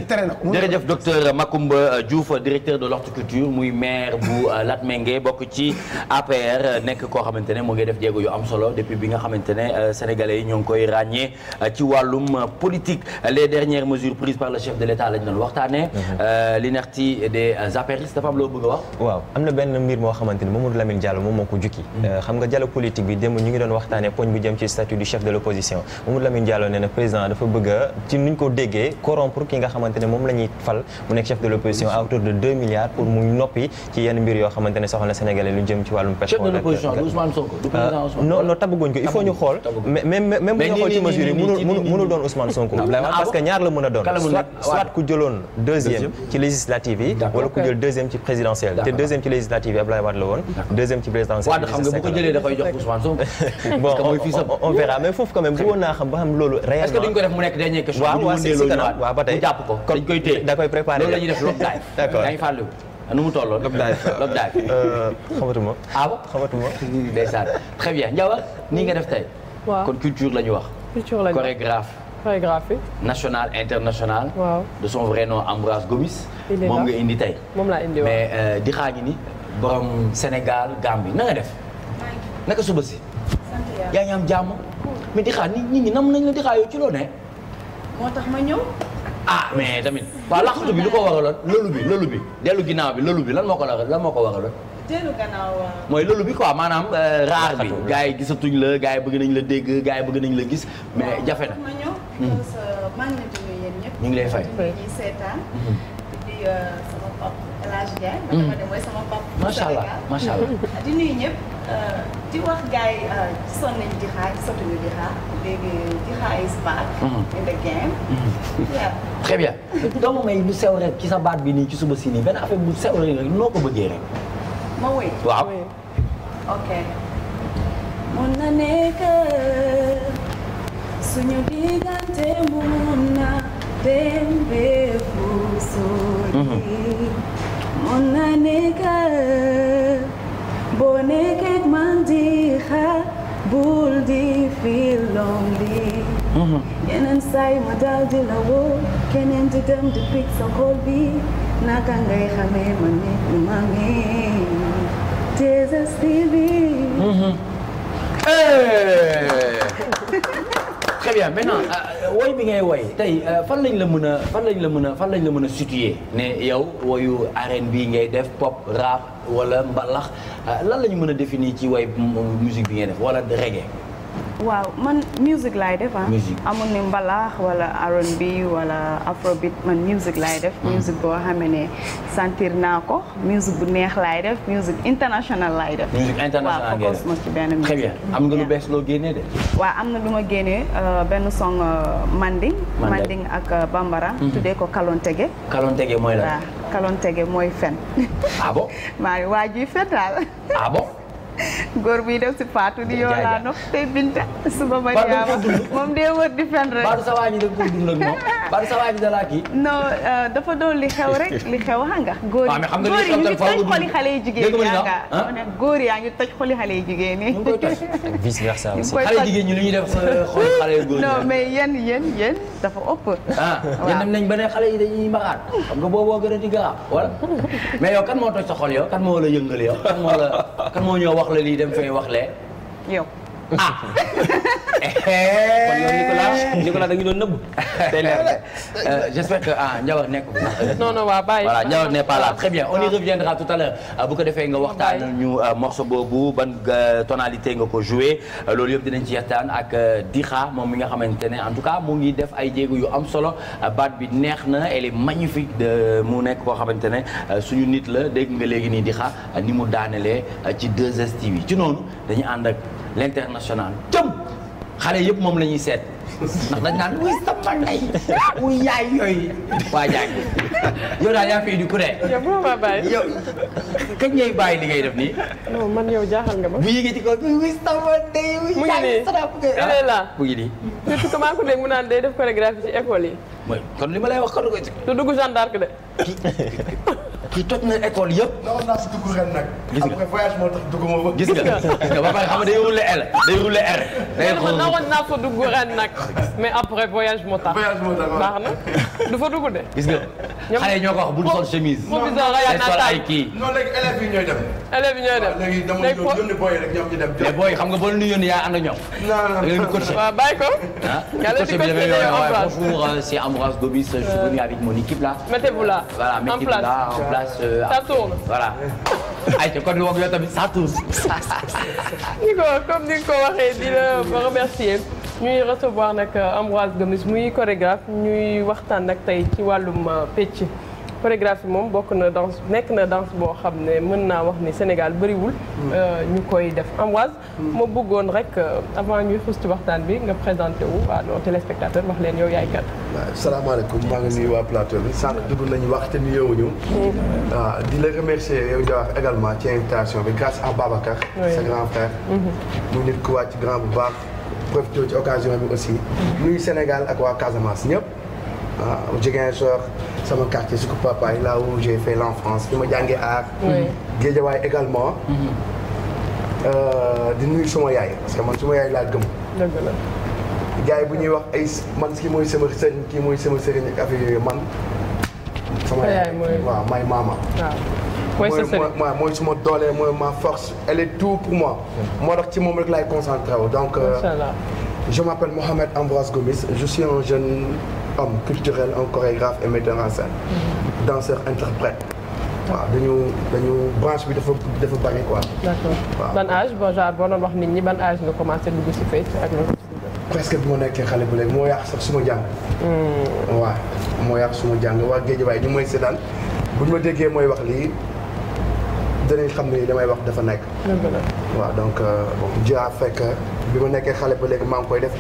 Speaker 1: jërëjëf docteur Macoumba Diouf directeur de l'horticulture muy maire bu euh, Latmingué bokk ci APR nekk koo xamante ne mu ngi def jéego yu am solo depuis bi nga xamante ne euh, sénégalais yi ngi koy ràññee euh, ci wàllum politique les dernières mesures prises par le chef de l'État lañ doon waxtaanee mhm. l'inertie des apéristes dafa am loo bëgg a
Speaker 3: wax am na benn mbir moo xamante ne Mamadou Lamine Diallo moom moo ko jukki mhm. xam nga dialogue politique bi démb ñu ngi doon waxtaanee poñ bu jëm ci statut du chef de président dafa bëgg a ci nuñ ko déggee corrompre ki nga xamante moom la fal mu nekk chef de l' à hauteur de milliards pour mu noppi ci yenn mbir yoo xamante soxla na lu jëm ci wàllum pétrole. chef de euh, ko il faut ñu xool. même même bu xool ci mesure yi mënul doon Ousmane Sonko. parce que ñaar la mën a doon. soit ku jëloon deuxième ci législative yi. wala ku jël deuxième ci présidentielle. te deuxième ci législative yi Abdoulaye Wade la woon. deuxième duñ ko def mu nekk dernier question. waaw waaw si mu jàpp ko. kon dañ
Speaker 1: koy téye da koy préparé loolu la def lob daay. d' accord yaa ngi fàllu nu mu tolloon. lob daay lob daay. Euh, xamatuma. ah bon xamatuma. ndeysaan très bien Ndiawa nii nga def tey. waaw kon culture la ñu wax. culture la ñu wax chorégraphe. chorégraphie. national international. de son vrai nom Gomis. moom nga indi tey. moom laa indi waaw mais euh, di xaagi ni borom Sénégal Gambie na nga def. naka suba si. sant yaa ngi mais di xaar nit ñi nam nañ la di xaar yow ci loo ne. moo tax ma ñëw. ah mais tamit waaw laqatu bi lu ko waraloon loolu bi loolu bi dellu ginnaaw bi loolu bi lan moo ko la moo ko waraloon.
Speaker 9: dellu gannaaw
Speaker 1: mooy loolu bi quoi maanaam euh, raar bi gars yi gisatuñ la gars yi bëgg nañ la dégg gars yi bëgg nañu la gis mais jafe na.
Speaker 9: ma ñëw hmm. parce ngi ñu ngi lay fay El Hadj Ndiaye. ma mm. dama di nuyu ñëpp. Euh, di wax gars yi euh, sonn nañu di xaar sotuñu di xaar léegi di xaar is mm-hmm. in the game.
Speaker 1: Mm-hmm. très bien. may lu sew rek ci sa baat bi nii ci suba si nii benn affaire bu sew rek rek noo
Speaker 9: ma wéy waaw. ok. mun na nekk suñu diggante mun na dem ba onlaneka bonekek mandixa bul di feel lonely yeneen saay ma dal di la woo keneen di dem di picc sa xol bi naka ngay xamee ma nit ñu ma amee 2STV
Speaker 1: très bien maintenant euh, euh, woy bi ngay woy tey euh, fan lañ la mën a fan lañ la mën a fan lañ la mën a situer ne yow woyu arène bi ngay def pop rap wala mbalax lan la ñu mën a définir ci woy musique bi ngay def wala reggae
Speaker 9: waaw man musique laay def ah. amoon ni mbalaax wala R&B wala afrobeat man musique laay def. Hmm. musique boo xamee ne santir naa ko. musique bu neex laay def musique international laay def. musique
Speaker 1: international waaw ci benn. très bien am nga lu bees loo génnee de.
Speaker 9: waaw am na lu ma génne euh, benn song euh, Manding. Manding ak euh, Bambara. Hmm. tuddee ko Kalontege.
Speaker 1: Kalontege mooy la
Speaker 9: Kalontege mooy fen. ah bon. maa ngi waaj fen daal. Ah góor bi def si Fatou di yow laa nopp tey Binta suba Mariama moom dee wër di fen rek. Badou Sawa ñu da ko dund ak moom Badou Sawa ñu da laa kii. non euh, dafa doon li xew rek li xew xam nga. góor ah, yi ñu ngi toj xoli xale yu jigéen ñi nga ah? góor yaa ngi toj xoli xale yu jigéen ñi. ñu ngi koy toj vice
Speaker 1: versa aussi xale jigéen ñi lu ñuy def euh, xoli xale yu góor
Speaker 9: ñi. dafa ëpp.
Speaker 1: ah yéen dem
Speaker 9: nañ ba ne xale yi dañuy
Speaker 1: maxaat xam nga booboo gën a di gaaw kan moo toj sa xol yo kan moo la yëngal yow kan moo la kan wax la lii dem fay wax lee
Speaker 9: yow ah. Eh. kon yow Nicolas
Speaker 1: Nicolas da nga ñu doon nëbbu. tey leer na j' espère waa bàyyi. voilà Ndiawar n'est pas là très bien on y reviendra tout à l'heure euh, bu ko defee nga waxtaanal ñu euh, morceau boobu ban euh, tonalité nga ko joué loolu yëpp dinañ ci waxtaan ak Dikha moom mi nga xamante ne en tout cas mu ngi def ay jéego yu am solo baat bi neex na elle est magnifique de mu nekk koo xamante ne suñu nit la dégg nga léegi nii Dikha ni mu daanelee ci 2STV ci noonu dañu ànd ak. l'international jëm xale yëpp moom lañuy ñuy seet ndax dañ naan muy sama ndey muy yaay yooyu waa jaay yow daal yaa fii di ku ne yow bu ma kañ ngay bàyyi li ngay def nii
Speaker 2: non man yow jaaxal nga ma bu yéegee ci kaw muy sama ndey muy yaay sarap la ah, mu ngi nii surtout que maa ngi mu naan day def chorégraphie ci école yi
Speaker 1: mooy kon li ma lay wax kon
Speaker 2: du dugg gendarme de
Speaker 7: kii toj na école yëpp. non naa si dugg ren nag. gis nga après
Speaker 2: voyage moo tax dugguma
Speaker 7: ba. gis nga gis nga ba pare xam nga day roulé L day roulé R. day roulé nawoon
Speaker 2: naa fa dugg ren nag mais après voyage moo tax. voyage moo tax baax na du fa dugg de.
Speaker 1: gis nga xale ñoo ko wax bul sol chemise. non non sol ay kii. non léegi
Speaker 2: élèves yi ñooy dem. élèves yi
Speaker 1: ñooy dem léegi dama yónni
Speaker 7: booy rek ñoom ñu dem.
Speaker 1: mais booy xam nga boo leen di yónni yaa ànd
Speaker 7: ñoom. non non da ngeen coaché waaw
Speaker 2: bàyyi ko. Ah.
Speaker 7: yàlla di coaché bi waaw
Speaker 1: bonjour euh, c'est Ambroise Gomis je suis venu avec mon équipe là. mettez-vous là en place voilà passe. ça tourne voilà. ayca kon lu waxee
Speaker 2: di la remercier. ñuy recevoir nag Ambroise Gomis muy chorégraphe waxtaan nag tey ci wàllum pecc. chorégraphie moom bokk na danse nekk na danse boo xam ne mën naa wax ni Sénégal bëriwul. Mm. Euh, ñu koy def am Ambroise. Mm. ma bëggoon rek euh, avant ñuy xus ci waxtaan bi nga présenté wu waa nos téléspectateurs wax leen yow yaay kat.
Speaker 7: waaw salaamaaleykum maa ngi nuyu waa plateau bi sànq dugg nañu wax te nuyuwuñu. waaw mm. ah, di la remercier yow Diawar également ci invitation bi grâce à Babacar. sa grand frère.
Speaker 8: Mm-hmm.
Speaker 7: mu nit wàcc grand bu baax. profité ci occasion bi aussi. Mm-hmm. nuyu Sénégal ak waa Casamance ñëpp. ah Ziguinchor sama quartier Sicou Papaye là la j'ai fait l'enfance fi ma jàngee aar. Guédiawaye également. Mhm. Euh, di nuyu suma yaay parce que suma yaay la. gars yi bu ñuy wax ay man kii mooy sama sëñ kii mooy yooyu man. sama yaay mooy waaw may maama. mooy sa ma doolee mooy ma force elle tout pour moi. moo tax ci moom rek laay concentré wu donc. Euh, je m'appelle Mohamed Ambroise Gomis je suis un homme culturel un chorégraphe et metteur en scène mm-hmm. danseur interprète waaw dañu dañu branche bi dafa dafa bari quoi d'accord waaw ban
Speaker 2: âge bon boo doon wax nit ñi ban âge nga commencé dugg si fecc ak loolu
Speaker 7: presque bi ma nekkee xale bu léegi moo yàq sax suma jàng mm. waaw moo yàq suma jàng waa géej waaye ñu may seetaan bu ñu ma déggee mooy wax lii danañ xam ne damay wax dafa nekk waaw donc euh, bon jaa fekk bi ma nekkee xale ba léegi maa ngi koy def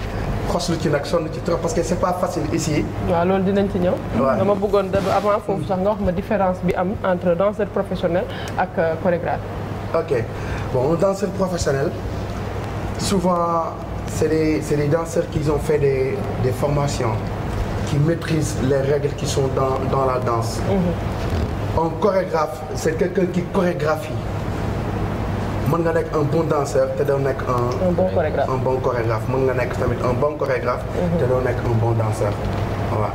Speaker 2: xoslu ci nag sonn ci parce que c'est pas facile ici. waaw loolu dinañ ci ñëw. waaw dama bëggoon avant foofu sax nga wax ma différence bi am entre danseur professionnel ak euh, chorégraphe. ok
Speaker 7: bon danseur professionnel
Speaker 2: souvent c'est des c'est des
Speaker 7: qui ont fait des des formations qui maîtrisent les règles qui sont dans la danse. Mm-hmm. un chorégraphe c'est quelqu'un qui chorégraphie. mën nga nekk un bon danseur te doo nekk un. un bon chorégraphe un mën nga nekk tamit un bon chorégraphe. Mhm. te doo nekk un bon danseur waaw.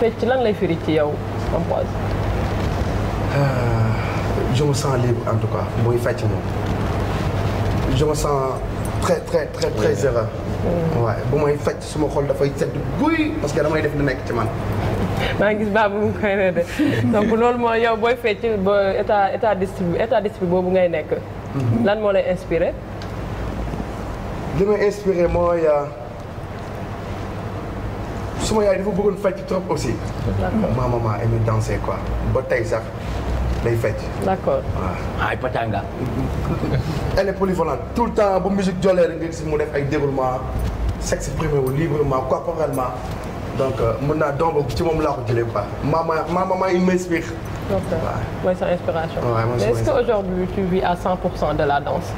Speaker 2: fecc lan lay firi ci yow Ambroise.
Speaker 7: Euh, je me libre en tout cas muy fecc moom je me sens très très très mhm. bu may fecc suma xol dafay sedd guy parce que damay def lu nekk ci man.
Speaker 2: maa ngi gis baabu mu koy de donc loolu mooy yow booy fecc ba état état d'esprit état d'esprit boobu ngay nekk. Mhm. lan moo lay inspiré.
Speaker 7: li may inspiré mooy euh, suma yaay dafa bëggoon fecc trop aussi. ma maman aimé danser quoi ba tey sax day fecc. d'accord waaw. ay patanga. elle est polyvalente tout le temps bu musique jolee rek nga gis mu def ay déroulement s'exprimer wu librement corporellement. donc euh, mën naa donc ci moom laa ko jëlee bu baax maama maama
Speaker 2: maa ngi m'inspire. ok euh, mooy sa inspiration. mais est-ce que aujourd'hui tu vis à 100 pour cent de la danse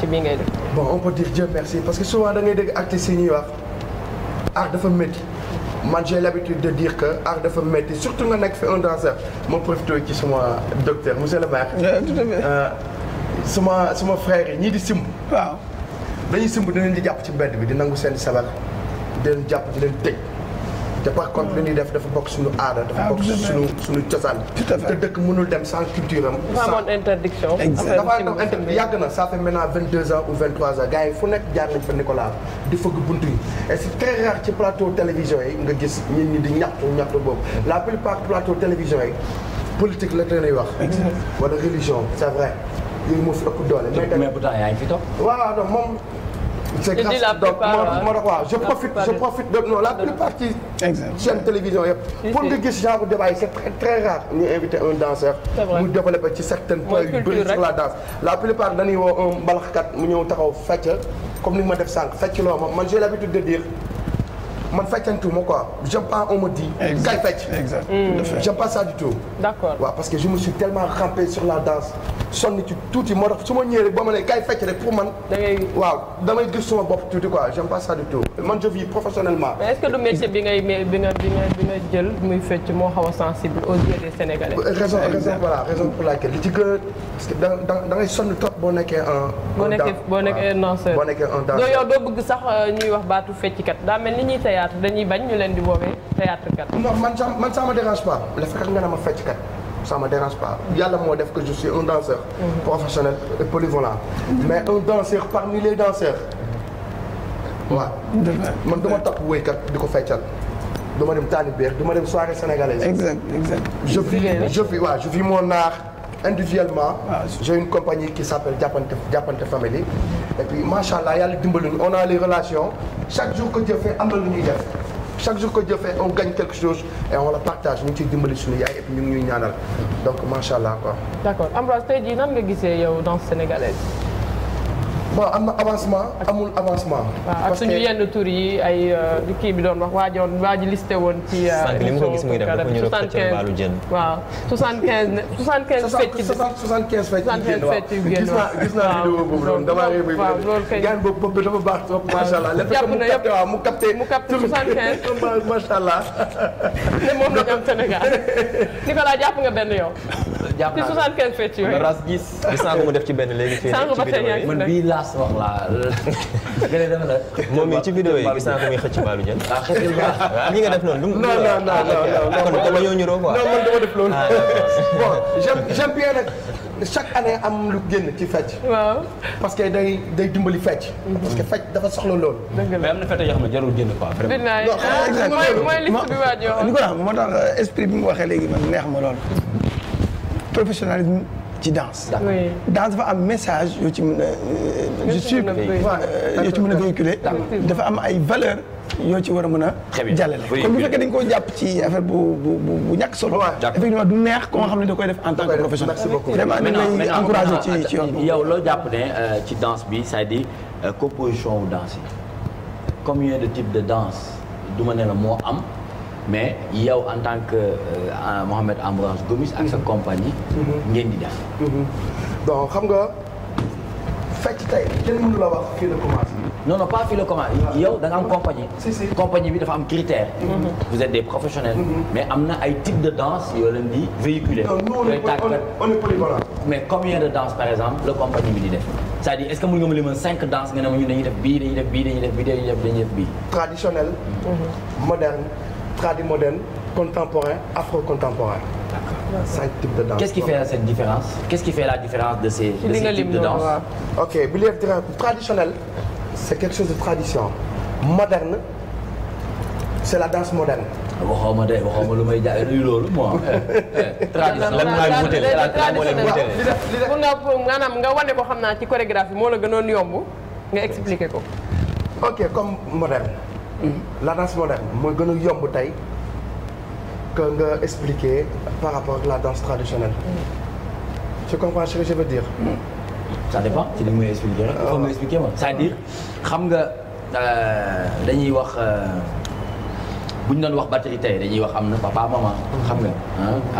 Speaker 2: ci bi ngay def. bon on peut dire Dieu merci parce que
Speaker 7: souvent da ngay dégg artistes yi ñuy wax art dafa métti man j'ai l'habitude de dire que art dafa métti surtout nga nekk fi un danseur ma profité ci sama docteur monsieur le maire. Euh, suma suma frère yi ñii di simb. waaw dañuy simb dinañ di jàpp ci mbedd bi di nangu seen sabar di leen jàpp di leen tëj. te par contre li ñuy def dafa bokk suñu aada. dafa ah, bokk suñu cosaan. te dëkk mënul dem sans culture am. sans
Speaker 2: interdiction. dafa am interdiction
Speaker 7: yàgg na ça fait maintenant 22 ans ou 23 ans gars yi fu nekk jaar fa Nicolas di fëgg buntu yi et c'est très rare ci plateau télévision yi nga gis ñun ñi di ñaxtu ñaxtu boobu mm. la plupart plateau télévision yi politique la leen wax. wala religion c'est vrai yooyu moo fi ëpp doole. mais bu taa yaa c'est grâce donc moo tax waaw je profite je profite de la plupart ci chaîne télévision yëpp pour nga gis genre débat yi c'est très rare ñu invité un danseur mu développé ci certains points yu la danse la plupart dañuy un mbalaxkat mu ñëw taxaw fecc comme ni ma def sànq fecc loo ma man j'ai l'habitude de dire man feccantuuma quoi j'aime pas on me dit. kay fecc exact mm. j'aime pas ça du tout. d'accord waaw parce que je me suis tellement rampé sur la danse sonn ci tuuti moo tax su ma ñëwee rek ba ma ne kay fecc rek pour man. da ngay waaw damay gis suma bopp tuuti quoi j'aime pas ça du tout man je
Speaker 2: vis professionnellement. mais est-ce que du métier bi ngay bi nga bi nga bi nga jël muy fecc moo xaw a sensible aux yeux des Sénégalais. raison raison
Speaker 7: voilà raison pour laquelle li ci gën parce que da da ngay sonn trop boo nekkee un. boo nekkee boo nekkee un danseur boo nekkee un danseur. doo
Speaker 2: yow doo bëgg sax euh, ñuy wax baatu fecckat daa mel ni ñuy théâtre dañuy bañ ñu leen di woowee théâtre kat. non
Speaker 7: man ça man ça me dérange le fait que nga ne ma fecc kat ça me dérange pas yàlla moo def que je suis un danseur. Mhm. professionnel et polyvalent. mais un danseur parmi les danseurs. waaw mhm. man dama topp wéykat di ko feccal. dama dem taalibeer dama dem soirée sénégalaise. exact exact je vis je vis waaw je vis mon art. individuellement ah, j'ai une compagnie qui s'appelle Jàppante Jàppante Family et puis macha allah yàlla dimbaluñu on a les relation chaque jour ko Dieu fait am ñuy def chaque jour ko Dieu on gagne quelque chose et on la partage ñu ngi ciy dimbali suñu yaay et ñu ngi ñuy ñaanal donc macha allah quoi.
Speaker 2: d'accord Ambroise tey nan nga gisee yow danse sénégalaise. bon am na avancement amul avancement. parce que waaw ak suñu yenn tur yi ay euh, kii bi doon wax waajoon waa ji listé woon ci. Euh, sànq li mu ko gis muy def dafa ñu rëkk fëccëg baalu jën. waaw 75 75. fecc bi 75 fecc bi génn waaw gis naa
Speaker 7: gis naa vidéo boobu noonu damaa réew mi. waaw loolu kay gaan boobu boobu dafa baax trop macha allah. jàpp na yëpp waaw mu
Speaker 2: capté mu capté 75. macha allah. ne moom la ñu am Sénégal. Nicolas jàpp nga benn yow.
Speaker 3: jàpp naa ci 75 fecc yooyu. ras gis. gis naa ko mu def ci benn léegi fii. sànq ba tey yaa ngi laas wax laa gën a demee nag. moom mi ci vidéo yi gis naa ko muy xëcc baalu jën. ah xëcc baalu ñi nga def noonu. non non non non kon dama ñëw ñu quoi. non man dama def loolu. bon
Speaker 7: j'aime bien nag chaque année am lu génn ci fecc. waaw parce que day day dimbali fecc. parce que fecc dafa soxla loolu. mais
Speaker 4: am na fête yoo xam ne
Speaker 7: jarul
Speaker 5: génn quoi. vraiment. Ah, moo tax euh, esprit bi mu waxee léegi man neex ma lool professionnalisme. ci dance danse dafa am message yoo ci mën a. Euh, je euh, ci mën a véhiculer. dafa am ay valeur yoo ci war a mën a. ko kon bu fekkee dañ koo jàpp ci affaire bu bu bu ñàkk solo. effectivement du neex ko nga xam ne da koy def en tant que professionnel. vraiment dañ ci ci yoon yow
Speaker 1: loo jàpp ne euh, ci danse bi c'est-à-dire composition wu danse yi de type de dance du ma ne la moo am. mais yow en tant que euh, Mohamed Ambroise Gomis ak sa compagnie. Mm-hmm. ngeen di def. Mm-hmm. donc xam nga fecc tey kenn mënu la wax fii la commencé. non pas fii la commencé ah. yow da nga am compagnie. compagnie bi dafa am critère. Mm-hmm. vous êtes des professionnels. mais am na ay type de danse yoo leen di véhiculer. non on est polyvalent. mais combien de danse par exemple la compagnie bi di def cest à est-ce que mën cinq danse nga ne ma ñu dañuy def bii dañuy def bii dañuy def bii
Speaker 7: tradi-moderne, contemporain,
Speaker 1: de danse. qu'est-ce qui fait cette différence la différence de ces de ces types de danse
Speaker 7: ok bu ñu def traditionnel c'est quelque chose de tradition moderne c'est la danse moderne. waxoo ma de lu may jaay luy loolu
Speaker 9: moi.
Speaker 5: tradition lan laay
Speaker 2: wutale lan
Speaker 7: mën
Speaker 2: nga maanaam nga wane ko xam naa ci chorégraphie moo la gënoon yomb nga expliquer ko.
Speaker 7: ok comme moderne. la danse moderne mooy gën a yomb tey que nga expliquer par rapport la danse traditionnelle. Mm. tu comprends ce que je veux dire. Mm. ça
Speaker 1: dépend ci li muy expliquer ah. cest dire xam nga euh, dañuy wax euh, buñ ñu doon wax batterie tey dañuy wax am na papa maman. xam nga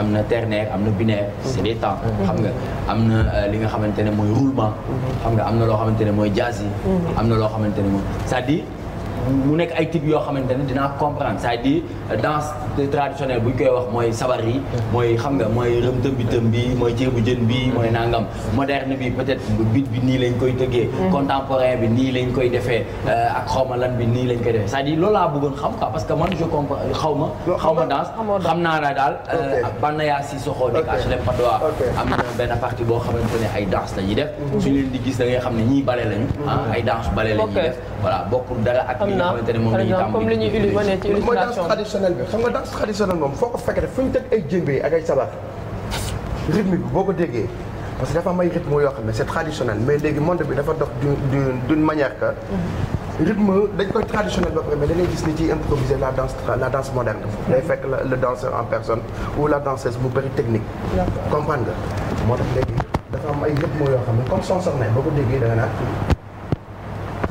Speaker 1: am na ternaire am na binaire. c'est des temps. Mm-hmm. xam nga am na euh, li nga xamante ne mooy roulement. Mm-hmm. xam nga am na loo xamante ne mooy jazz yi. Mm-hmm. am na loo xamante ne mooy cest dire mu nekk ay types yoo xamante ne dinaa comprendre c'est-à-dire danse bu ñu koy wax mooy sabar yi. mooy xam nga mooy rëm tëmbi tëmbi mooy ceebu jën bi mooy nangam moderne bi peut-être bit bi nii lañ koy tëggee. Mm. contemporain bi nii lañ koy defee euh, ak xawma lan bi nii lañ koy defee c'est-à-dire loolu laa bëggoon xam quoi parce que man je comprends xaw ma. xaw ma danse xam naa ne daal. Euh, ok Banaya Sissoko nekk HLM Patte d'Oie am na benn partie boo xamante ne ay danse la ñuy def. Mm-hmm. suñu leen xam ne ñii bale lañu. Ah, mm-hmm. ay danse bale la na par
Speaker 2: exemple
Speaker 7: comme li ñuy wane ci illustration mooy danse traditionnelle bi xam nga danse traditionnelle moom foo ko fekk fu ñu teg ay jëmbe ak ay sabar rythme bi boo ko déggee parce que dafa am ay yoo xam ne c'est traditionnel mais léegi monde bi dafa dox d'une d'une manière que mm-hmm. rythme dañ koy traditionnel ba pare mais da gis ni ci improviser la danse la moderne. Mm-hmm. day fekk le danseur en personne ou la danseuse bu bëri technique. comprendre nga moo tax léegi ay rythme yoo xam ne comme da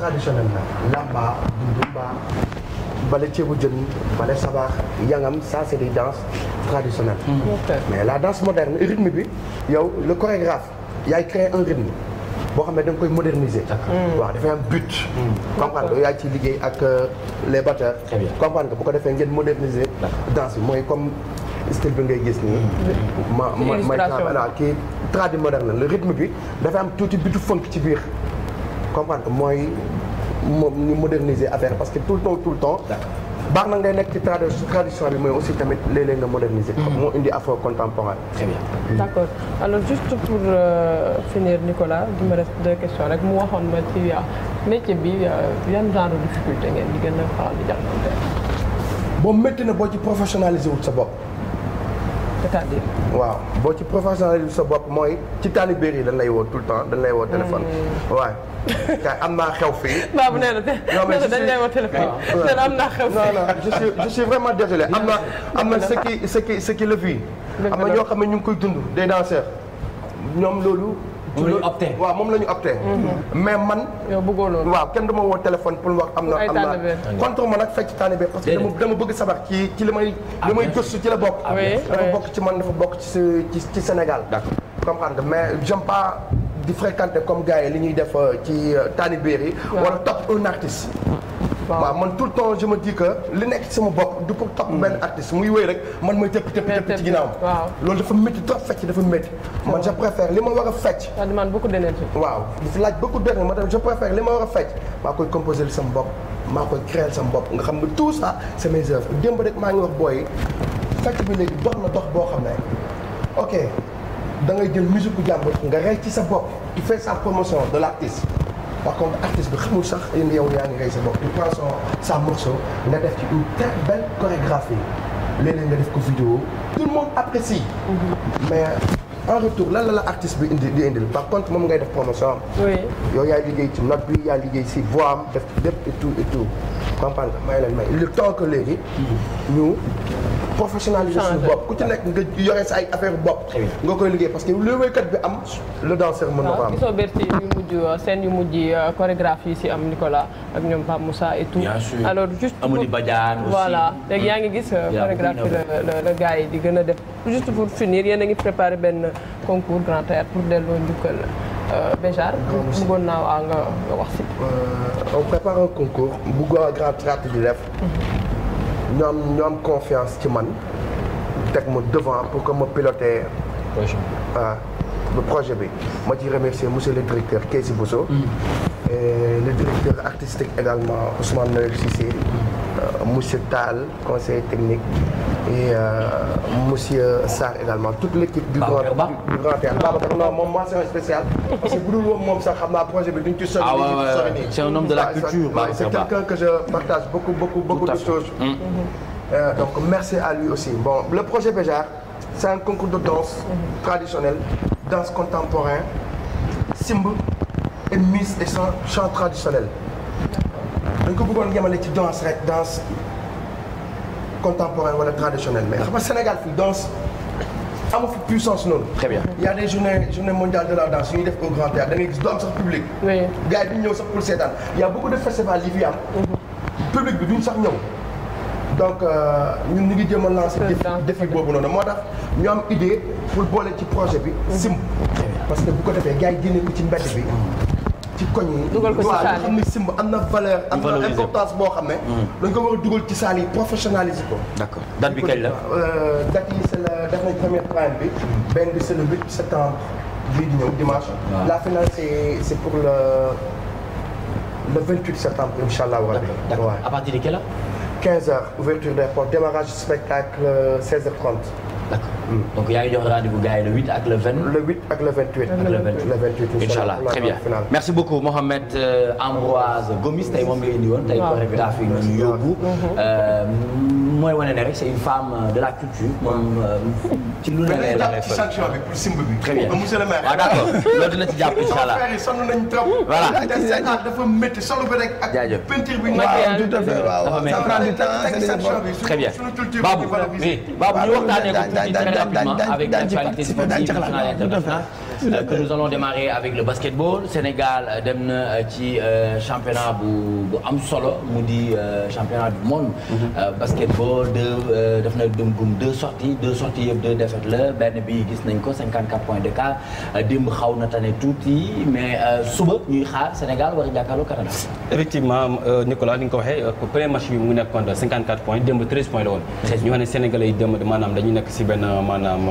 Speaker 7: traditionnel la lamba dundumba bale ceebu jën bale sabaax yangam ça c'est des danses traditionnelles hmm. mais la danse moderne rythme bi yow le chorégraphe yaay créer un rythme boo xam ne da koy moderniser hmm. waaw dafay am but hmm. comprendre nga yaay ci liggéey ak euh, les batteurs comprendre nga bu ko defee ngeen moderniser danse bi mooy comme style bi ngay gis nii ma may travail kii tradi moderne le rythme bi dafay am tuuti bitu funk ci biir comprendre mooy ñu moderniser affaire parce que tout le temps tout temps. baax na ngay nekk ci tradition bi mais aussi tamit léeg-léeg nga moderniser. Mm-hmm. moo indi afro contemporain. très bien mm-hmm.
Speaker 2: d' accord alors juste pour euh, finir Nicolas di ma reste deux rek mu waxoon ma ci euh, métier bi euh, yan genre difficulté ngeen di gën a faral di jàppante.
Speaker 7: boo métti na boo ci professionnalisé wut sa bopp. waaw boo ci professionnel sa bopp mooy ci talibéer yi dañ lay woo tout le temps dañ lay woo téléphone. Hmm. waaw kay am naa xew fii. baabu nee na te dañ lay woo téléphone. nee ah. na am naa xew fii. non non je suis je suis vraiment désolé am na am na ce qui ce qui ce qui le vit. am na ñoo xam ne ñu ngi koy dund des danseurs loolu. moom waaw moom la ñu opté mm-hmm. mais man yow bëggoo loolu waaw kenn dama woo téléphone pour wax am na am na contre ma nag fecc taalibe parce que dama bëgg sabar ci ci li may li may ci la bokk dafa bokk ci man dafa bokk ci ci Sénégal comprendre mais j'aime pas di fréquenter comme gars yi li ñuy def euh, ci euh, taalibe yi wala topp un artiste waaw man tout le temps je li nekk ci sama bopp du pour topp benn artiste muy wéy rek man may tëpp tëpp tëpp ci ginnaaw loolu dafa métti trop fecc dafa métti man je préfère li ma war a fecc ça demande beaucoup d'énergie waaw a maa koy composer sama bopp maa koy créer sama bopp nga xam ne tout ça c'est mes œuvres démb rek maa ngi wax booy fecc bi léegi dox na dox boo xam ne ok da ngay jël musique bu jàmbur nga rey ci sa bopp tu fais sa promotion de l'artiste par contre artiste bi xamul sax yow yaa ngi rey sa bopp tu son sa morceau nga def ci une très belle chorégraphie léeg nga def ko vidéo tout le monde apprécie mm-hmm. mais en retour lan la la artiste bi indi di indil par contre moom ngay def promotion am. oui yow yaa liggéey ci note bi yaa liggéey si voix am def lépp et tout et tout comprendre nga may leen may le temps que léegi mm-hmm. ñu. professionnaliser suñu bopp ku ci nekk nga yore sa ay affaire bopp nga koy liggéey parce que lu wéykat bi am le danseur mën na ko am gisoo
Speaker 2: Bercy yu mujj scène yu mujj euh, chorégraphe yi si am Nicolas ak ñoom Pape Moussa et tout alors juste Amady
Speaker 1: Badiane aussi voilà yaa ngi gis euh, chorégraphie
Speaker 2: la yi di gën def juste pour finir yéen a ngi préparé benn concours grand théâtre pour delloo njukkal euh, Béjar bëggoon naa waa nga nga si
Speaker 7: on prépare un concours bu grand théâtre bi def mhm. ñu ñoom ñu confiance ci man teg ma devant pour que ma piloter. projet bi ah, projet bi ma ci remercier monsieur le directeur Keisi Bousso. Mm. et le directeur artistique également Ousmane Noël Cissé. Mm. Euh, monsieur Tall conseiller technique. et euh, monsieur également toute l'équipe du grand du grand théâtre spéciale parce que bu dul ah de la culture quelqu'un que je partage beaucoup de choses mm. mm-hmm. euh, donc merci à lui aussi le projet Béjar c'est un concours de danse mm-hmm. traditionnelle danse contemporaine simb et mise et chant traditionnel danse contemporain wala traditionnel mais xam nga Sénégal fii danse amu fi puissance noonu. très bien a des journées journée mondiale de la danse yu ñuy def au Grand Théâtre da ngay gis du am sax public. oui gars yi sax pour seetaan il y a beaucoup de festivals yi fi am. Mhm. public bi duñ sax ñëw. donc euh, ñun ñu ngi jéem a lancer. défi boobu noonu moo tax ñu am idée boole ci projet bi. Mhm. simb parce que bu ko defee gars yi génne ci mbedd bi. ci koñ yi. dugal ko ci saal yi xam ne simb am na valeur. am na importance boo xam ne. Mm-hmm. dañ ko war a dugal ci saal yi professionnaliser ko.
Speaker 4: d'accord date bi kañ la.
Speaker 7: Euh, date yi c'est la def nañ première prime bi. benn bi c'est le 8 septembre bii di ñëw dimanche. la finale c'est c'est pour le le 28 septembre incha allah. d'accord à partir de quelle heure. 15h ouverture des portes démarrage spectacle 16h30. Euh,
Speaker 1: Mm. donc yaa ngi jox rendez-vous gars yi le 8 ak le 20. le 8 ak le 28. ak le 28 le 28 incha allah très bien merci beaucoup Mohamed euh, Ambroise Gomis tey moom nga indi woon tey projet bi daa fi ñu yóbbu. Mm-hmm. Euh, mooy wane ne rek c'est une femme euh, de la culture. moom ci lu ne lay lay fële sanction
Speaker 7: bi pour simb bi. très bien ba monsieur le maire. waaw d'accord loolu dina ci jàpp incha
Speaker 1: allah. sama
Speaker 6: frère yi sonn
Speaker 7: nañu trop. voilà dafa métti solo bi rek. jaajëf peinture bi. waaw tout à fait waaw waaw ça prend du temps. très
Speaker 1: bien Babou oui Babou ñu waxtaanee ko rapidement avec l'actualité sportive nationale et internationale Euh, que nous allons démarrer avec le basketball Sénégal euh, dem na euh, ci championnat bu bu am solo mu di championnat du monde. Mhm. basketball deux def na dem gum deux sorties deux sorties la benn bi gis nañ ko 54 points d'écart démb xaw na tane tuuti mais suba ñuy xaar Sénégal war a jàkkaarloo Canada.
Speaker 4: effectivement Nicolas ni nga ko waxee premier match bi mu ngi nekkoon 54 points démb 13 points la woon. ñu xam ne Sénégalais yi démb maanaam dañu nekk si benn maanaam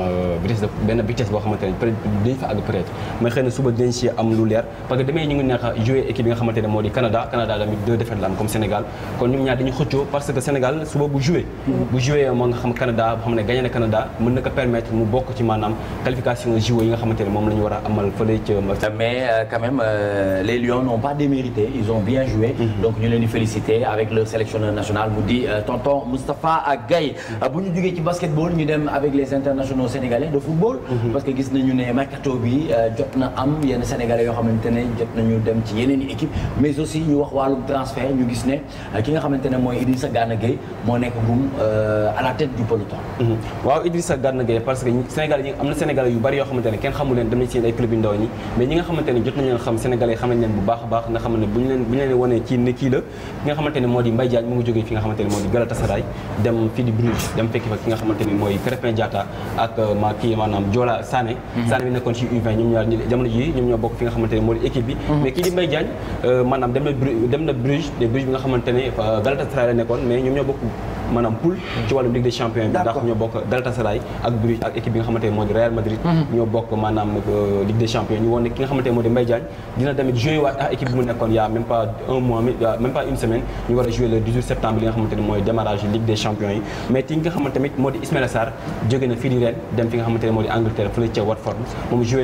Speaker 4: vitesse benn vitesse boo xamante ne fa peut mais xëy na suba dinañ si am lu leer parce que demee ñu ngi nekk a équipe yi nga xamante ne moo di Canada Canada tamit deux défaites la am comme Sénégal kon ñoom ñaar dañu xëccoo parce que Sénégal suba bu joué bu joué moo nga xam Canada boo xam ne gagné Canada mën na ko mu bokk ci maanaam qualification JO yi nga xamante ne moom la ñu war a amal fële ca
Speaker 1: mais euh, quand même euh, les Lions n'ont pas démérité ils mm-hmm. féliciter avec bi euh, jot na am yenn sénégalais yoo xamante jot nañu dem ci yeneen i équipe mais aussi ñu wax wàllum transfert ñu gis ne euh, ki nga xamante mooy Idrissa
Speaker 4: Gana Gueye moo euh, mhm. parce que Sénégal ñi am na sénégalais yu bari yoo xamante kenn xamul leen dem nañ ci ay club yu ndaw ñi mais ñi nga xamante jot nañ leen xam sénégalais xam nañ bu baax baax nga xam bu ñu leen bu ñu ne kii la ki nga xamante ne di Mbaye Diagne mu ngi jógee fi nga xamante u ñoom ñoo bokk fi nga xamante ne di équipe bi mhm. mais kii di Mbaye Diagne euh, maanaam dem na Bruges de Bruges bi nga xamante ne euh, la nekkoon mais ñoom ñoo bokk maanaam poule ci wàllum Ligue des champions a euh, yi mais ki nga xamante tamit di Ismaïla jóge na fii di Rennes dem fi nga xamante ne di Angleterre fële ca Watford moom joué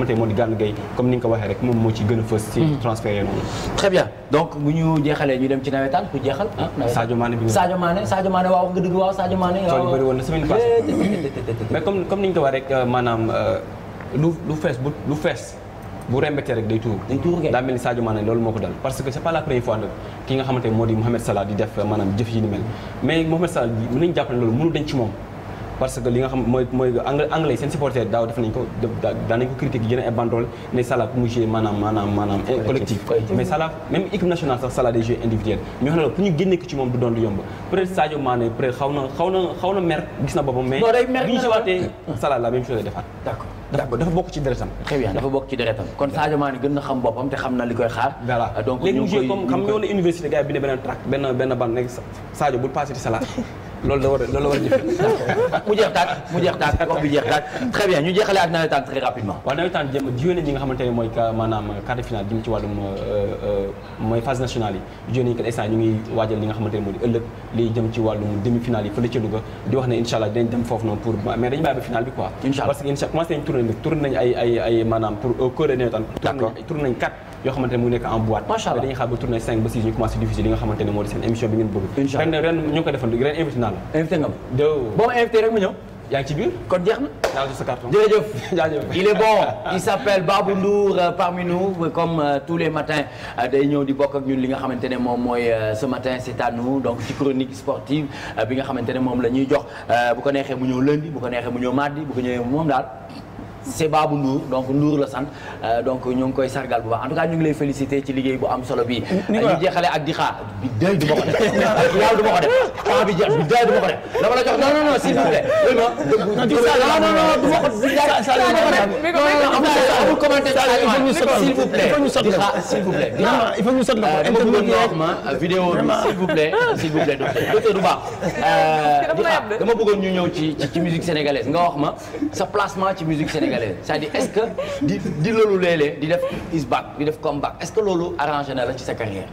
Speaker 4: xamante ne moo di Gana Gueye comme ni nga waxee rek moom moo ci gën a fës ci hmm. transfert yi noonu très bien donc bu ñu jeexalee ñu dem ci nawetaan ku jeexal ah, Sadio Mané bi Sadio Mané
Speaker 1: Sadio waaw nga dëgg waaw Sadio Mané waaw bëri woon semaine passée
Speaker 4: eh, mais comme ni nga ko rek euh, maanaam euh, lu fees bu lu fees bu rembetee rek day tuur daa mel ni Sadio Mané loolu moo ko dal parce que c'est pas la fois nag ki nga xamante moo di Mohamed Salah di def euh, maanaam jëf yi ni parce que li nga xam mooy mooy anglais seen supporter daaw def nañ ko daan nañ ko critique jënd ay bandool ne Salah pour mu jouer maanaam maanaam maanaam eh, collectif mais Salah même équipe nationale sax ko ci moom du doon lu chose defaat dafa bokk ci deretam très bien dafa bokk ci deretam kon Sadio Mané gën na xam boppam te xam na li koy xaar voilà donc léegi ñu comme xam nga université gars yi bi ne benn tract benn benn nekk Sadio bul passé ci Salah loolu la war a loolu la war a jeex tàkk mu jeex tàkk très bien ñu jeexalee ak nawetaan très rapidement waaw nawetaan jëm jiwén ñi nga xamante ne mooy maanaam quart de finale jëm ci wàllum euh, euh, mooy phase nationale yi jiwén nañu kat instant ñu ngi waajal li nga xamante ne moo di ëllëg li jëm ci wàllum demi finale yi fële ca Louga di wax ne incha allah dinañ dem foofu noonu pour mais dañu bàyyi ba finale bi quoi parce que incha allah commencé yoo xamante ne mu nekk en boîte macha ba tourné 5 ba 6 ñu commencé diffuser li nga xamante na. yaa ngi
Speaker 1: euh, comme euh, tous les matins euh, day ñëw di bokk ñun li nga xamante ne moom mooy ce matin c'est à nous donc ci chronique xamante ne moom la ñuy jox bu ko neexee mu ñëw lundi bu ko neexee mu ñëw mardi bu ko ñëwee moom daal. c'est Babou Ndour donc Ndour la san euh, donc ñu ngi koy sargal bu baax en ñu ngi lay féliciter ci liggéey bu am solo bi ñu jeexale ak di xaar du ma ko def yaaw du ma ko jeex bi day du ma ko def dama la jox non non non s'il vous plaît non non non du ma ko def amul commentaire s'il vous plaît euh, euh, di ñu ñëw ci ci musique sénégalaise nga wax ma sa placement ci musique sénégalaise sénégalais c'est-à-dire est-ce que di di loolu léeg-léeg di def is back di def comeback est-ce que loolu arrangé na la ci sa carrière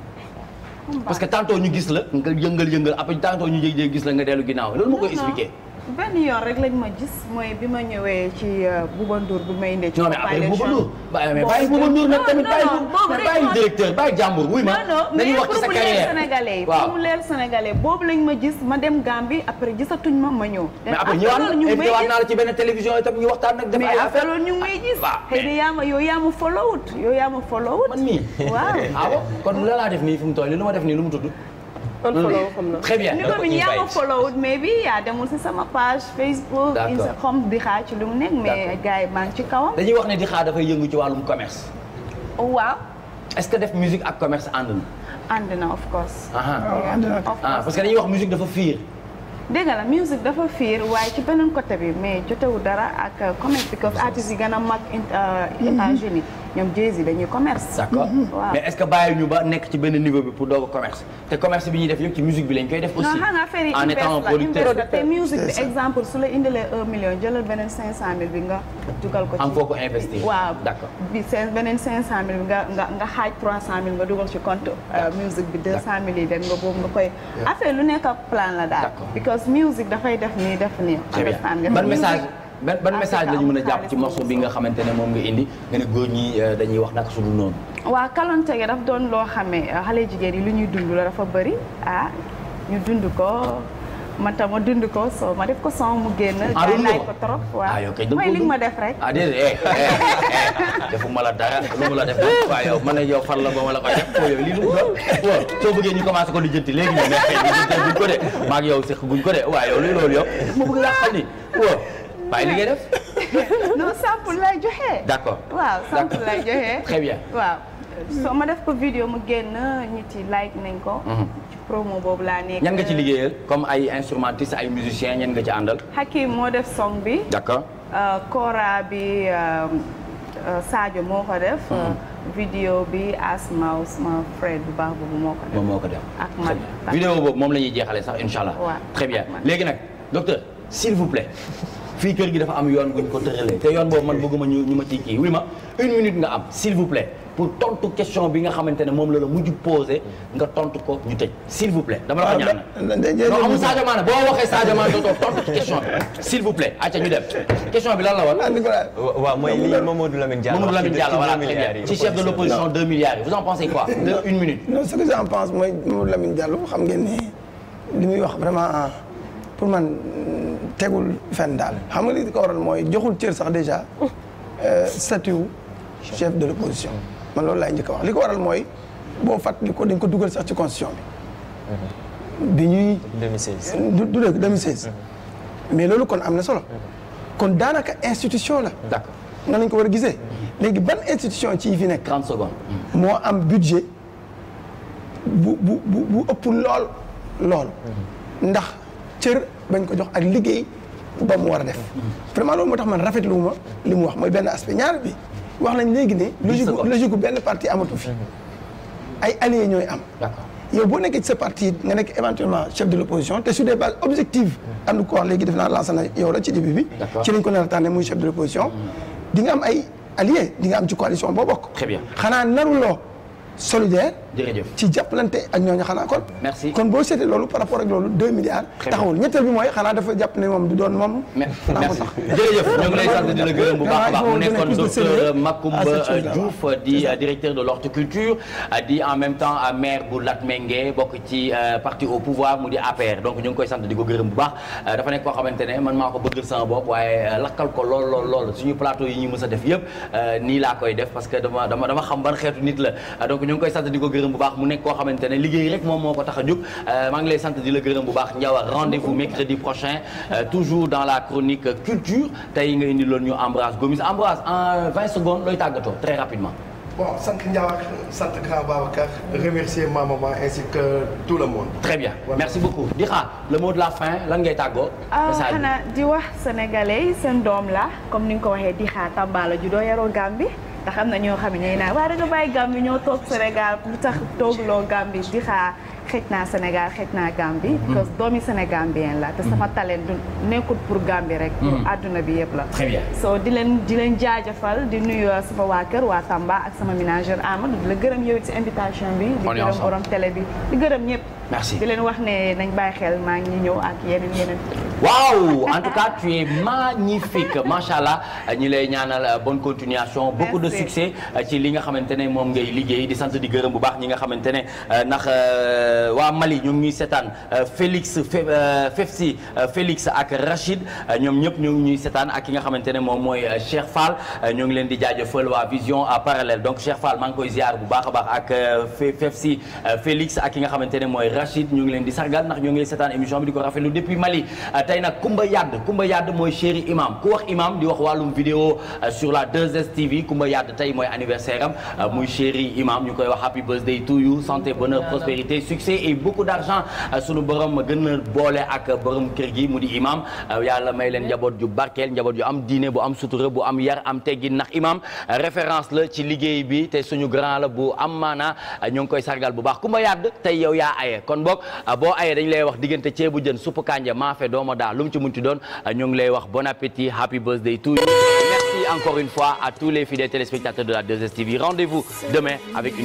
Speaker 1: parce que tantôt ñu gis la nga jëngal yëngal yëngal après tantôt ñu jéeg-jéeg gis la nga dellu ginnaaw loolu moo koy expliqué
Speaker 9: benn yoon rek lañ ma gis mooy bi ma ñëwee ci euh, Bouba Ndour bi may indee. ci compagnie non mais après bàyyi nag tamit bàyyi directeur ba jàmbur wuy ma. dañuy wax ci sa carrière sénégalais pour mu leer sénégalais boobu lañ ma gis ma dem Gambie après gisatuñ ma ma ñëw. mais après ñëwaat invité waat la
Speaker 1: ci benn télévision itam ñu waxtaan nag.
Speaker 9: def ay affaire mais après ñu ngi may ah, gis. waaw xëy na yaa ma yow yaa ma ma follow man mii waaw.
Speaker 1: ah bon kon la laa def nii fi mu toll lu ma def nii lu mu tudd unfollow mm. xam na. très bien donc ñu
Speaker 9: mais bi yaa demul si sama page Facebook. d' accord di xaa ci lu mu nekk mais gars yi maa ngi ci kawam.
Speaker 1: dañuy wax ne di xaa dafay yëngu ci wàllum commerce. waaw. est ce que def musique ak commerce ànd na.
Speaker 9: ànd na of course. Ah, ah.
Speaker 1: Ah, parce que dañuy wax musique dafa fiir.
Speaker 9: dégg la musique dafa fiir waaye ci beneen côté bi mais jotewu dara ak commerce bi artistes yi gën a mag euh, mm-hmm. états ñoom Jay-Z dañuy commerce. d'accord mm-hmm. waaw mais
Speaker 1: est-ce que bàyyi ñu ba nekk ci benn niveau bi pour doog commerce te commerce bi ñuy def yëpp ci musique bi lañ koy def. aussi
Speaker 9: su la indilee un million jëlal beneen cinq cent mille bi nga dugal ko ci. am foo bi seen cinq cent euh, yi dem nga boobu nga koy. affaire lu nekk plan la daal. because musique dafay def nii def nii. très message.
Speaker 1: ban ban message la mën a jàpp ci morceau bi nga xamante ne moom nga indi nga ne ñi euh, dañuy wax naka su dul
Speaker 9: kalante gi daf doon loo xamee euh, xale jigéen yi lu ñuy dund la dafa bëri ah ñu dund ko man tam ko soo ma def ko son mu génn. en ah, naay ko ah, def rek. ah déedéet eh,
Speaker 1: eh, eh, defuma la dara lu mu def waaw yow man yow far la la ko def yow lii lu ko lijjanti léegi ñu ne xëy na guñ yow seq guñ ko de waaw yow lii loolu yow ma bëgg laa xam ni waaye li def.
Speaker 9: non sample lay joxe. d' accord waaw sample lay joxe. très bien waaw. soo ma def ko vidéo mu génn nit yi like nañ ko. Mhm. ci promo boobu laa nekk. ñan nga ci
Speaker 1: liggéeyal comme ay instrumentiste ay musicien ñan nga ci àndal.
Speaker 9: Hakim moo def song bi. d' Kora euh, bi euh, euh, Sadio moo ko def. Mhm. vidéo bi Asma Ousma Fred bu baax boobu moo ko def. moom moo ko def ak man.
Speaker 1: vidéo boobu moom la ñuy jeexalee sax incha allah. waaw très bien léegi nag docteur s'il vous plaît. fii kër gi dafa am yoon guñ ko tëralee te yoon boobu man bëgguma ñu ma ciy kii wi ma une minute nga am s'il vous plaît pour tontu question bi nga xamante ne moom la la mujj posé nga tontu ko ñu tëj s'il vous plaît dama la ko ah, ñaan non amul Sadio Mané boo waxee Sadio Mané tontu question s'il vous plaît acca ñu dem question bi lan la woon ah,
Speaker 3: waaw mooy li Mamadou Lamine Diallo Mamadou Lamine Diallo voilà ci chef de l'opposition deux milliards vous en pensez quoi une
Speaker 5: minute pour man tegul fenn daal xam nga li ko waral mooy joxul cër sax déjà euh, statut chef de l'opposition man loolu laay njëkk a wax li ko waral mooy boo fàttali ko dañ ko dugal sax ci constitution
Speaker 3: bi. Mhm. bi ñuy. 2016 du du
Speaker 5: 2016. Mhm. mais loolu kon am na solo. Mhm. kon daanaka institution la. d'accord nan lañ ko war a gisee. léegi ban institution ci fi nekk. 30 moo am budget bu bu bu bu lool lool. ndax. cër bañ ko jox ak liggéey ba mu war a def vraiment loolu moo tax man rafetlu ma li mu wax mooy benn aspect ñaar bi wax nañ léegi ne logique logique bu benn parti amatu fi ay alliés ñooy am yow boo nekkee ci sa parti nga nekk éventuellement chef de l'opposition te sur des bases objectives am na ko wax léegi def naa lancé yow la ci début bi ci lañ ko nar a tànne muy chef de l'opposition hmm. di am ay alliés di nga am ci coalition boo bokk très bien xanaa naruloo solidaire jërëjëf ci jàppalante ak ñooñu xanaa kon. merci di la
Speaker 1: gërëm bu a baax ah, mu nekkoon docteur Macoumba Diouf di directeur de l'horticulture di en même temps euh, maire bu Latmingué bokk ci euh, parti au pouvoir mu di APR donc ñu ngi koy sant di ko gërëm bu baax euh, dafa nekk koo xamante ne man maa ko bëggal sama bopp waaye lakkal ko lool lool lool suñu plateau yi ñu mës a def yëpp nii laa koy def parce que dama xam ban xeetu nit la donc ñu ngi koy sant di ko gërëm gërëm bu baax mu nekk koo xamante ne liggéey rek moom moo ko tax a jóg euh, maa ngi lay sant di la gërëm bu baax Ndiawa rendez-vous mercredi prochain euh, toujours dans la chronique culture tey nga indi loon ñu Ambroise Gomis Ambroise en 20 looy tàggatoo très rapidement.
Speaker 7: bon sant Ndiawar sant grand remercier ma maman ainsi que tout le monde. très bien merci beaucoup di xaar le
Speaker 1: mot la fin lan ngay tàggoo. Ah, xanaa
Speaker 9: di wax sénégalais seen doom la comme ni nga ko waxee di xaar Tamba la juddoo ndax am na ñoo xam ne ñu naan waaye da nga bàyyi Gambie ñoo toog Sénégal lu tax toogloo Gambie di xaar xëj naa Sénégal xëj naa Gambie. parce mhm. que doomi Sénégambien la te sama mhm. talent du nekkul pour Gambie rek. pour mhm. àdduna bi yëpp la. très bien soo di leen di leen jaajëfal di nuyu sama waa kër waa Tamba ak sama ménageur Amadou di la gërëm yow si invitation bi. di gërëm borom télé bi di gërëm ñëpp. di leen wax ne nañ bàyyi xel maa ngi ñëw ak yeneen yeneen.
Speaker 1: waaw en tout cas tu es magnifique macha allah ñi lay ñaanal bonne continuation. beaucoup de succès ci li nga xamante ne moom ngay liggéey di sant di gërëm bu baax ñi nga xamante ne ndax. Euh, waa Mali ñoom ñuy seetaan euh, Félix euh, Fefsi Félix ak Rachid ñoom ñëpp ñoo ngi ñuy seetaan ak ki nga xamante ne moom mooy Cheikh Fall ñoo ngi leen di jaajëfal waa vision en parallèle donc Cheikh Fall maa ngi koy ziar bu baax a baax ak Félix ak ki nga xamante ne mooy Rachid ñoo ngi leen di sargal nax ñoo ngi seetaan émission bi di ko rafetlu depuis Mali tey nag Kumba Yadd Kumba Yadd mooy chéri imam ku wax imam di wax wàllum vidéo sur la 2STV Kumba Yadd tey mooy anniversaire am muy chéri imam succès et beaucoup d'argent euh, sunu borom gën a boole ak borom kër gi mu di imam euh, yàlla may leen njaboot ju barkeel njaboot ju am diine bu am sutura bu am yar am teggin ndax imam euh, référence la ci liggéey bi te suñu grand la bu am maana ñu ngi koy sargal bu baax ku ma yàdd tey yow yaa aye kon boog boo aye dañ lay wax diggante ceebu jën suppu kànja maafe dooma daa lu mu ci munti doon ñu ngi lay wax bon appétit happy birthday to you merci encore une fois à tous les fidèles téléspectateurs de la 2STV rendez-vous demain avec